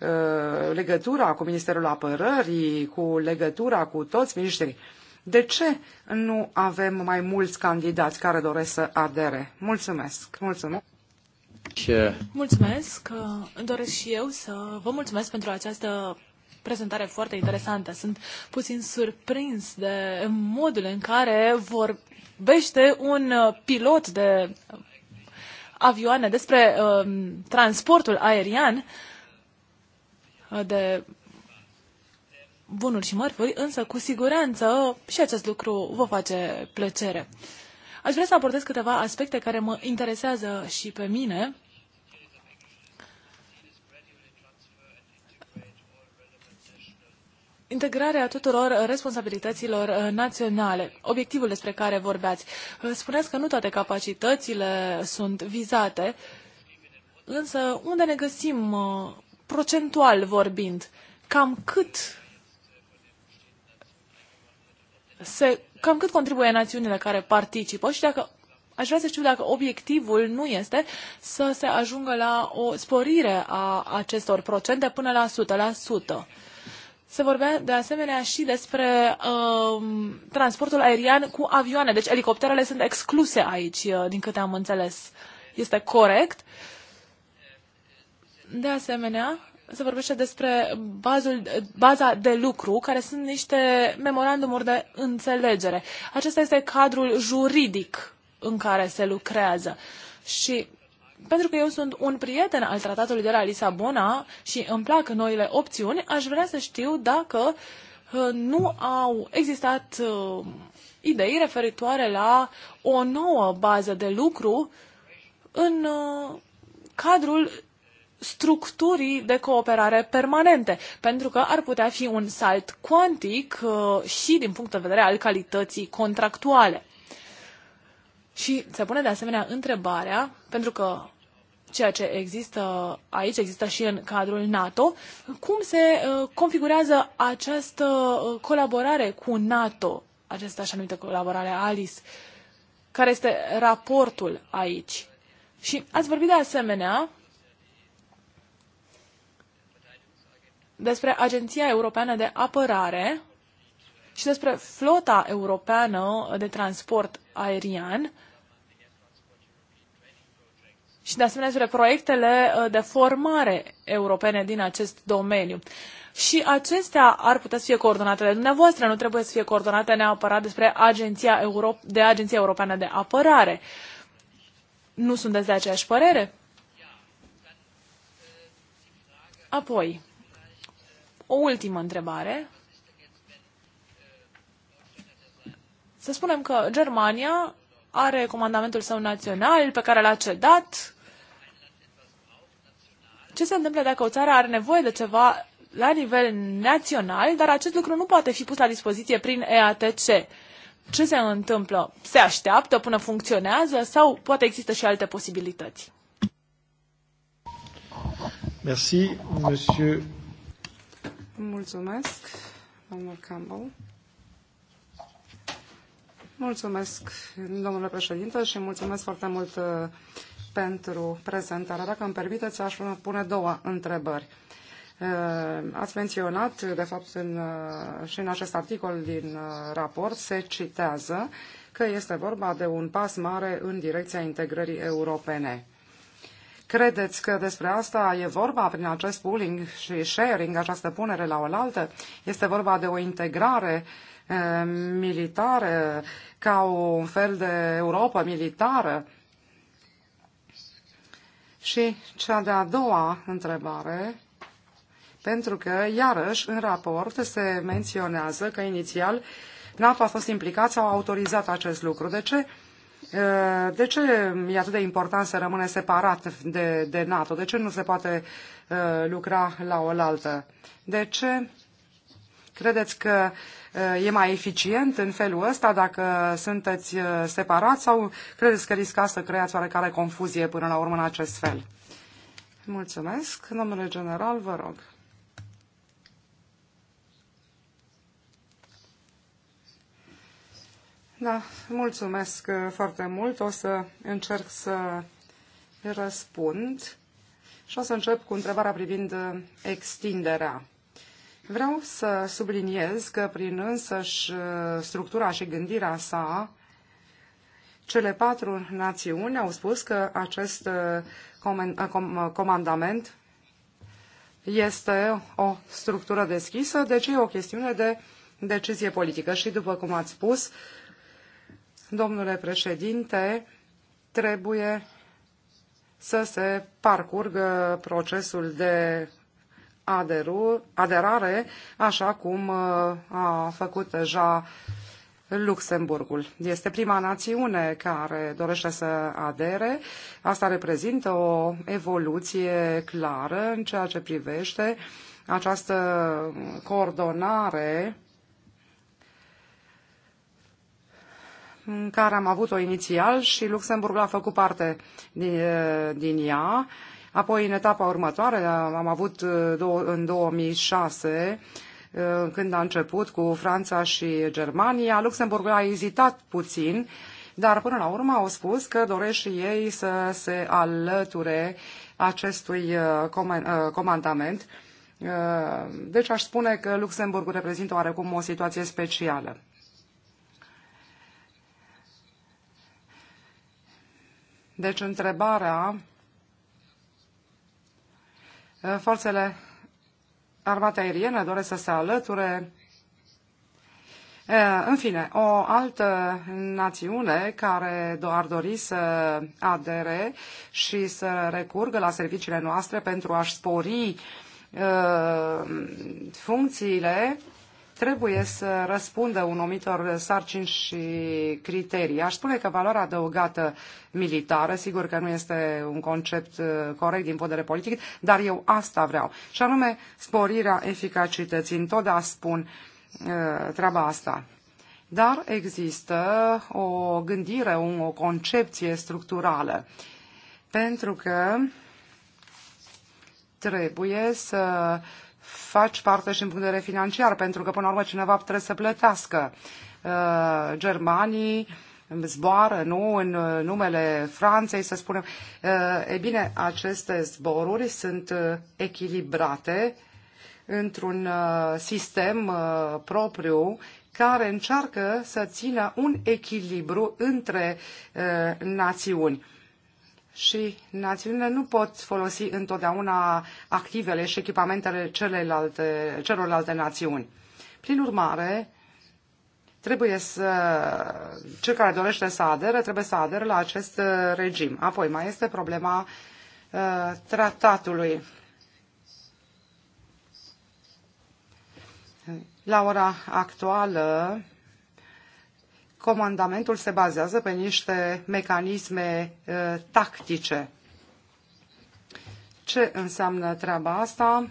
Speaker 3: uh, legătura cu Ministerul Apărării, cu legătura cu toți miniștrii. De ce nu avem mai mulți candidați care doresc să adere? Mulțumesc! Mulțumesc!
Speaker 1: Mulțumesc. Doresc și eu să vă mulțumesc pentru această prezentare foarte interesantă. Sunt puțin surprins de modul în care vorbește un uh, pilot de uh, avioane despre um, uh, transportul aerian uh, de bunuri și mărfuri, însă cu siguranță și acest lucru vă face plăcere. Aș vrea să abordez câteva aspecte care mă interesează și pe mine. Integrarea tuturor responsabilităților uh, naționale, obiectivul despre care vorbeați. Uh, Spuneți că nu toate capacitățile sunt vizate, însă unde ne găsim uh, procentual vorbind? Cam cât se cam cât contribuie națiunile care participă și dacă aș vrea să știu dacă obiectivul nu este să se ajungă la o sporire a acestor procente până la 100%. Se vorbea de asemenea și despre uh, transportul aerian cu avioane, deci elicopterele sunt excluse aici, uh, din câte am înțeles. Este corect? De asemenea, se vorbește despre bazul, baza de lucru, care sunt niște memorandumuri de înțelegere. Acesta este cadrul juridic în care se lucrează. Și pentru că eu sunt un prieten al tratatului de la Lisabona și îmi plac noile opțiuni, aș vrea să știu dacă uh, nu au existat uh, idei referitoare la o nouă bază de lucru în uh, cadrul structurii de cooperare permanente, pentru că ar putea fi un salt cuantic uh, și din punct de vedere al calității contractuale. Și se pune de asemenea întrebarea, pentru că ceea ce există aici, există și în cadrul NATO, cum se uh, configurează această uh, colaborare cu NATO, această așa numită colaborare ALIS, care este raportul aici. Și ați vorbit de asemenea despre Agenția Europeană de Apărare și despre flota europeană de transport aerian și de asemenea despre proiectele uh, de formare europene din acest domeniu. Și acestea ar putea să fie coordonate de dumneavoastră, nu trebuie să fie coordonate neapărat despre Agenția Euro- de Agenția Europeană de Apărare. Nu sunteți de aceeași părere? Apoi, o ultimă întrebare. Să spunem că Germania are comandamentul său național pe care l-a cedat. Ce se întâmplă dacă o țară are nevoie de ceva la nivel național, dar acest lucru nu poate fi pus la dispoziție prin EATC? Ce se întâmplă? Se așteaptă până funcționează sau poate există și alte posibilități?
Speaker 2: Merci, monsieur
Speaker 3: Mulțumesc, domnul Campbell. Mulțumesc, domnule președinte, și mulțumesc foarte mult uh, pentru prezentare. Dacă îmi permiteți, aș pune două întrebări. Uh, ați menționat, de fapt, în, uh, și în acest articol din raport se citează că este vorba de un pas mare în direcția integrării europene. Credeți că despre asta e vorba prin acest pooling și sharing, această punere la oaltă? Este vorba de o integrare e, eh, militară ca un fel de Europa militară? Și cea de-a doua întrebare, pentru că, iarăși, în raport se menționează că inițial NAP a fost implicat sau a autorizat acest lucru. De ce Eh, de ce e atât de important să rămâne separat de, de NATO? De ce nu se poate eh, lucra la oaltă? De ce credeți că eh, e mai eficient în felul ăsta dacă sunteți separați sau credeți că riscați să creați oarecare confuzie până la urmă în acest fel? Mulțumesc. Domnule general, vă rog. Da, mulțumesc uh, foarte mult. O să încerc să răspund și o să încep cu întrebarea privind uh, extinderea. Vreau să subliniez că prin însăși uh, structura și gândirea sa, cele patru națiuni au spus că acest comandament este o structură deschisă, deci e o chestiune de decizie politică. Și după cum ați spus, domnule președinte, trebuie să se parcurgă procesul de aderu, aderare, așa cum uh, a făcut deja Luxemburgul. Este prima națiune care dorește să adere. Asta reprezintă o evoluție clară în ceea ce privește această coordonare în care am avut-o inițial și Luxemburgul a făcut parte din, din ea. Apoi, în etapa următoare, am avut uh, în 2006 uh, când a început cu Franța și Germania. Luxemburgul a ezitat puțin, dar până la urmă au spus că doresc și ei să se alăture acestui uh, comandament. Deci aș spune că Luxemburgul reprezintă oarecum o situație specială. Deci întrebarea forțele armate aeriene doresc să se alăture. În fine, o altă națiune care ar dori să adere și să recurgă la serviciile noastre pentru a-și spori funcțiile trebuie să răspundă unumitor sarcini și criterii. Aș spune că valoarea adăugată militară, sigur că nu este un concept uh, corect din vedere politic, dar eu asta vreau. Și anume sporirea eficacității. Întotdeauna spun uh, treaba asta. Dar există o gândire, o concepție structurală. Pentru că trebuie să uh, faci parte și în punct de vedere financiar, pentru că până la urmă cineva trebuie să plătească. Uh, germanii zboară, nu, în uh, numele Franței, să spunem. Uh, e bine, aceste zboruri sunt echilibrate într-un sistem propriu care încearcă să țină un echilibru între națiuni și națiunile nu pot folosi întotdeauna activele și echipamentele celelalte, celorlalte națiuni. Prin urmare, trebuie să, cel care dorește să adere, trebuie să adere la acest uh, regim. Apoi mai este problema uh, tratatului. La ora actuală, comandamentul se bazează pe niște mecanisme tactice. Ce înseamnă treaba asta?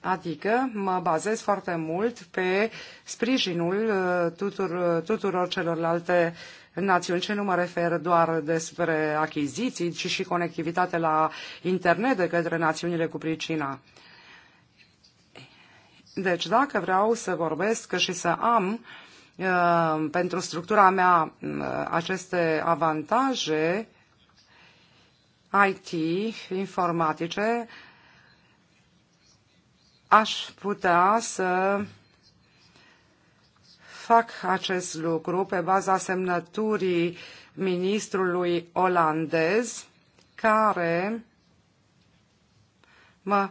Speaker 3: Adică mă bazez foarte mult pe sprijinul tuturor, tuturor celorlalte națiuni, ce nu mă refer doar despre achiziții, ci și conectivitate la internet de către națiunile cu pricina. Deci dacă vreau să vorbesc și să am uh, Uh, pentru structura mea uh, aceste avantaje IT, informatice, aș putea să fac acest lucru pe baza semnăturii ministrului olandez care mă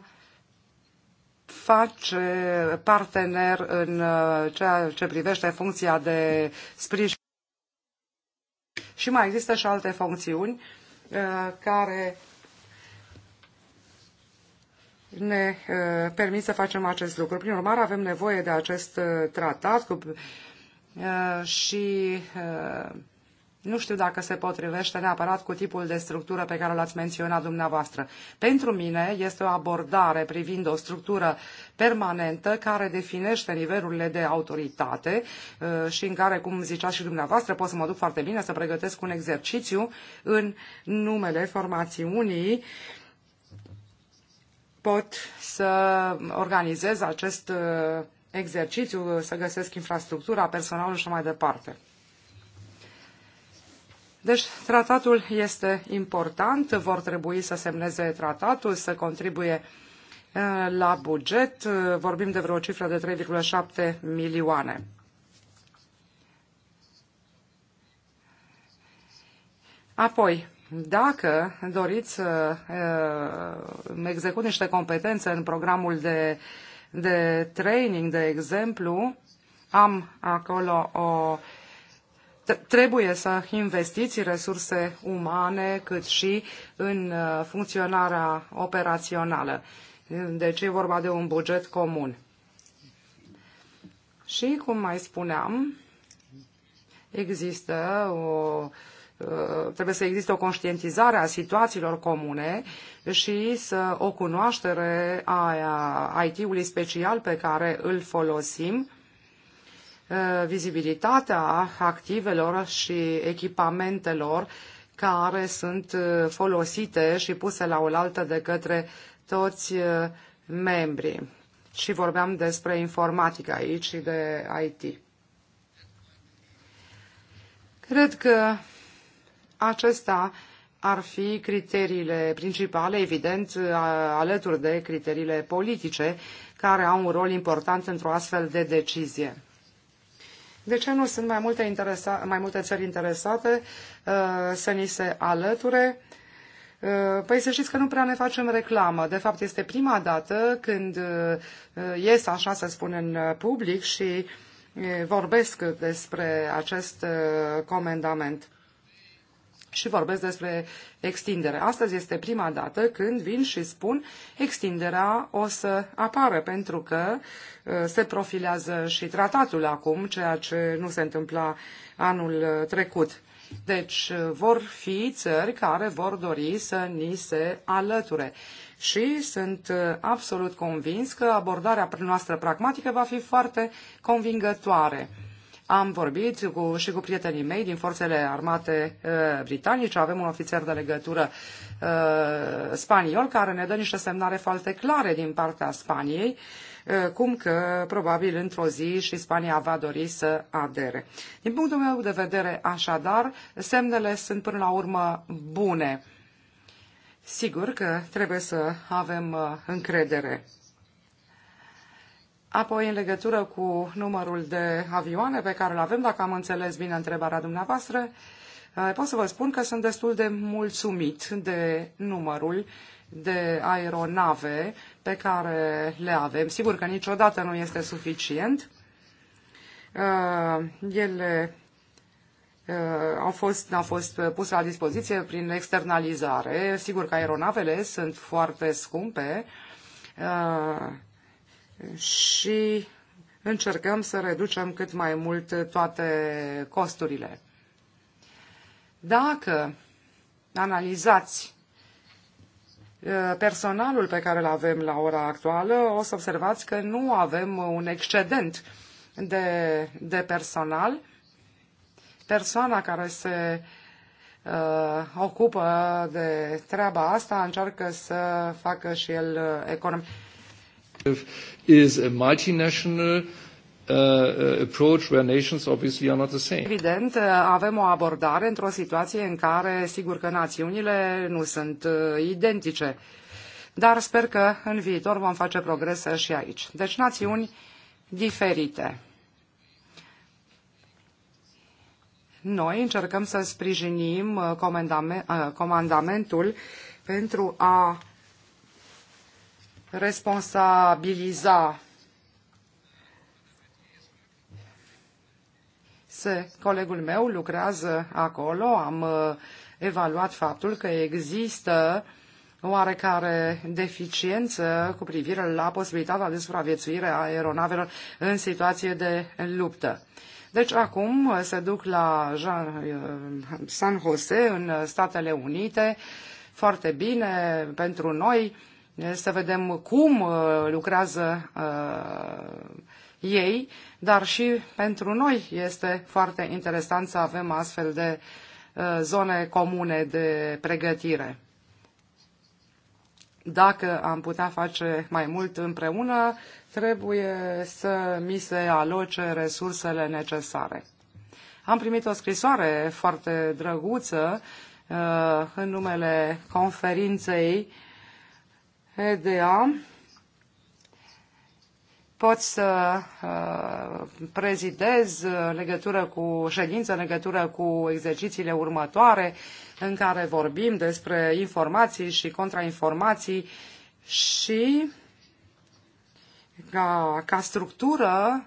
Speaker 3: face partener în uh, ceea ce privește funcția de sprijin. Și mai există și alte funcțiuni uh, care ne uh, permit să facem acest lucru. Prin urmare, avem nevoie de acest tratat cu, și nu știu dacă se potrivește neapărat cu tipul de structură pe care l-ați menționat dumneavoastră. Pentru mine este o abordare privind o structură permanentă care definește nivelurile de autoritate uh, și în care, cum zicea și dumneavoastră, pot să mă duc foarte bine să pregătesc un exercițiu în numele formațiunii pot să organizez acest uh, exercițiu, să găsesc infrastructura, personalul și mai departe. Deci tratatul este important, vor trebui să semneze tratatul, să contribuie uh, la buget, uh, vorbim de vreo cifră de 3,7 milioane. Apoi, dacă doriți să uh, uh, execut niște competențe în programul de, de training, de exemplu, am acolo o uh, trebuie să investiți resurse umane cât și în uh, funcționarea operațională. Deci e vorba de un buget comun. Și, cum mai spuneam, există o, uh, trebuie să existe o conștientizare a situațiilor comune și să o cunoaștere a IT-ului special pe care îl folosim Uh, vizibilitatea activelor și echipamentelor care sunt uh, folosite și puse la oaltă de către toți uh, membrii. Și vorbeam despre informatică aici și de IT. Cred că acesta ar fi criteriile principale, evident, alături de criteriile politice, care au un rol important într-o astfel de decizie. De ce nu sunt mai multe, interesa- mai multe țări interesate uh, să ni se alăture? Uh, păi să știți că nu prea ne facem reclamă. De fapt, este prima dată când uh, ies, așa să spun, în public și vorbesc despre acest comandament și vorbesc despre extindere. Astăzi este prima dată când vin și spun extinderea o să apară, pentru că uh, se profilează și tratatul acum, ceea ce nu se întâmpla anul uh, trecut. Deci uh, vor fi țări care vor dori să ni se alăture. Și sunt absolut convins că abordarea noastră pragmatică va fi foarte convingătoare am vorbit cu, și cu prietenii mei din forțele armate uh, britanice. Avem un ofițer de legătură uh, spaniol care ne dă niște semnare foarte clare din partea Spaniei uh, cum că probabil într-o zi și Spania va dori să adere. Din punctul meu de vedere, așadar, semnele sunt până la urmă bune. Sigur că trebuie să avem uh, încredere. Apoi, în legătură cu numărul de avioane pe care îl avem, dacă am înțeles bine întrebarea dumneavoastră, eh, pot să vă spun că sunt destul de mulțumit de numărul de aeronave pe care le avem. Sigur că niciodată nu este suficient. Eh, ele eh, au fost, au fost puse la dispoziție prin externalizare. Sigur că aeronavele sunt foarte scumpe și încercăm să reducem cât mai mult toate costurile. Dacă analizați uh, personalul pe care îl avem la ora actuală, o să observați că nu avem un excedent de, de personal. Persoana care se uh, ocupă de treaba asta încearcă să facă și el uh, economie
Speaker 1: is a multinational uh, uh, approach where nations obviously are not the same.
Speaker 3: Evident, uh, avem o abordare într-o situație în care, sigur că națiunile nu sunt uh, identice, dar sper că în viitor vom face progrese și aici. Deci națiuni diferite. Noi încercăm să sprijinim comandamentul pentru a responsabiliza se, colegul meu lucrează acolo, am uh, evaluat faptul că există oarecare deficiență cu privire la posibilitatea de supraviețuire a aeronavelor în situație de luptă. Deci acum uh, se duc la uh, San Jose în Statele Unite, foarte bine pentru noi, să vedem cum uh, lucrează uh, ei, dar și pentru noi este foarte interesant să avem astfel de uh, zone comune de pregătire. Dacă am putea face mai mult împreună, trebuie să mi se aloce resursele necesare. Am primit o scrisoare foarte drăguță în numele conferinței uh, EDA pot să uh, prezidez uh, legătură cu ședință, în legătură cu exercițiile următoare în care vorbim despre informații și contrainformații și ca, ca structură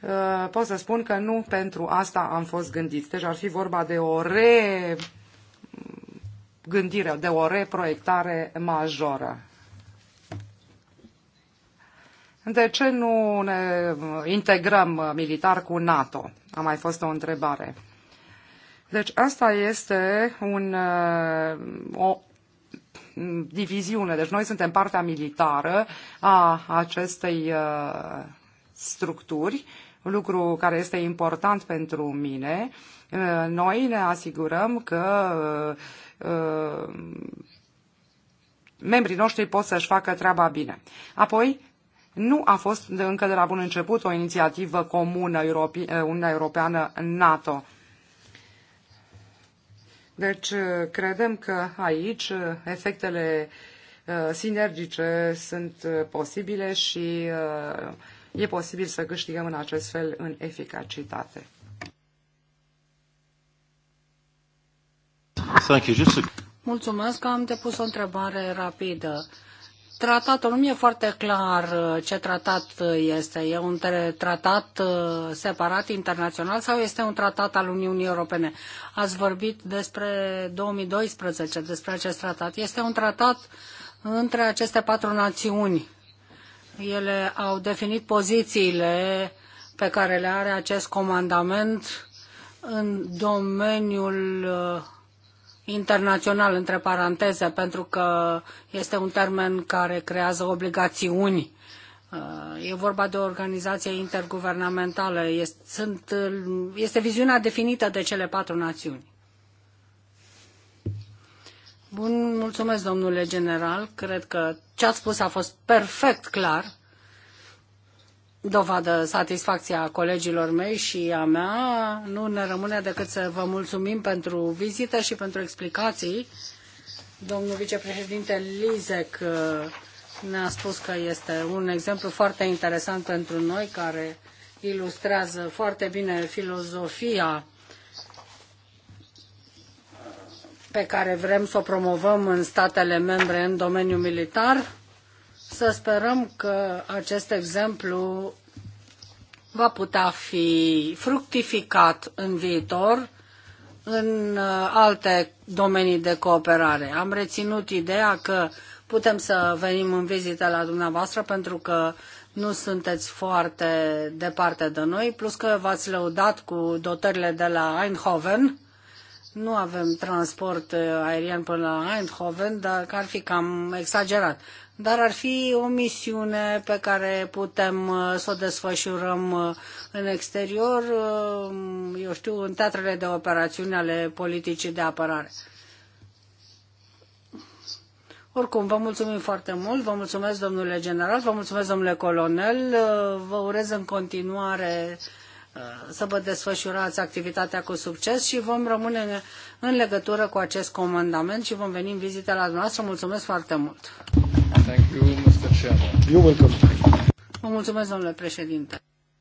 Speaker 3: uh, pot să spun că nu pentru asta am fost gândit. Deci ar fi vorba de o re gândire, de o reproiectare majoră. De ce nu ne integrăm militar cu NATO? A mai fost o întrebare. Deci asta este un, o diviziune. Deci noi suntem partea militară a acestei uh, structuri, lucru care este important pentru mine. Uh, noi ne asigurăm că uh, Uh, membrii noștri pot să-și facă treaba bine. Apoi, nu a fost de încă de la bun început o inițiativă comună uh, Uniunea Europeană-NATO. Deci, uh, credem că aici efectele sinergice sunt posibile și e posibil să câștigăm în acest fel în eficacitate.
Speaker 2: Mulțumesc, am depus o întrebare rapidă. Tratatul nu e foarte clar uh, ce tratat uh, este. E un tratat uh, separat internațional sau este un tratat al Uniunii Europene? Ați vorbit despre 2012, despre acest tratat. Este un tratat între aceste patru națiuni. Ele au definit pozițiile pe care le are acest comandament în domeniul internațional, între paranteze, pentru că este un termen care creează obligațiuni. Uh, e vorba de o organizație interguvernamentală. Este, sunt, uh, este viziunea definită de cele patru națiuni. Bun, mulțumesc, domnule general. Cred că ce ați spus a fost perfect clar dovadă satisfacția colegilor mei și a mea. Nu ne rămâne decât să vă mulțumim pentru vizită și pentru explicații. Domnul vicepreședinte Lizec uh, ne-a spus că este un exemplu foarte interesant pentru noi, care ilustrează foarte bine filozofia pe care vrem să o promovăm în statele membre în domeniul militar să sperăm că acest exemplu va putea fi fructificat în viitor în uh, alte domenii de cooperare. Am reținut ideea că putem să venim în vizită la dumneavoastră pentru că nu sunteți foarte departe de noi, plus că v-ați lăudat cu dotările de la Eindhoven. Nu avem transport uh, aerian până la Eindhoven, dar ar fi cam exagerat dar ar fi o misiune pe care putem uh, să o desfășurăm uh, în exterior, uh, eu știu, în teatrele de operațiune ale politicii de apărare. Oricum, vă mulțumim foarte mult, vă mulțumesc domnule general, vă mulțumesc domnule colonel, vă urez în continuare să vă desfășurați activitatea cu succes și vom rămâne în legătură cu acest comandament și vom veni în vizită la dumneavoastră. Mulțumesc foarte mult!
Speaker 1: Thank you, Mr. Chairman.
Speaker 2: You're welcome. Vă mulțumesc, domnule președinte.